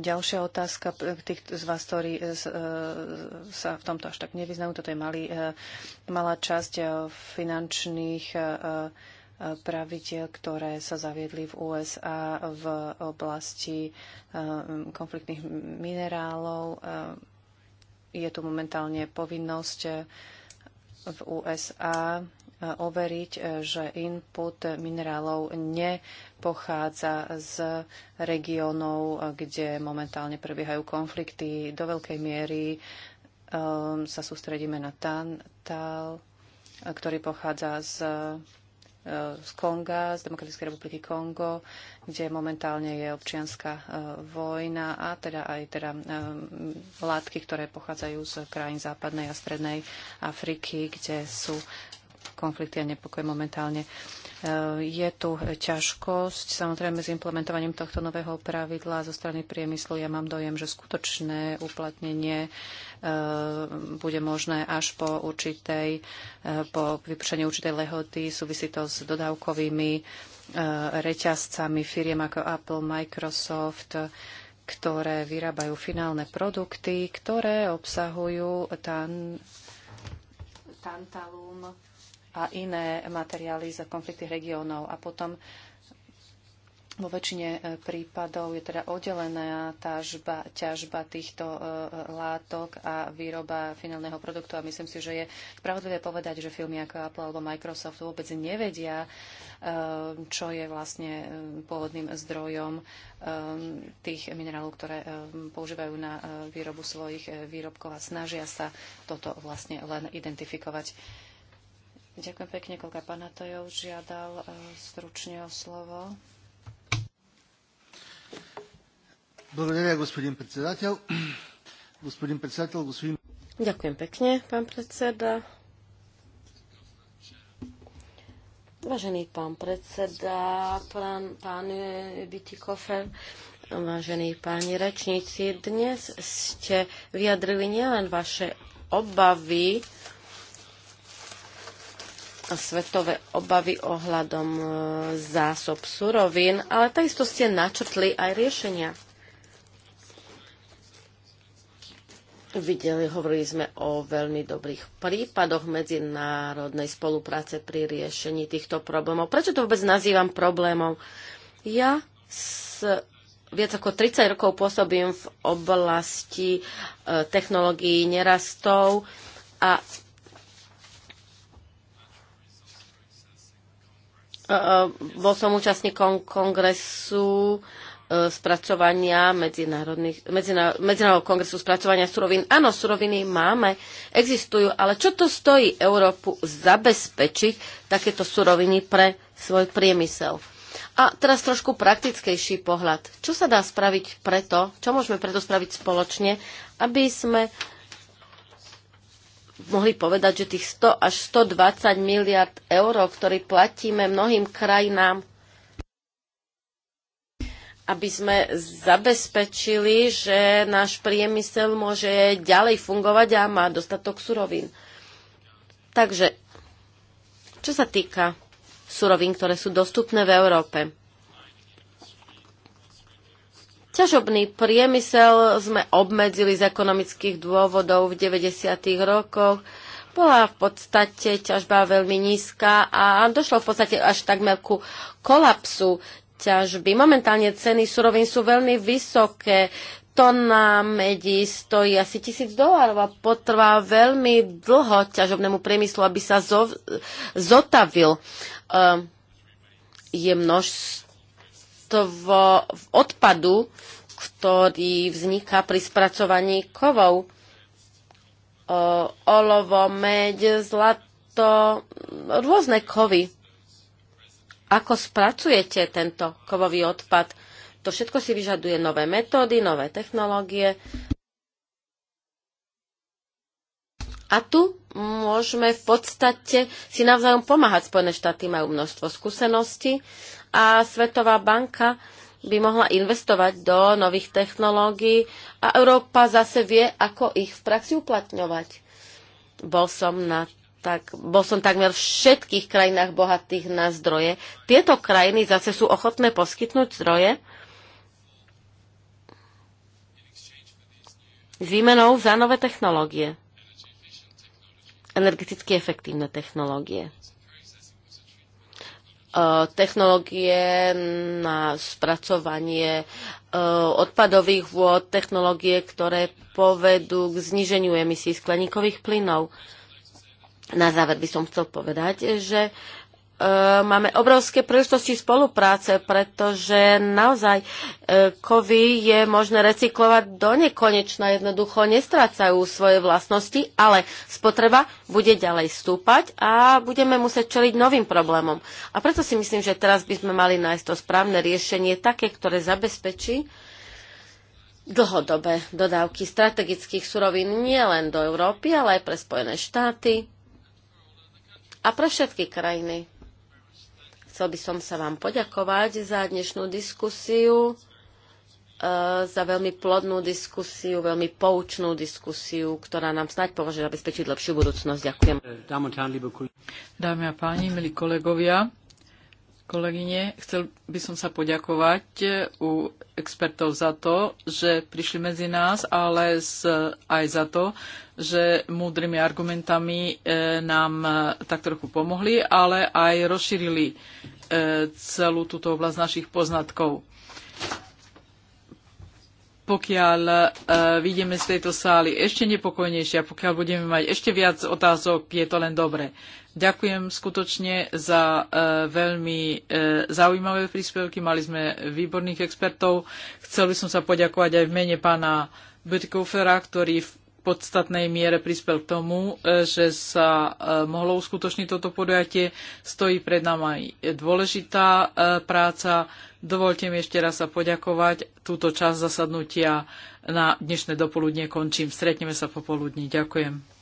Ďalšia otázka tých z vás, ktorí e, sa v tomto až tak nevyznajú. Toto je malý, malá časť finančných pravidel, ktoré sa zaviedli v USA v oblasti konfliktných minerálov je tu momentálne povinnosť v USA e, overiť, e, že input minerálov nepochádza z regiónov, e, kde momentálne prebiehajú konflikty. Do veľkej miery um, sa sústredíme na tantal, ktorý pochádza z E, z Konga, z Demokratickej republiky Kongo, kde momentálne je občianská e, vojna a teda aj teda e, látky, ktoré pochádzajú z krajín západnej a strednej Afriky, kde sú konflikty a nepokoje momentálne. E, je tu ťažkosť samozrejme s implementovaním tohto nového pravidla zo strany priemyslu. Ja mám dojem, že skutočné uplatnenie e, bude možné až po určitej, e, po vypršení určitej lehoty. Súvisí to s dodávkovými reťazcami firiem ako Apple, Microsoft, ktoré vyrábajú finálne produkty, ktoré obsahujú tan, tantalum a iné materiály za konflikty regiónov. A potom vo väčšine e, prípadov je teda oddelená tážba, ťažba týchto e, látok a výroba finálneho produktu a myslím si, že je spravodlivé povedať, že firmy ako Apple alebo Microsoft vôbec nevedia, e, čo je vlastne e, pôvodným zdrojom e, tých minerálov, ktoré e, používajú na výrobu svojich výrobkov a snažia sa toto vlastne len identifikovať. Ďakujem pekne, koľka Panatojov žiadal e, stručne o slovo. Благодаря, господин председател. Господин председател, господин... Ďakujem pekne, pán predseda. Vážený pán predseda, pán, pán Bitikofer, vážení páni rečníci, dnes ste vyjadrili nielen vaše obavy, svetové obavy ohľadom e, zásob surovín, ale takisto ste načrtli aj riešenia. Videli, hovorili sme o veľmi dobrých prípadoch medzinárodnej spolupráce pri riešení týchto problémov. Prečo to vôbec nazývam problémom? Ja s viac ako 30 rokov pôsobím v oblasti e, technológií nerastov a E, e, bol som účastníkom kongresu e, spracovania medzinárodných, medzinárodných, medzinárodného kongresu spracovania surovín. Áno, suroviny máme, existujú, ale čo to stojí Európu zabezpečiť takéto suroviny pre svoj priemysel? A teraz trošku praktickejší pohľad. Čo sa dá spraviť preto, čo môžeme preto spraviť spoločne, aby sme mohli povedať, že tých 100 až 120 miliard eur, ktorý platíme mnohým krajinám, aby sme zabezpečili, že náš priemysel môže ďalej fungovať a má dostatok surovín. Takže, čo sa týka surovín, ktoré sú dostupné v Európe, Ťažobný priemysel sme obmedzili z ekonomických dôvodov v 90. rokoch. Bola v podstate ťažba veľmi nízka a došlo v podstate až takmer ku kolapsu ťažby. Momentálne ceny surovín sú veľmi vysoké. Tona medí stojí asi tisíc dolárov a potrvá veľmi dlho ťažobnému priemyslu, aby sa zo, zotavil. Uh, je množstvo v odpadu, ktorý vzniká pri spracovaní kovov. Olovo, meď, zlato, rôzne kovy. Ako spracujete tento kovový odpad? To všetko si vyžaduje nové metódy, nové technológie. A tu môžeme v podstate si navzájom pomáhať. Spojené štáty majú množstvo skúseností a Svetová banka by mohla investovať do nových technológií a Európa zase vie, ako ich v praxi uplatňovať. Bol som na tak bol som takmer v všetkých krajinách bohatých na zdroje. Tieto krajiny zase sú ochotné poskytnúť zdroje s výmenou za nové technológie. Energeticky efektívne technológie. Eh, technológie na spracovanie eh, odpadových vôd, technológie, ktoré povedú k zniženiu emisí skleníkových plynov. Na záver by som chcel povedať, že E, máme obrovské príležitosti spolupráce, pretože naozaj e, kovy je možné recyklovať do nekonečna. Jednoducho nestrácajú svoje vlastnosti, ale spotreba bude ďalej stúpať a budeme musieť čeliť novým problémom. A preto si myslím, že teraz by sme mali nájsť to správne riešenie, také, ktoré zabezpečí dlhodobé dodávky strategických surovín nielen do Európy, ale aj pre Spojené štáty a pre všetky krajiny Chcel by som sa vám poďakovať za dnešnú diskusiu, e, za veľmi plodnú diskusiu, veľmi poučnú diskusiu, ktorá nám snáď pomôže zabezpečiť lepšiu budúcnosť. Ďakujem. Dámy a páni, milí kolegovia, kolegyne. Chcel by som sa poďakovať e, u expertov za to, že prišli medzi nás, ale aj za to, že múdrymi argumentami e, nám e, tak trochu pomohli, ale aj rozšírili celú túto oblasť našich poznatkov. Pokiaľ vidíme z tejto sály ešte a pokiaľ budeme mať ešte viac otázok, je to len dobré. Ďakujem skutočne za e, veľmi e, zaujímavé príspevky. Mali sme výborných expertov. Chcel by som sa poďakovať aj v mene pána Butikofera, ktorý v podstatnej miere prispel k tomu, e, že sa mohlo uskutočniť toto podujatie. Stojí pred nami aj dôležitá práca. Dovolte mi ešte raz sa poďakovať. Túto časť zasadnutia na dnešné dopoludne končím. Stretneme sa popoludní. Ďakujem.